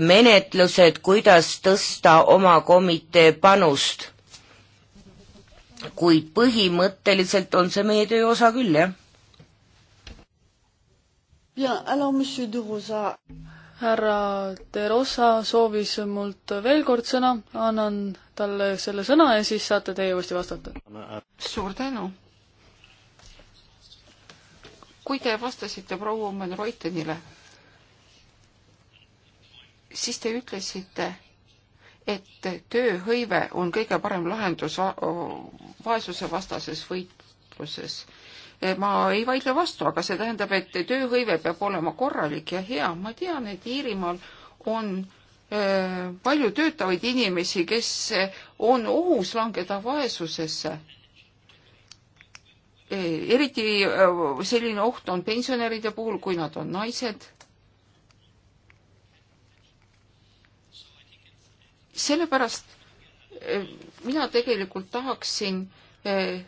menetlused, kuidas tõsta oma komitee panust. kuid põhimõtteliselt on see meie töö osa küll, jah. Bien, alors monsieur De Rosa. härra De Rosa soovis mult veel kord sõna, annan talle selle sõna ja siis saate teie uuesti vastata. suur tänu kui te vastasite proua Oman Reutenile, siis te ütlesite, et tööhõive on kõige parem lahendus vaesuse vastases võitluses. ma ei vaidle vastu, aga see tähendab, et tööhõive peab olema korralik ja hea. ma tean, et Iirimaal on palju töötavaid inimesi, kes on ohus langeda vaesusesse eriti äh, selline oht on pensionäride puhul, kui nad on naised. sellepärast äh, mina tegelikult tahaksin äh,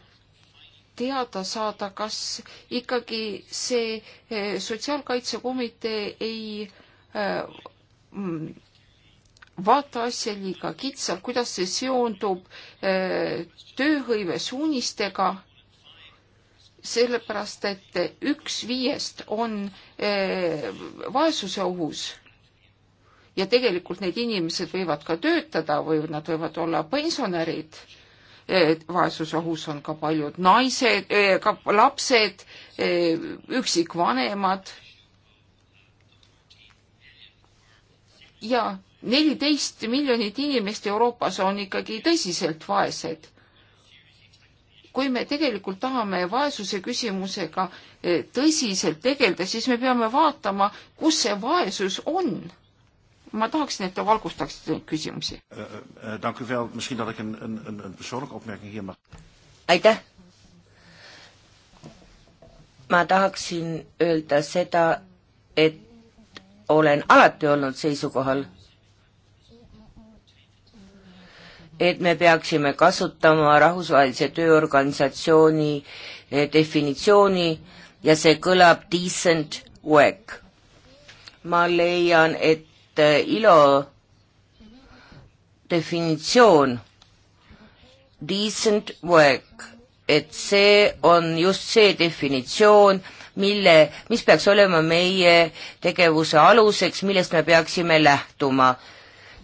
teada saada, kas ikkagi see sotsiaalkaitsekomitee ei mm, vaata asja liiga kitsalt, kuidas see seondub tööhõive suunistega sellepärast et üks viiest on eh, vaesuse ohus ja tegelikult need inimesed võivad ka töötada või nad võivad olla pensionärid. Eh, vaesusohus on ka paljud naised, eh, ka lapsed, üksikvanemad. ja neliteist miljonit inimest Euroopas on ikkagi tõsiselt vaesed kui me tegelikult tahame vaesuse küsimusega eh, tõsiselt tegeleda, siis me peame vaatama, kus see vaesus on. ma tahaksin, et te valgustaksite neid küsimusi. Eh, eh, aitäh. ma tahaksin öelda seda, et olen alati olnud seisukohal et me peaksime kasutama Rahvusvahelise Tööorganisatsiooni eh, definitsiooni ja see kõlab decent work. ma leian, et eh, ILO definitsioon decent work, et see on just see definitsioon, mille, mis peaks olema meie tegevuse aluseks, millest me peaksime lähtuma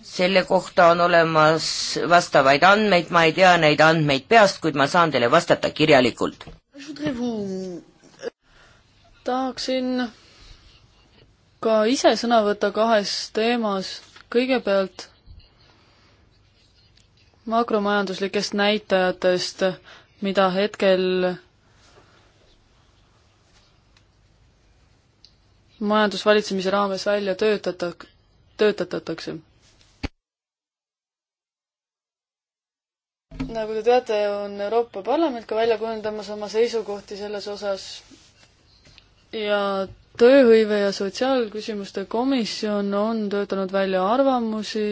selle kohta on olemas vastavaid andmeid, ma ei tea neid andmeid peast, kuid ma saan teile vastata kirjalikult. tahaksin ka ise sõna võtta kahes teemas. kõigepealt makromajanduslikest näitajatest, mida hetkel majandusvalitsemise raames välja töötata, töötatakse nagu te teate, on Euroopa Parlament ka välja kujundamas oma seisukohti selles osas ja tööhõive ja sotsiaalküsimuste komisjon on töötanud välja arvamusi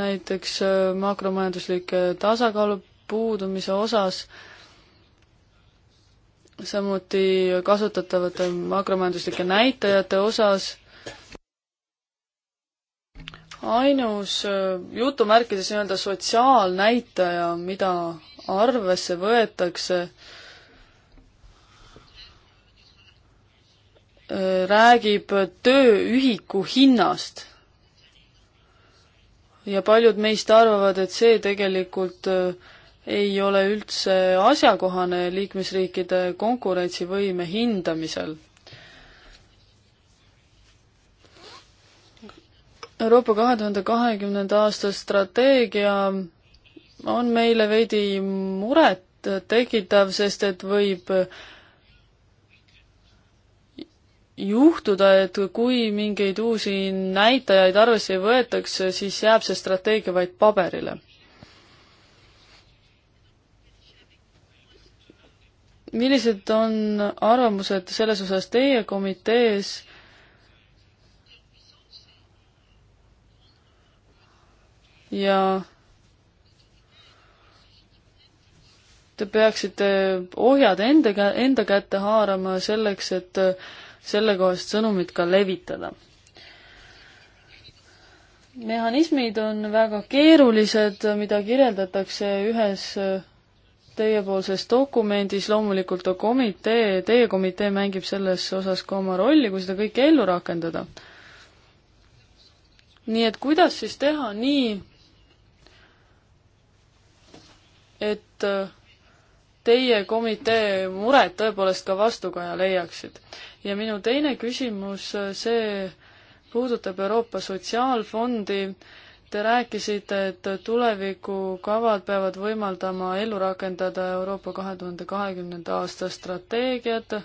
näiteks äh, makromajanduslike tasakaalu puudumise osas, samuti kasutatavate makromajanduslike näitajate osas ainus äh, jutumärkides nii-öelda sotsiaalnäitaja, mida arvesse võetakse, äh, räägib tööühiku hinnast. ja paljud meist arvavad, et see tegelikult äh, ei ole üldse asjakohane liikmesriikide konkurentsivõime hindamisel Euroopa kahe tuhande kahekümnenda aasta strateegia on meile veidi muret tekitav, sest et võib juhtuda, et kui mingeid uusi näitajaid arvesse ei võetaks, siis jääb see strateegia vaid paberile. millised on arvamused selles osas teie komitees ja te peaksite ohjad enda, enda kätte haarama selleks, et sellekohast sõnumit ka levitada. mehhanismid on väga keerulised, mida kirjeldatakse ühes teiepoolses dokumendis, loomulikult komitee, teie komitee mängib selles osas ka oma rolli, kui seda kõike ellu rakendada. nii et kuidas siis teha nii, et äh, teie komitee mured tõepoolest ka vastukaja leiaksid. ja minu teine küsimus, äh, see puudutab Euroopa Sotsiaalfondi. Te rääkisite, et tulevikukavad peavad võimaldama ellu rakendada Euroopa kahe tuhande kahekümnenda aasta strateegiat.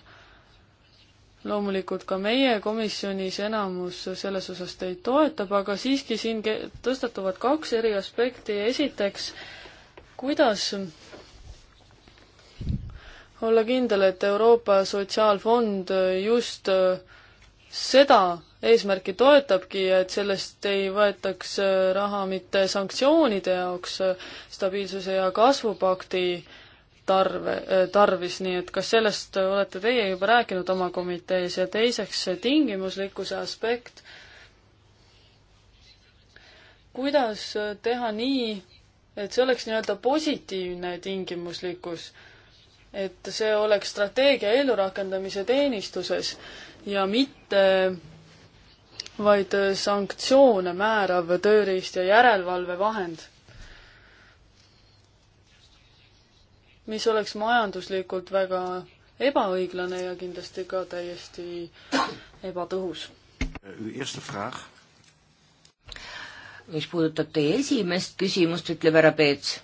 loomulikult ka meie komisjonis enamus selles osas teid toetab, aga siiski siin tõstatuvad kaks eri aspekti. esiteks äh, kuidas olla kindel, et Euroopa Sotsiaalfond just seda eesmärki toetabki ja et sellest ei võetaks raha mitte sanktsioonide jaoks stabiilsuse ja kasvupakti tarve, tarvis, nii et kas sellest olete teie juba rääkinud oma komitees ja teiseks see tingimuslikkuse aspekt, kuidas teha nii, et see oleks nii-öelda positiivne tingimuslikkus. et see oleks strateegia ellurakendamise teenistuses ja mitte vaid sanktsioone määrav tööriist ja järelevalvevahend. mis oleks majanduslikult väga ebaõiglane ja kindlasti ka täiesti ebatõhus. Uw äh, eerste vraag mis puudutab teie esimest küsimust, ütleb härra Peets.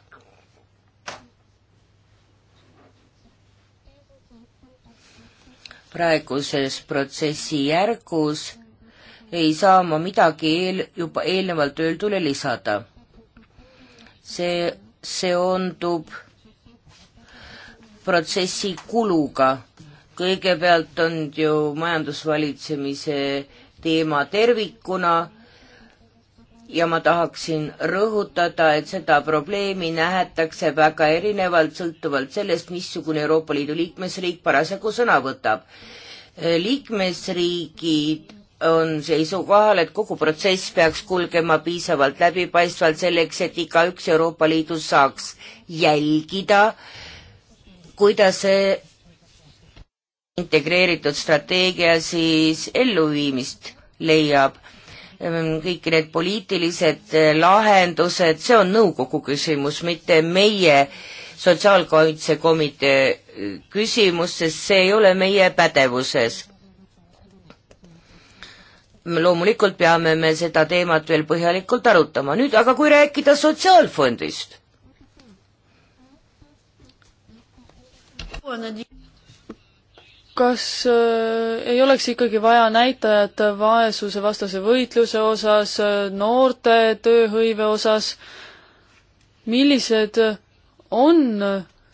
praeguses protsessi järgus ei saa ma midagi eel, juba eelnevalt öeldule lisada. see seondub protsessi kuluga. kõigepealt on ju majandusvalitsemise teema tervikuna ja ma tahaksin rõhutada, et seda probleemi nähetakse väga erinevalt, sõltuvalt sellest, missugune Euroopa Liidu liikmesriik parasjagu sõna võtab. liikmesriigid on seisukohal, et kogu protsess peaks kulgema piisavalt läbipaistvalt selleks, et igaüks Euroopa Liidus saaks jälgida, kuidas see integreeritud strateegia siis elluviimist leiab Ehm, kõik need poliitilised eh, lahendused, see on nõukogu küsimus, mitte meie sotsiaalkaitsekomitee eh, küsimus, sest see ei ole meie pädevuses. loomulikult peame me seda teemat veel põhjalikult arutama, nüüd aga kui rääkida sotsiaalfondist kas äh, ei oleks ikkagi vaja näitajat vaesusevastase võitluse osas, äh, noorte tööhõive osas, millised on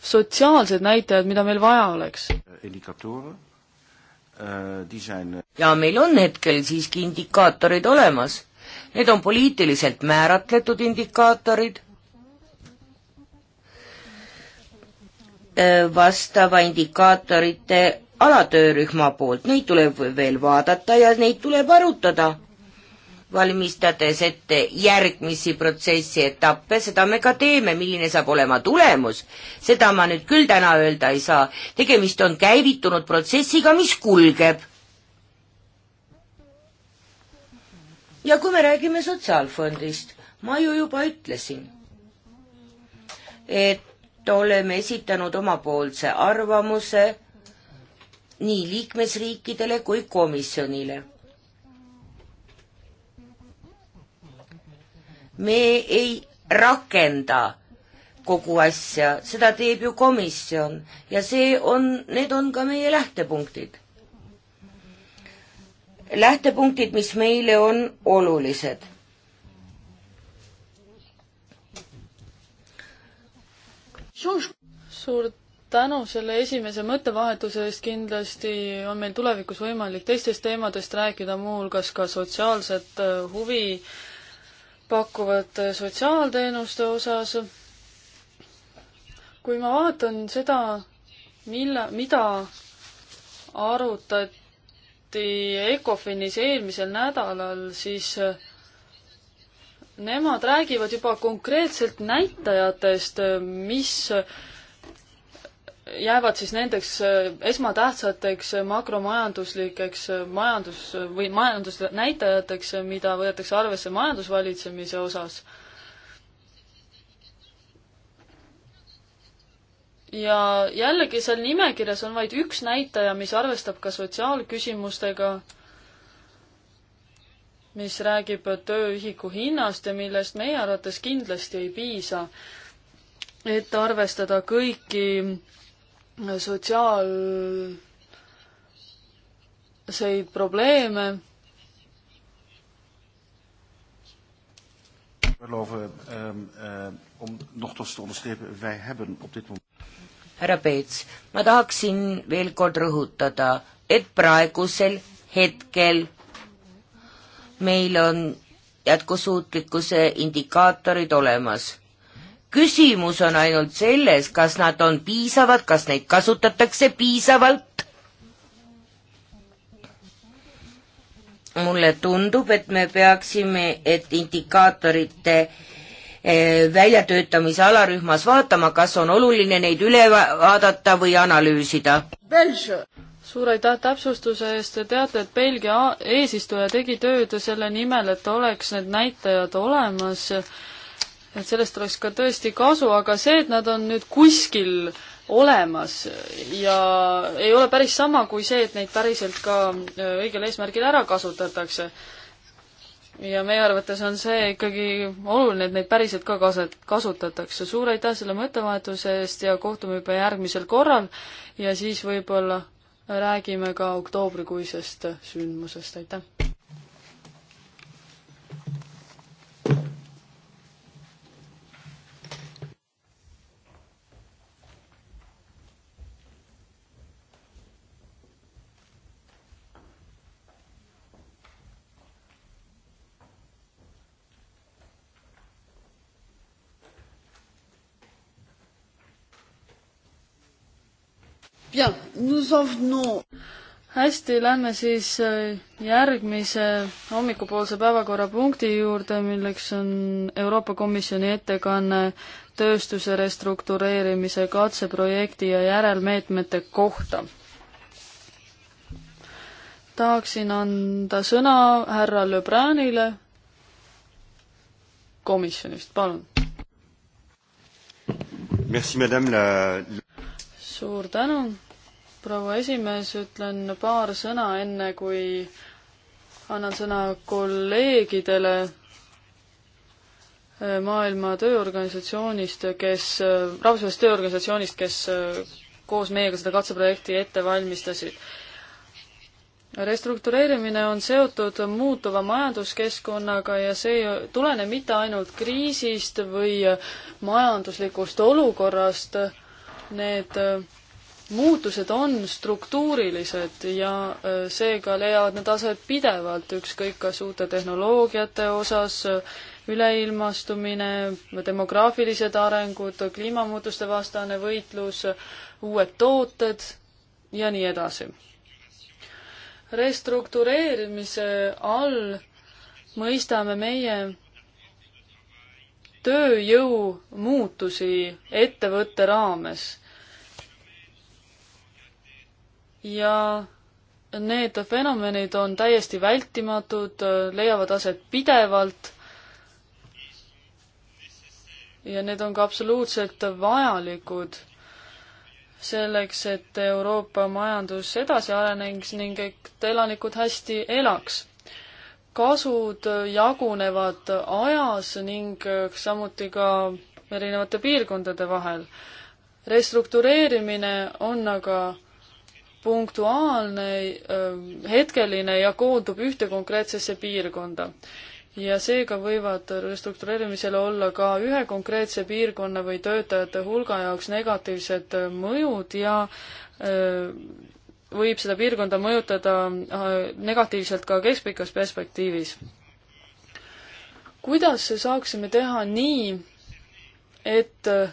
sotsiaalsed näitajad, mida meil vaja oleks? Äh, äh, ja meil on hetkel siiski indikaatorid olemas. Need on poliitiliselt määratletud indikaatorid vastava indikaatorite alatöörühma poolt, neid tuleb veel vaadata ja neid tuleb arutada, valmistades ette järgmisi protsessi etappe, seda me ka teeme, milline saab olema tulemus, seda ma nüüd küll täna öelda ei saa, tegemist on käivitunud protsessiga, mis kulgeb. ja kui me räägime Sotsiaalfondist, ma ju juba ütlesin, et oleme esitanud omapoolse arvamuse nii liikmesriikidele kui komisjonile. me ei rakenda kogu asja, seda teeb ju komisjon ja see on, need on ka meie lähtepunktid. lähtepunktid, mis meile on olulised. suur tänu selle esimese mõttevahetuse eest kindlasti on meil tulevikus võimalik teistest teemadest rääkida, muuhulgas ka sotsiaalset äh, huvi pakkuvate sotsiaalteenuste osas. kui ma vaatan seda, mille, mida arutati ECOFINis eelmisel nädalal, siis äh, nemad räägivad juba konkreetselt näitajatest, mis jäävad siis nendeks äh, esmatähtsateks äh, makromajanduslikeks äh, majandus- või majandusnäitajateks, mida võetakse arvesse majandusvalitsemise osas. ja jällegi seal nimekirjas on vaid üks näitaja, mis arvestab ka sotsiaalküsimustega, mis räägib tööühiku hinnast ja millest meie arvates kindlasti ei piisa, et arvestada kõiki sotsiaalseid probleeme. Ehm, eh, härra Peets, ma tahaksin veel kord rõhutada, et praegusel hetkel meil on jätkusuutlikkuse indikaatorid olemas küsimus on ainult selles, kas nad on piisavad, kas neid kasutatakse piisavalt. mulle tundub, et me peaksime, et indikaatorite eh, väljatöötamise alarühmas vaatama, kas on oluline neid üle vaadata või analüüsida. suur aitäh täpsustuse eest, te teate, et Belgia eesistuja tegi tööd selle nimel, et oleks need näitajad olemas et sellest oleks ka tõesti kasu, aga see, et nad on nüüd kuskil olemas ja ei ole päris sama kui see, et neid päriselt ka äh, õigel eesmärgil ära kasutatakse. ja meie arvates on see ikkagi oluline, et neid päriselt ka kaset-, kasutatakse. suur aitäh selle mõttevahetuse eest ja kohtume juba järgmisel korral ja siis võib-olla räägime ka oktoobrikuisest sündmusest, aitäh! hästi, lähme siis äh, järgmise hommikupoolse päevakorrapunkti juurde, milleks on Euroopa Komisjoni ettekanne tööstuse restruktureerimise katseprojekti ja järelmeetmete kohta. tahaksin anda sõna härra Lebrunile komisjonist, palun. Merci, madame la suur tänu, proua esimees, ütlen paar sõna enne, kui annan sõna kolleegidele Maailma Tööorganisatsioonist, kes, Rahvusvahelisest Tööorganisatsioonist, kes koos meiega seda katseprojekti ette valmistasid. restruktureerimine on seotud muutuva majanduskeskkonnaga ja see ei tulene mitte ainult kriisist või majanduslikust olukorrast, need äh, muutused on struktuurilised ja äh, seega leiavad need aset pidevalt, ükskõik kas uute tehnoloogiate osas, äh, üleilmastumine, demograafilised arengud, kliimamuutuste vastane võitlus, uued tooted ja nii edasi. restruktureerimise all mõistame meie tööjõu muutusi ettevõtte raames ja need fenomenid on täiesti vältimatud, leiavad aset pidevalt ja need on ka absoluutselt vajalikud selleks, et Euroopa majandus edasi areneks ning et elanikud hästi elaks. kasud jagunevad ajas ning samuti ka erinevate piirkondade vahel. restruktureerimine on aga punktuaalne, ähm, hetkeline ja koondub ühte konkreetsesse piirkonda. ja seega võivad restruktureerimisel olla ka ühe konkreetse piirkonna või töötajate hulga jaoks negatiivsed mõjud ja äh, võib seda piirkonda mõjutada äh, negatiivselt ka keskpikas perspektiivis. kuidas saaksime teha nii, et äh,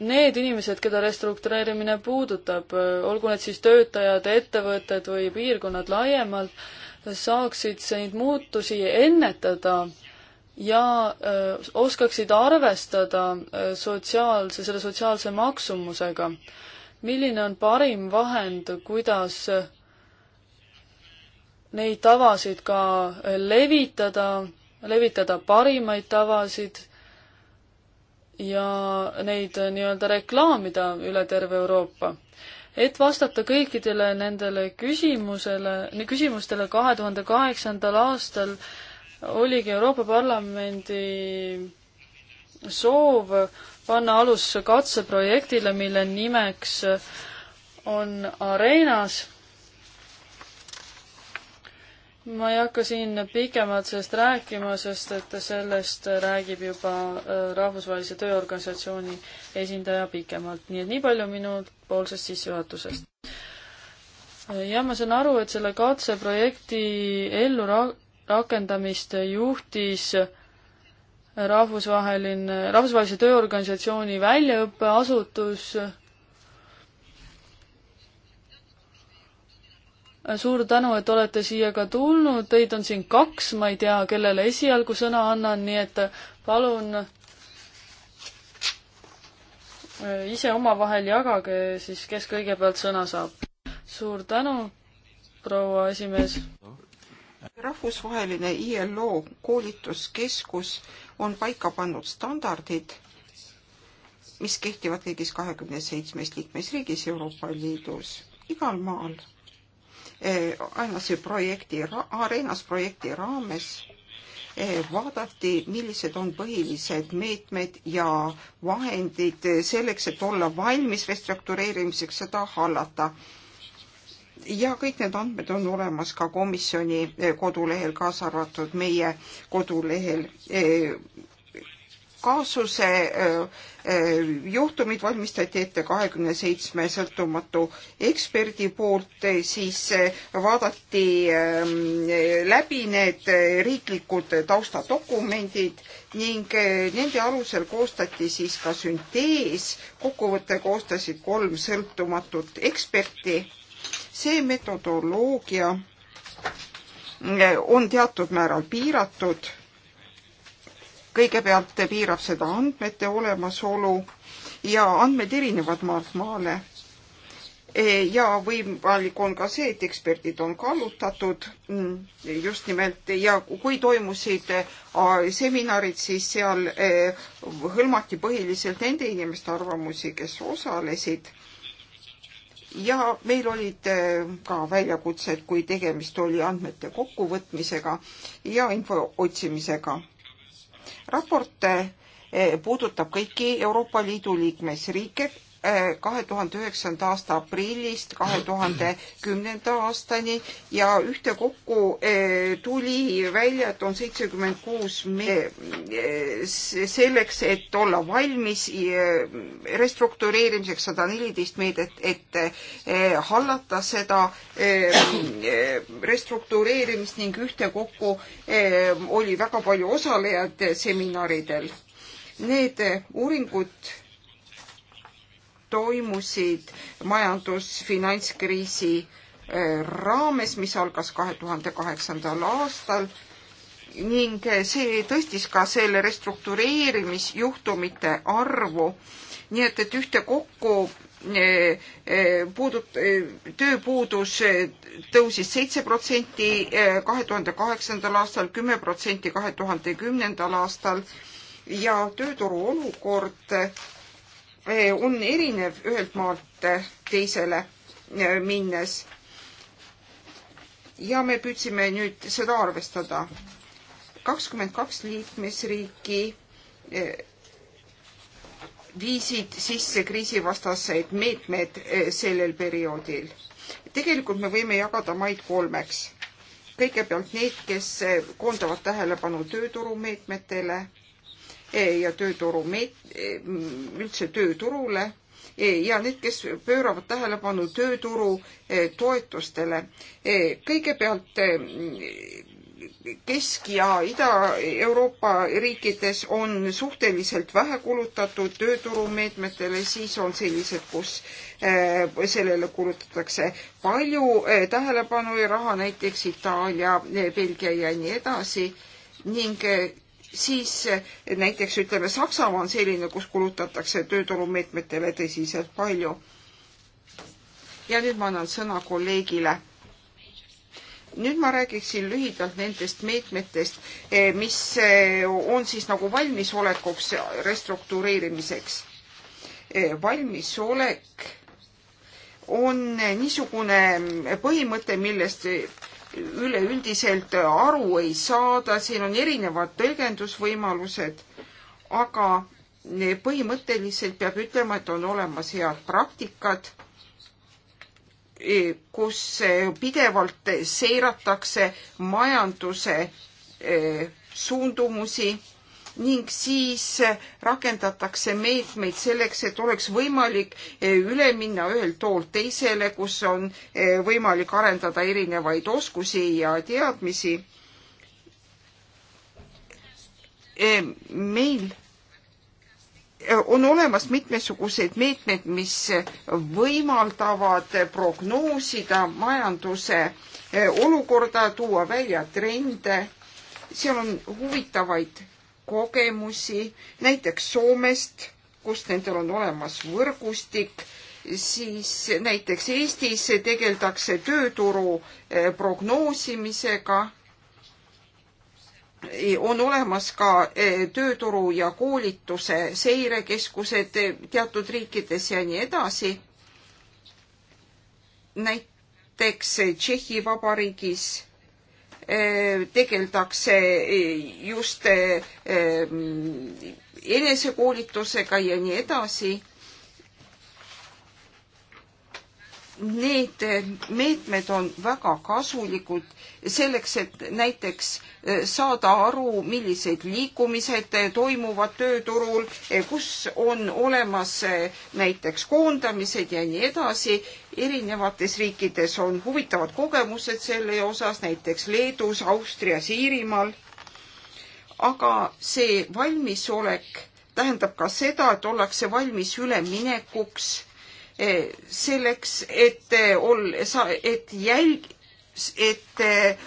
need inimesed, keda restruktureerimine puudutab, olgu need siis töötajad, ettevõtted või piirkonnad laiemalt, saaksid neid muutusi ennetada ja öö, oskaksid arvestada öö, sotsiaalse, selle sotsiaalse maksumusega. milline on parim vahend, kuidas neid tavasid ka levitada, levitada parimaid tavasid ja neid nii-öelda reklaamida üle terve Euroopa. et vastata kõikidele nendele küsimusele, küsimustele kahe tuhande kaheksandal aastal oligi Euroopa Parlamendi soov panna alus katseprojektile, mille nimeks on Arenas ma ei hakka siin pikemalt sellest rääkima, sest et sellest räägib juba äh, Rahvusvahelise Tööorganisatsiooni esindaja pikemalt, nii et nii palju minu poolsest sissejuhatusest. Äh, jah, ma saan aru, et selle katseprojekti ellu ra-, rakendamist juhtis rahvusvaheline, Rahvusvahelise Tööorganisatsiooni väljaõppeasutus, suur tänu, et olete siia ka tulnud, teid on siin kaks, ma ei tea, kellele esialgu sõna annan, nii et palun äh, ise omavahel jagage siis, kes kõigepealt sõna saab. suur tänu, proua esimees. rahvusvaheline ILO koolituskeskus on paika pannud standardid, mis kehtivad kõigis kahekümne seitsmes liikmesriigis Euroopa Liidus, igal maal Eh, Ainase projekti, Arenas projekti raames eh, vaadati, millised on põhilised meetmed ja vahendid selleks, et olla valmis restruktureerimiseks, seda hallata. ja kõik need andmed on olemas ka komisjoni kodulehel, kaasa arvatud meie kodulehel. Eh, kaasuse juhtumid valmistati ette kahekümne seitsme sõltumatu eksperdi poolt, siis vaadati läbi need riiklikud taustadokumendid ning nende alusel koostati siis ka süntees, kokkuvõtte koostasid kolm sõltumatut eksperti. see metodoloogia on teatud määral piiratud kõigepealt piirab seda andmete olemasolu ja andmed erinevad maalt maale. E, ja võimalik on ka see, et eksperdid on kallutatud mm, just nimelt ja kui toimusid seminarid, siis seal e, hõlmati põhiliselt nende inimeste arvamusi, kes osalesid ja meil olid e, ka väljakutsed, kui tegemist oli andmete kokkuvõtmisega ja info otsimisega raport eh, puudutab kõiki Euroopa Liidu liikmesriike Äh, kahe tuhande üheksanda aasta aprillist kahe tuhande kümnenda aastani ja ühtekokku äh, tuli välja, et on seitsekümmend kuus äh, selleks, et olla valmis restruktureerimiseks sada neliteist meedet, et hallata seda restruktureerimist ning ühtekokku oli väga palju osalejaid seminaridel. Need uuringud toimusid majandus-finantskriisi eh, raames, mis algas kahe tuhande kaheksandal aastal ning eh, see tõstis ka selle restruktureerimisjuhtumite arvu. nii et, et ühtekokku eh, puudut-, tööpuudus tõusis seitse protsenti kahe tuhande kaheksandal aastal, kümme protsenti kahe tuhande kümnendal aastal ja tööturu olukord Eh, on erinev ühelt maalt eh, teisele eh, minnes. ja me püüdsime nüüd seda arvestada. kakskümmend kaks liikmesriiki viisid sisse kriisivastaseid meetmed sellel perioodil. tegelikult me võime jagada maid kolmeks. kõigepealt need, kes koondavad tähelepanu tööturumeetmetele ja tööturu meet-, mm, üldse tööturule ja need, kes pööravad tähelepanu tööturu eh, toetustele. Eh, kõigepealt eh, Kesk- ja Ida-Euroopa riikides on suhteliselt vähe kulutatud tööturumeetmetele, siis on sellised, kus sellele kulutatakse palju tähelepanu ja raha, näiteks Itaalia, Belgia ja nii edasi ning siis näiteks ütleme, Saksamaa on selline, kus kulutatakse tööturumeetmetele tõsiselt palju. ja nüüd ma annan sõna kolleegile. nüüd ma räägiksin lühidalt nendest meetmetest, eh, mis eh, on siis nagu valmisolekuks restruktureerimiseks. Eh, valmisolek on niisugune mm, põhimõte, millest üleüldiselt aru ei saada, siin on erinevad tõlgendusvõimalused, aga põhimõtteliselt peab ütlema, et on olemas head praktikad, e, kus e, pidevalt seiratakse majanduse e, suundumusi ning siis rakendatakse meetmeid selleks, et oleks võimalik eh, üle minna ühelt toolt teisele, kus on eh, võimalik arendada erinevaid oskusi ja teadmisi. Eh, meil on olemas mitmesugused meetmed, mis võimaldavad prognoosida majanduse olukorda, tuua välja trende. seal on huvitavaid kogemusi, näiteks Soomest, kus nendel on olemas võrgustik, siis näiteks Eestis tegeldakse tööturu eh, prognoosimisega. Eh, on olemas ka eh, tööturu ja koolituse seirekeskused teatud riikides ja nii edasi. näiteks Tšehhi Vabariigis Eh, tegeldakse eh, just eh, mm, enesekoolitusega ja nii edasi need meetmed on väga kasulikud selleks, et näiteks eh, saada aru, millised liikumised eh, toimuvad tööturul, eh, kus on olemas näiteks koondamised ja nii edasi. erinevates riikides on huvitavad kogemused selle osas, näiteks Leedus, Austrias, Iirimaal. aga see valmisolek tähendab ka seda, et ollakse valmis üleminekuks selleks, et eh, ol-, et jälg-, et eh,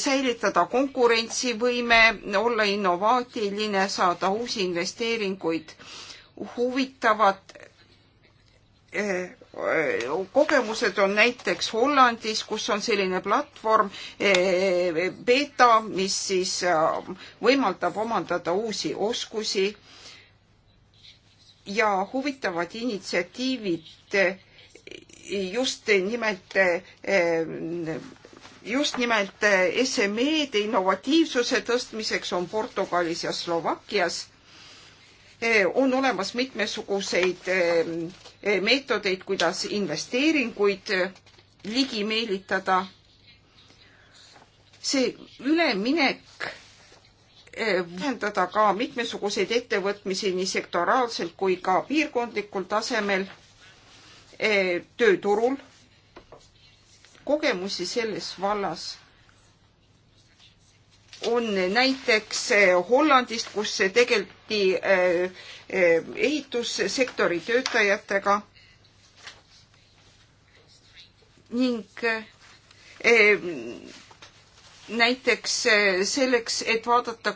säilitada konkurentsivõime, olla innovaatiline, saada uusi investeeringuid, huvitavad eh, kogemused on näiteks Hollandis, kus on selline platvorm Beta, mis siis võimaldab omandada uusi oskusi ja huvitavad initsiatiivid eh, just nimelt eh, just nimelt eh, SME-de innovatiivsuse tõstmiseks on Portugalis ja Slovakkias. on olemas mitmesuguseid meetodeid, kuidas investeeringuid ligi meelitada. see üleminek Eh, vahendada ka mitmesuguseid ettevõtmisi nii sektoraalselt kui ka piirkondlikul tasemel eh, tööturul. kogemusi selles vallas on näiteks eh, Hollandist, kus tegeleti ehitussektori töötajatega ning näiteks eh, selleks, et vaadata,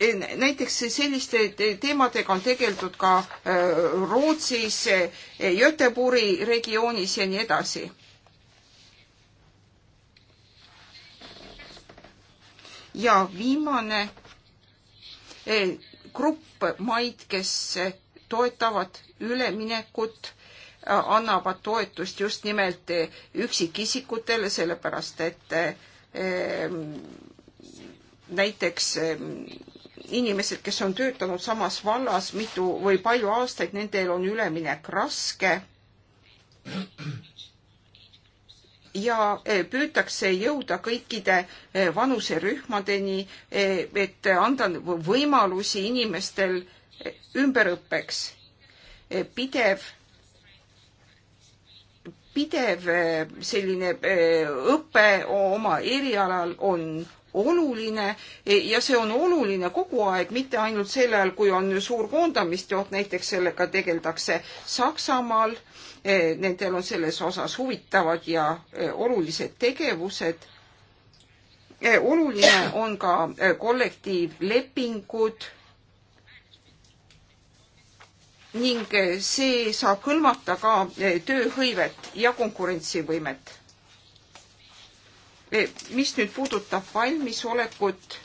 eh, näiteks selliste teemadega on tegeldud ka eh, Rootsis, Göteborgi regioonis ja nii edasi. ja viimane grupp maid, kes toetavad üleminekut annavad toetust just nimelt üksikisikutele, sellepärast et ehm, näiteks ehm, inimesed, kes on töötanud samas vallas mitu või palju aastaid, nendel on üleminek raske. ja e, püütakse jõuda kõikide e, vanuserühmadeni, e, et anda võimalusi inimestel ümberõppeks. pidev pidev eh, selline eh, õpe oma erialal on oluline e, ja see on oluline kogu aeg, mitte ainult sel ajal, kui on suur koondamisteod, näiteks sellega tegeldakse Saksamaal. E, nendel on selles osas huvitavad ja e, olulised tegevused. oluline on ka kollektiivlepingud ning see saab hõlmata ka eh, tööhõivet ja konkurentsivõimet. Eh, mis nüüd puudutab valmisolekut,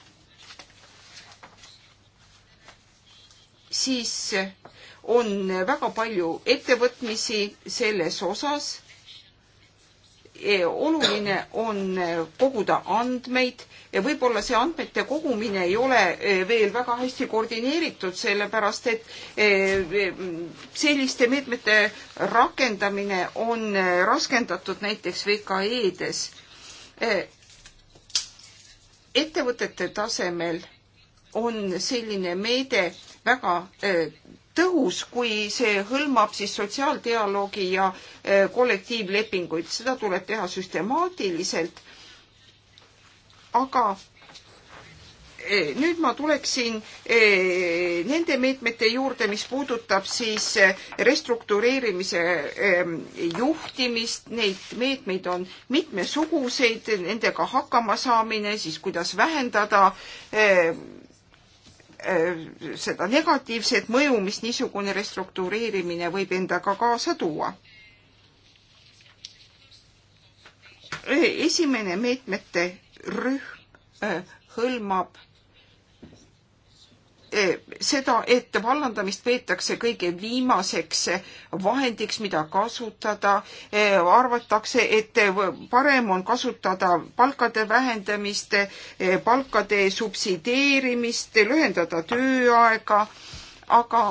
siis on väga palju ettevõtmisi selles osas oluline on äh, koguda andmeid ja võib-olla see andmete kogumine ei ole äh, veel väga hästi koordineeritud, sellepärast et äh, selliste meetmete rakendamine on raskendatud näiteks VKE-des. ettevõtete tasemel on selline meede väga tõhus, kui see hõlmab siis sotsiaaldialoogi ja eh, kollektiivlepinguid, seda tuleb teha süstemaatiliselt. aga eh, nüüd ma tuleksin eh, nende meetmete juurde, mis puudutab siis restruktureerimise juhtimist, neid meetmeid on mitmesuguseid, nendega hakkama saamine, siis kuidas vähendada Äh, seda negatiivset mõju, mis niisugune restruktureerimine võib endaga kaasa tuua. esimene meetmete rühm äh, hõlmab Eh, seda, et vallandamist peetakse kõige viimaseks vahendiks, mida kasutada. Eh, arvatakse, et parem on kasutada palkade vähendamist, eh, palkade subsideerimist, lühendada tööaega, aga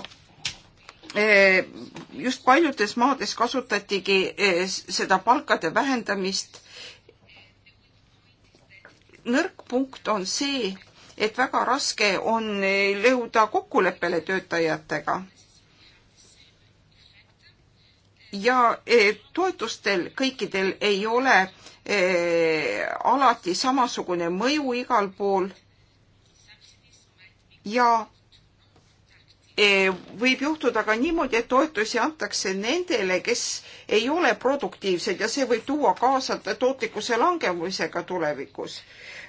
just paljudes maades kasutatigi seda palkade vähendamist. nõrk punkt on see, et väga raske on neil jõuda kokkuleppele töötajatega. ja e, toetustel kõikidel ei ole e, alati samasugune mõju igal pool ja e, võib juhtuda ka niimoodi, et toetusi antakse nendele, kes ei ole produktiivsed ja see võib tuua kaasa tootlikkuse langemisega tulevikus.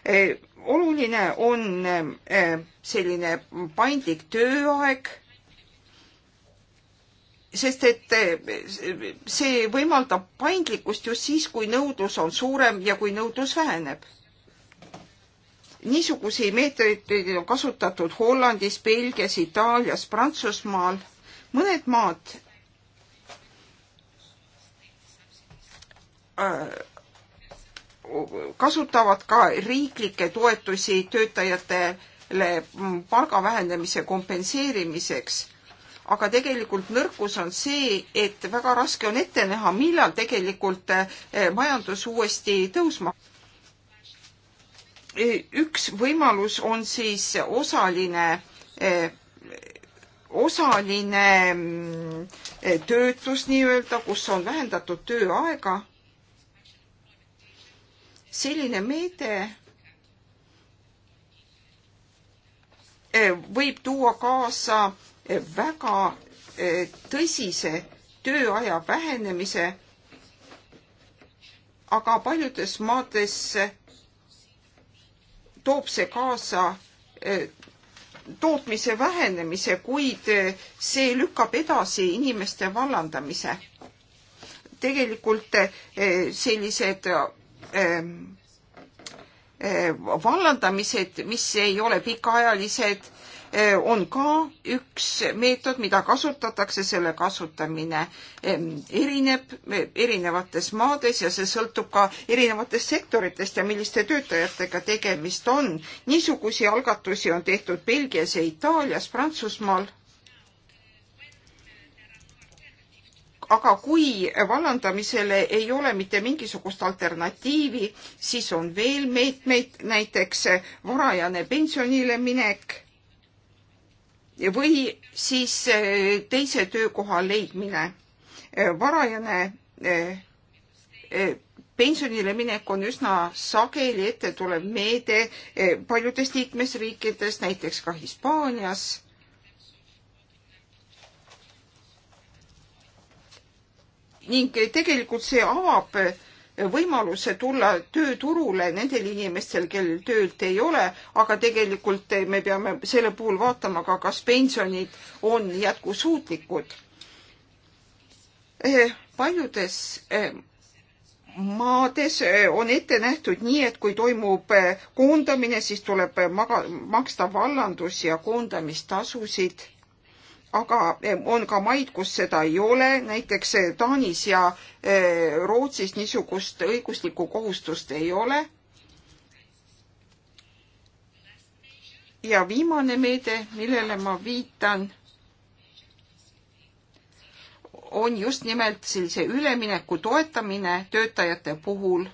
Eh, oluline on eh, selline paindlik tööaeg, sest et eh, see võimaldab paindlikkust just siis, kui nõudlus on suurem ja kui nõudlus väheneb niisuguseid meetoditeid on kasutatud Hollandis, Belgias, Itaalias, Prantsusmaal, mõned maad äh, kasutavad ka riiklikke toetusi töötajatele palga vähendamise kompenseerimiseks. aga tegelikult nõrkus on see, et väga raske on ette näha, millal tegelikult eh, majandus uuesti tõusma. E, üks võimalus on siis osaline e, osaline mm, e, töötus nii-öelda, kus on vähendatud tööaega selline meede eh, võib tuua kaasa eh, väga eh, tõsise tööaja vähenemise, aga paljudes maades toob see kaasa tootmise vähenemise, kuid see lükkab edasi inimeste vallandamise. tegelikult sellised Ähm, äh, vallandamised, mis ei ole pikaajalised, äh, on ka üks meetod, mida kasutatakse, selle kasutamine ähm, erineb äh, erinevates maades ja see sõltub ka erinevatest sektoritest ja milliste töötajatega tegemist on. niisugusi algatusi on tehtud Belgias ja Itaalias, Prantsusmaal aga kui vallandamisele ei ole mitte mingisugust alternatiivi, siis on veel meetmeid, näiteks varajane pensionile minek või siis eh, teise töökoha leidmine. Eh, varajane eh, pensionile minek on üsna sageli ette tulev meede paljudes liikmesriikides, näiteks ka Hispaanias ning tegelikult see avab võimaluse tulla tööturule nendel inimestel, kellel töölt ei ole, aga tegelikult me peame selle puhul vaatama ka, kas pensionid on jätkusuutlikud. Eh, paljudes eh, maades eh, on ette nähtud nii, et kui toimub koondamine, siis tuleb maga-, maksta vallandus ja koondamistasusid aga eh, on ka maid, kus seda ei ole, näiteks eh, Taanis ja eh, Rootsis niisugust õiguslikku kohustust ei ole. ja viimane meede, millele ma viitan, on just nimelt sellise ülemineku toetamine töötajate puhul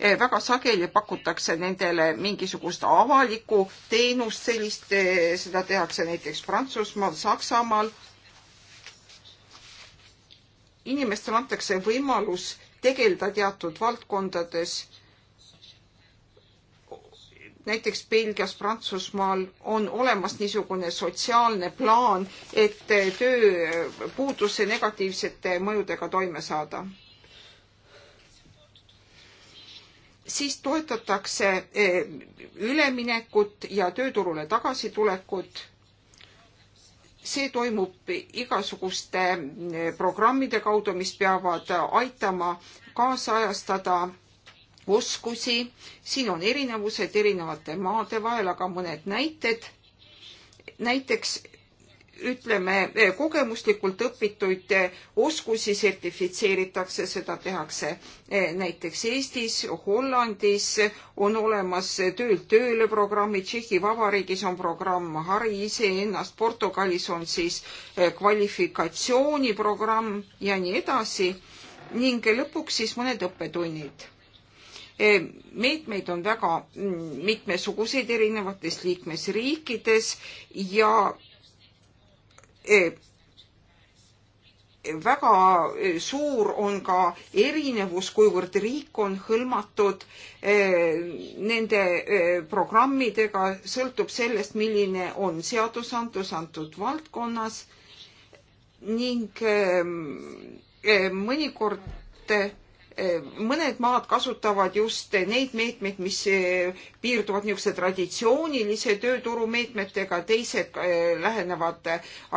Eh, väga sageli pakutakse nendele mingisugust avalikku teenust, sellist, eh, seda tehakse näiteks Prantsusmaal, Saksamaal. inimestele antakse võimalus tegeleda teatud valdkondades näiteks Belgias, Prantsusmaal on olemas niisugune sotsiaalne plaan, et eh, tööpuuduse negatiivsete mõjudega toime saada siis toetatakse eh, üleminekut ja tööturule tagasitulekut. see toimub igasuguste eh, programmide kaudu, mis peavad aitama kaasajastada oskusi. siin on erinevused erinevate maade vahel, aga mõned näited. näiteks ütleme, kogemuslikult õpituid oskusi sertifitseeritakse, seda tehakse eh, näiteks Eestis, Hollandis on olemas töölt tööle programmid, Tšehhi Vabariigis on programm Hari iseennast, Portugalis on siis eh, kvalifikatsiooniprogramm ja nii edasi ning lõpuks siis mõned õppetunnid eh, meetmeid on väga mm, mitmesuguseid erinevates liikmesriikides ja Eh, väga eh, suur on ka erinevus, kuivõrd riik on hõlmatud eh, nende programmidega, sõltub sellest, milline on seadusandlus antud valdkonnas ning mõnikord mõned maad kasutavad just neid meetmeid, mis eh, piirduvad niisuguse traditsioonilise tööturu meetmetega, teised eh, lähenevad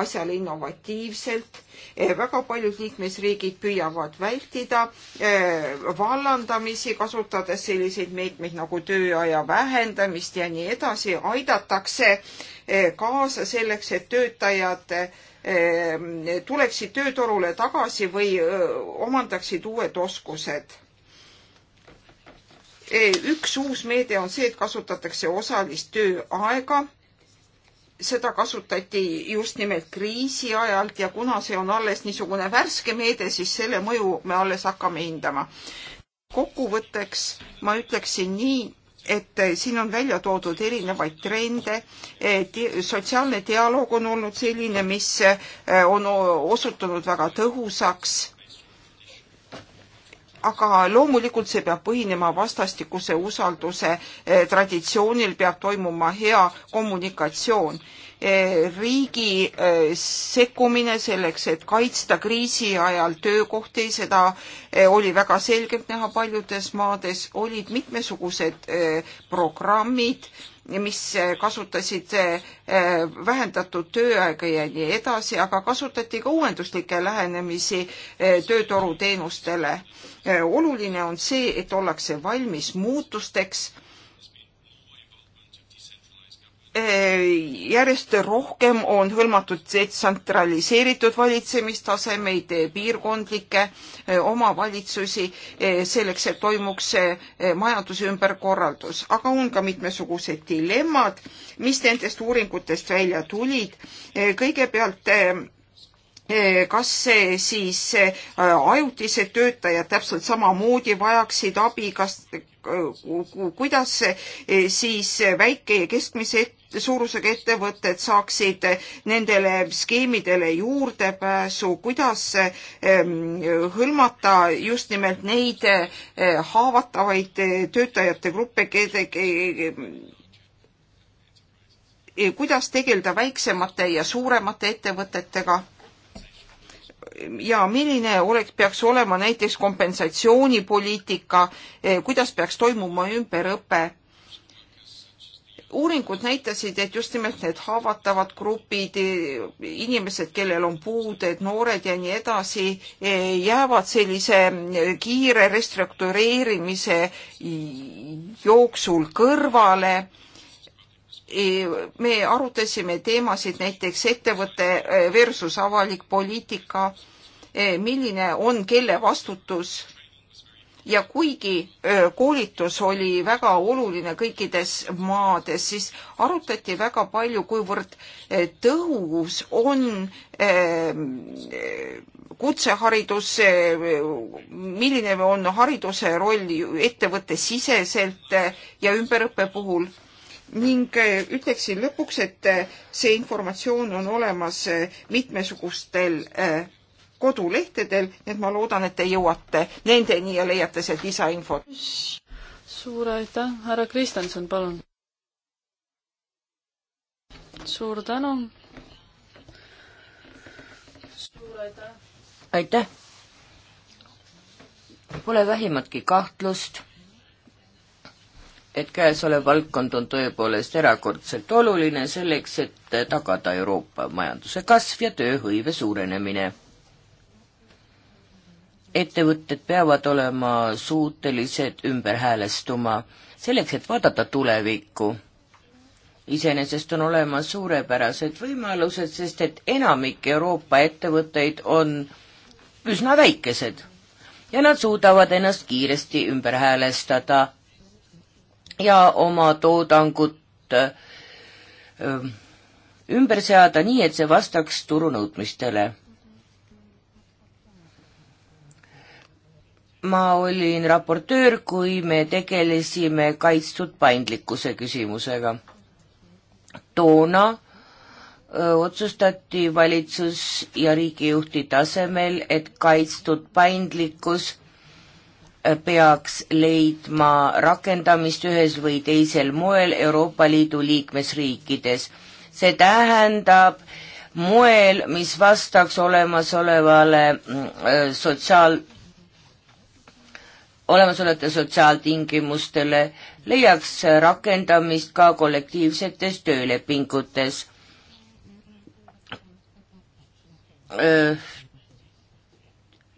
asjale innovatiivselt. Eh, väga paljud liikmesriigid püüavad vältida vallandamisi, kasutades selliseid meetmeid nagu tööaja vähendamist ja nii edasi, aidatakse kaasa selleks, et töötajad Ehm, tuleksid tööturule tagasi või omandaksid uued oskused. E, üks uus meede on see, et kasutatakse osalist tööaega. seda kasutati just nimelt kriisi ajalt ja kuna see on alles niisugune värske meede, siis selle mõju me alles hakkame hindama. kokkuvõtteks ma ütleksin nii, et eh, siin on välja toodud erinevaid trende, sotsiaalne dialoog on olnud selline, mis eh, on osutunud väga tõhusaks, aga loomulikult see peab põhinema vastastikuse usalduse eh, traditsioonil, peab toimuma hea kommunikatsioon Eh, riigi eh, sekkumine selleks, et kaitsta kriisi ajal töökohti, seda eh, oli väga selgelt näha paljudes maades, olid mitmesugused programmid, mis kasutasid vähendatud tööaega ja nii edasi, aga kasutati ka uuenduslikke lähenemisi tööturuteenustele. oluline on see, et ollakse valmis muutusteks Eh, järjest rohkem on hõlmatud detsentraliseeritud valitsemistasemeid, piirkondlikke eh, omavalitsusi, eh, selleks, et toimuks majanduse ümberkorraldus. aga on ka mitmesugused dilemmad, mis nendest uuringutest välja tulid. kõigepealt kas siis ajutised töötajad täpselt samamoodi vajaksid abi, kas, kuidas eh, siis väike ja keskmise et, suurusega ettevõtted saaksid nendele skeemidele juurdepääsu, kuidas ehm, hõlmata just nimelt neid eh, haavatavaid töötajate gruppe, kelle eh, kuidas tegeleda väiksemate ja suuremate ettevõtetega ja milline oleks, peaks olema näiteks kompensatsioonipoliitika, eh, kuidas peaks toimuma ümberõpe uuringud näitasid, et just nimelt need haavatavad grupid, eh, inimesed, kellel on puuded, noored ja nii edasi, eh, jäävad sellise kiire restruktureerimise jooksul kõrvale. me arutasime teemasid näiteks ettevõte versus avalik poliitika Eh, milline on kelle vastutus. ja kuigi eh, koolitus oli väga oluline kõikides maades, siis arutati väga palju, kuivõrd eh, tõhus on kutseharidus, milline on hariduse roll ettevõttesiseselt ja ümberõppe puhul ning ütleksin lõpuks, et see informatsioon on olemas mitmesugustel kodulehtedel, nii et ma loodan, et te jõuate nendeni ja leiate sealt lisainfot. suur aitäh, härra Kristjanson, palun. suur tänu. suur aitäh. aitäh. Pole vähimatki kahtlust et käesolev valdkond on tõepoolest erakordselt oluline selleks, et tagada Euroopa majanduse kasv ja tööhõive suurenemine ettevõtted peavad olema suutelised ümber häälestuma, selleks, et vaadata tulevikku. iseenesest on olemas suurepärased võimalused, sest et enamik Euroopa ettevõtteid on üsna väikesed ja nad suudavad ennast kiiresti ümber häälestada ja oma toodangut äh, ümber seada nii, et see vastaks turunõudmistele ma olin raportöör, kui me tegelesime kaitstud paindlikkuse küsimusega. toona öö, otsustati valitsus ja riigijuhti tasemel, et kaitstud paindlikkus peaks leidma rakendamist ühes või teisel moel Euroopa Liidu liikmesriikides. see tähendab moel, mis vastaks olemasolevale mm, sotsiaal- olemasolevate sotsiaaltingimustele leiaks rakendamist ka kollektiivsetes töölepingutes.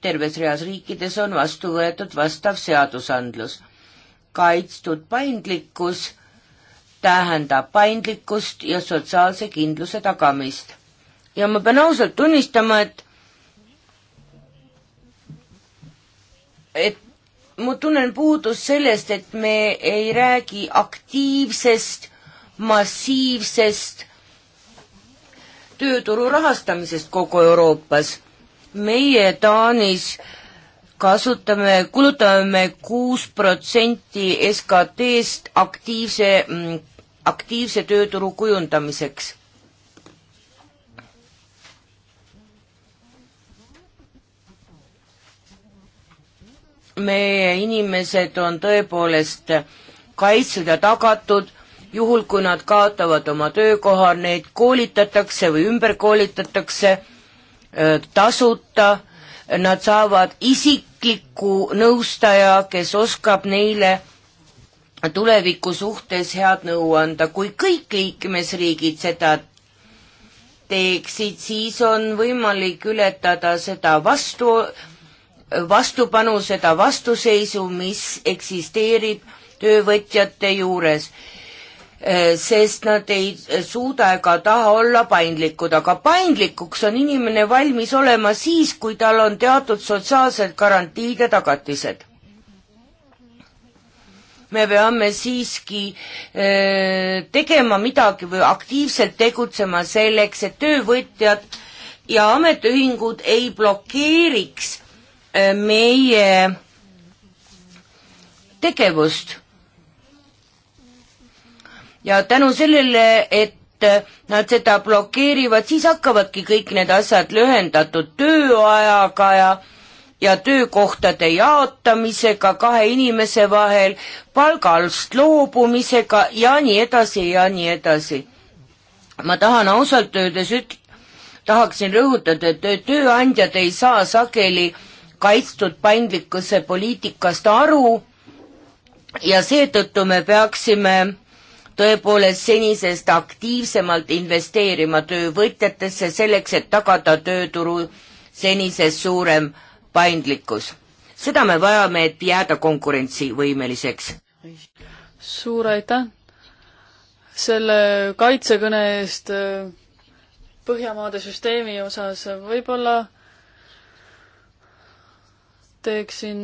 terves reas riikides on vastu võetud vastav seadusandlus. kaitstud paindlikkus tähendab paindlikkust ja sotsiaalse kindluse tagamist. ja ma pean ausalt tunnistama, et et ma tunnen puudust sellest, et me ei räägi aktiivsest, massiivsest tööturu rahastamisest kogu Euroopas. meie Taanis kasutame, kulutame kuus protsenti SKT-st aktiivse, mm, aktiivse tööturu kujundamiseks meie inimesed on tõepoolest kaitstud ja tagatud, juhul kui nad kaotavad oma töökoha, neid koolitatakse või ümber koolitatakse tasuta, nad saavad isikliku nõustaja, kes oskab neile tuleviku suhtes head nõu anda, kui kõik liikmesriigid seda teeksid, siis on võimalik ületada seda vastu, vastupanu, seda vastuseisu, mis eksisteerib töövõtjate juures, eh, sest nad ei suuda ega taha olla paindlikud, aga paindlikuks on inimene valmis olema siis, kui tal on teatud sotsiaalsed garantiid ja tagatised. me peame siiski eh, tegema midagi või aktiivselt tegutsema selleks, et töövõtjad ja ametiühingud ei blokeeriks meie tegevust. ja tänu sellele, et nad seda blokeerivad, siis hakkavadki kõik need asjad lühendatud tööajaga ja ja töökohtade jaotamisega kahe inimese vahel, palgast loobumisega ja nii edasi ja nii edasi. ma tahan ausalt öeldes üt-, tahaksin rõhutada, et tööandjad ei saa sageli äh, kaitstud paindlikkuse poliitikast aru ja seetõttu me peaksime tõepoolest senisest aktiivsemalt investeerima töövõtjatesse selleks, et tagada tööturu senisest suurem paindlikkus. seda me vajame, et jääda konkurentsivõimeliseks. suur aitäh selle kaitsekõne eest äh, Põhjamaade süsteemi osas, võib-olla teeksin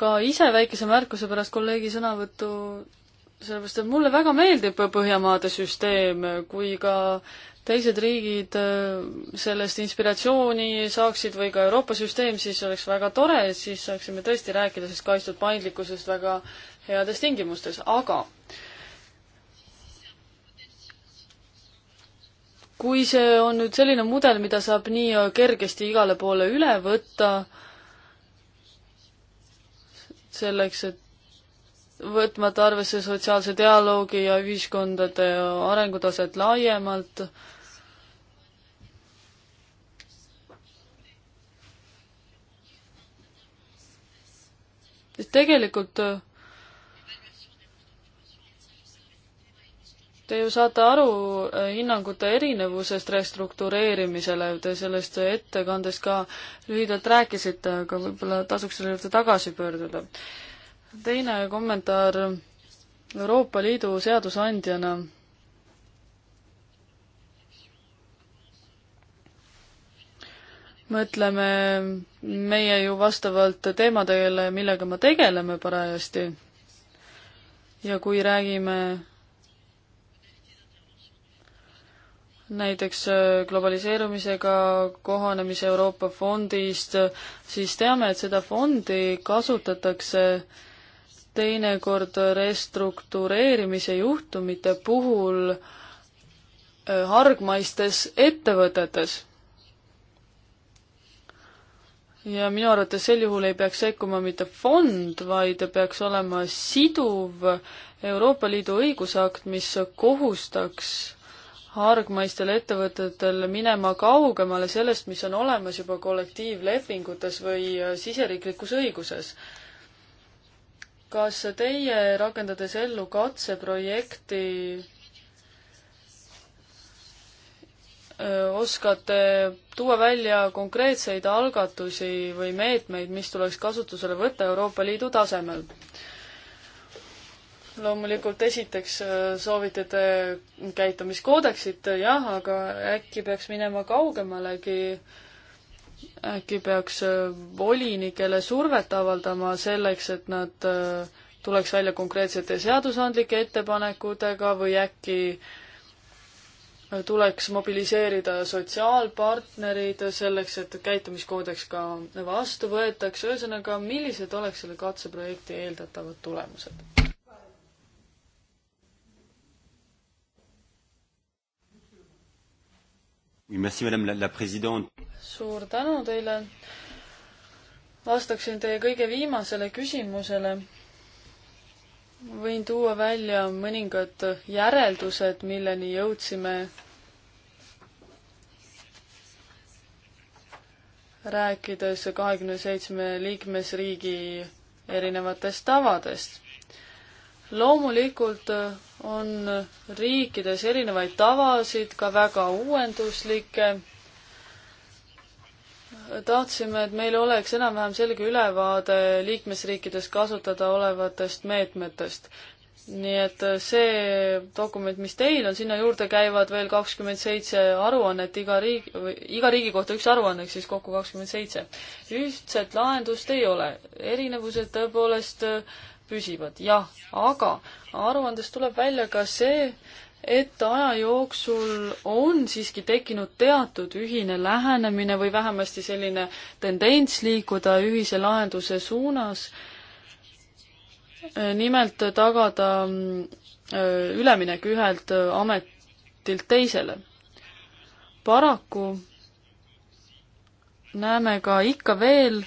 ka ise väikese märkuse pärast kolleegi sõnavõttu, sellepärast et mulle väga meeldib Põhjamaade süsteem, kui ka teised riigid äh, sellest inspiratsiooni saaksid või ka Euroopa süsteem, siis oleks väga tore, siis saaksime tõesti rääkida sellest kaitstud paindlikkusest väga heades tingimustes, aga kui see on nüüd selline mudel, mida saab nii kergesti igale poole üle võtta, selleks, et võtmata arvesse sotsiaalse dialoogi ja ühiskondade arengutaset laiemalt, sest tegelikult äh, Te ju saate aru äh, hinnangute erinevusest restruktureerimisele, te sellest ettekandes ka lühidalt rääkisite, aga võib-olla tasuks selle juurde tagasi pöörduda. teine kommentaar Euroopa Liidu seadusandjana mõtleme meie ju vastavalt teemadele, millega me tegeleme parajasti. ja kui räägime näiteks äh, globaliseerumisega kohanemise Euroopa fondist, siis teame, et seda fondi kasutatakse teinekord restruktureerimise juhtumite puhul äh, hargmaistes ettevõtetes. ja minu arvates sel juhul ei peaks sekkuma mitte fond, vaid peaks olema siduv Euroopa Liidu õigusakt, mis kohustaks hargmaistel ettevõtetel minema kaugemale sellest, mis on olemas juba kollektiivlepingutes või äh, siseriiklikus õiguses. kas teie, rakendades ellu katseprojekti, äh, oskate tuua välja konkreetseid algatusi või meetmeid, mis tuleks kasutusele võtta Euroopa Liidu tasemel? loomulikult esiteks äh, soovite te käitumiskoodeksit, jah, aga äkki peaks minema kaugemalegi. äkki peaks äh, volinikele survet avaldama selleks, et nad äh, tuleks välja konkreetsete seadusandlike ettepanekutega või äkki tuleks mobiliseerida sotsiaalpartnerid selleks, et käitumiskoodeks ka vastu võetakse, ühesõnaga, millised oleks selle katseprojekti eeldatavad tulemused? suur tänu teile. vastaksin teie kõige viimasele küsimusele. võin tuua välja mõningad järeldused, milleni jõudsime rääkides kahekümne seitsme liikmesriigi erinevatest tavadest. loomulikult on riikides erinevaid tavasid, ka väga uuenduslikke. tahtsime, et meil oleks enam-vähem selge ülevaade liikmesriikides kasutada olevatest meetmetest. nii et see dokument, mis teil on, sinna juurde käivad veel kakskümmend seitse aruannet iga riik, iga riigi kohta üks aruanne, ehk siis kokku kakskümmend seitse. ühtset lahendust ei ole, erinevused tõepoolest püsivad, jah, aga aruandest tuleb välja ka see, et aja jooksul on siiski tekkinud teatud ühine lähenemine või vähemasti selline tendents liikuda ühise lahenduse suunas. nimelt tagada mm, üleminek ühelt ametilt teisele. paraku näeme ka ikka veel,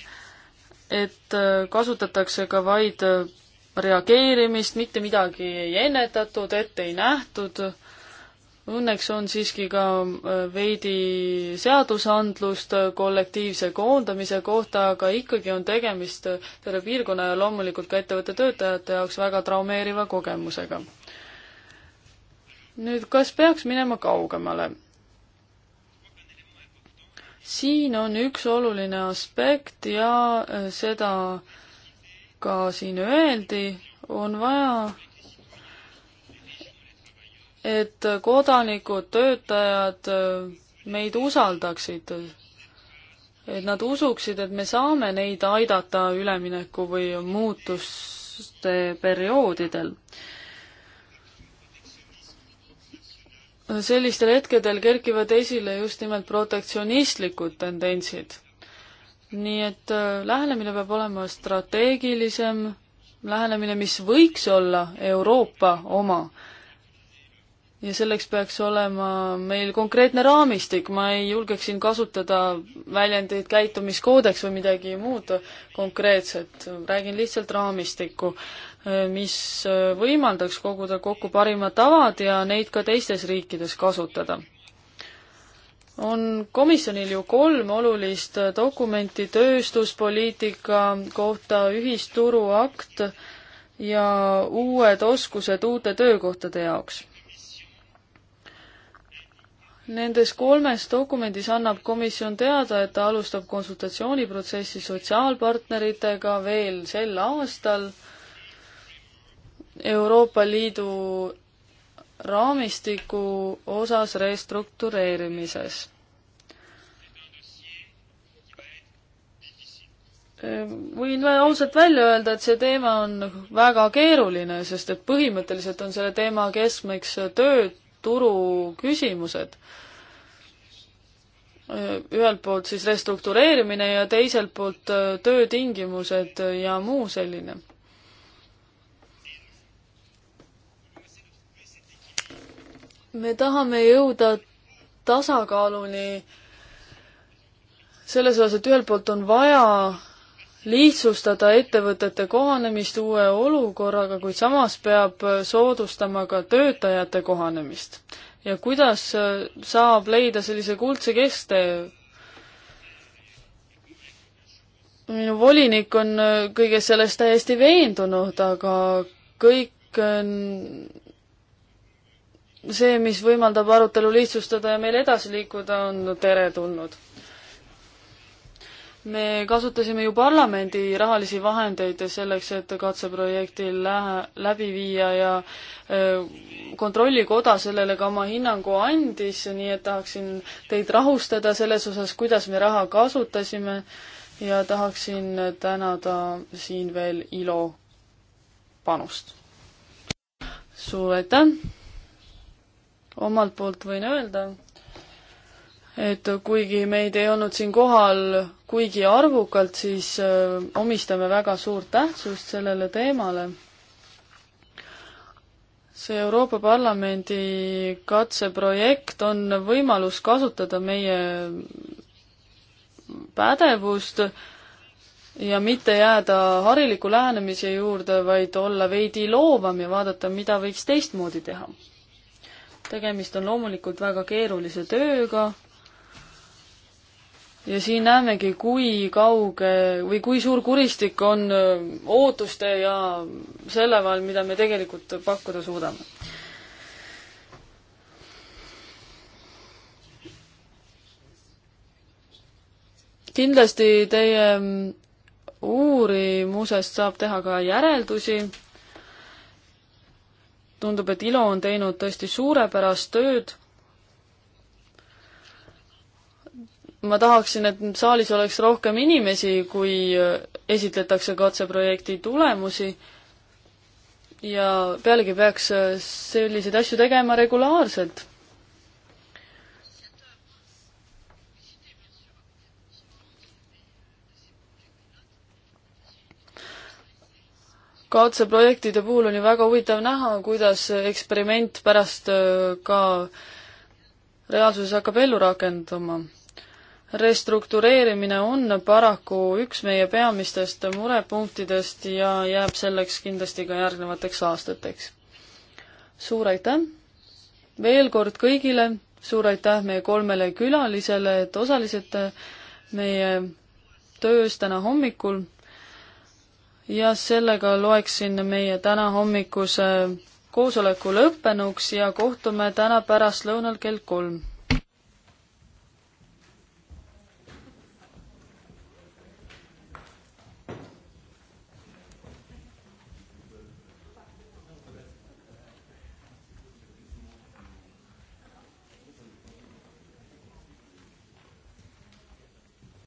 et kasutatakse ka vaid reageerimist, mitte midagi ei ennetatud, ette ei nähtud. Õnneks on siiski ka äh, veidi seadusandlust äh, kollektiivse koondamise kohta, aga ikkagi on tegemist terve äh, piirkonna ja loomulikult ka ettevõtte töötajate jaoks väga traumeeriva kogemusega. nüüd, kas peaks minema kaugemale? siin on üks oluline aspekt ja seda äh, ka siin öeldi, on vaja, et kodanikud, töötajad meid usaldaksid, et nad usuksid, et me saame neid aidata ülemineku või muutuste perioodidel. sellistel hetkedel kerkivad esile just nimelt protektsionistlikud tendentsid nii et äh, lähenemine peab olema strateegilisem, lähenemine, mis võiks olla Euroopa oma. ja selleks peaks olema meil konkreetne raamistik, ma ei julgeks siin kasutada väljendit käitumiskoodeks või midagi muud konkreetset, räägin lihtsalt raamistikku, äh, mis äh, võimaldaks koguda kokku parimad tavad ja neid ka teistes riikides kasutada on komisjonil ju kolm olulist dokumenti tööstuspoliitika kohta, ühisturuakt ja uued oskused uute töökohtade jaoks. Nendes kolmes dokumendis annab komisjon teada, et ta alustab konsultatsiooniprotsessi sotsiaalpartneritega veel sel aastal Euroopa Liidu raamistiku osas restruktureerimises. võin ausalt välja öelda, et see teema on väga keeruline, sest et põhimõtteliselt on selle teema keskmeks tööturu küsimused ühelt poolt siis restruktureerimine ja teiselt poolt töötingimused ja muu selline. me tahame jõuda tasakaaluni selles osas, et ühelt poolt on vaja lihtsustada ettevõtete kohanemist uue olukorraga, kuid samas peab soodustama ka töötajate kohanemist. ja kuidas äh, saab leida sellise kuldse kesktee? minu volinik on äh, kõiges selles täiesti veendunud, aga kõik äh, see, mis võimaldab arutelu lihtsustada ja meil edasi liikuda, on teretulnud. me kasutasime ju parlamendi rahalisi vahendeid selleks, et katseprojekti lähe, läbi viia ja kontrollikoda sellele ka oma hinnangu andis, nii et tahaksin teid rahustada selles osas, kuidas me raha kasutasime ja tahaksin tänada siin veel ILO panust. suur aitäh! omalt poolt võin öelda, et kuigi meid ei olnud siin kohal kuigi arvukalt, siis äh, omistame väga suurt tähtsust sellele teemale. see Euroopa Parlamendi katseprojekt on võimalus kasutada meie pädevust ja mitte jääda hariliku lähenemise juurde, vaid olla veidi loovam ja vaadata, mida võiks teistmoodi teha tegemist on loomulikult väga keerulise tööga ja siin näemegi, kui kauge või kui suur kuristik on äh, ootuste ja selle vahel, mida me tegelikult pakkuda suudame. kindlasti teie mm, uurimusest saab teha ka järeldusi tundub, et ILO on teinud tõesti suurepärast tööd. ma tahaksin, et saalis oleks rohkem inimesi, kui esitletakse katseprojekti tulemusi ja pealegi peaks selliseid asju tegema regulaarselt katseprojektide puhul on ju väga huvitav näha, kuidas eksperiment pärast äh, ka reaalsuses hakkab ellu rakenduma. restruktureerimine on paraku üks meie peamistest murepunktidest ja jääb selleks kindlasti ka järgnevateks aastateks. suur aitäh veel kord kõigile, suur aitäh meie kolmele külalisele, et osalesite meie töös täna hommikul ja sellega loeksin meie täna hommikuse koosoleku lõppenuks ja kohtume täna pärastlõunal kell kolm.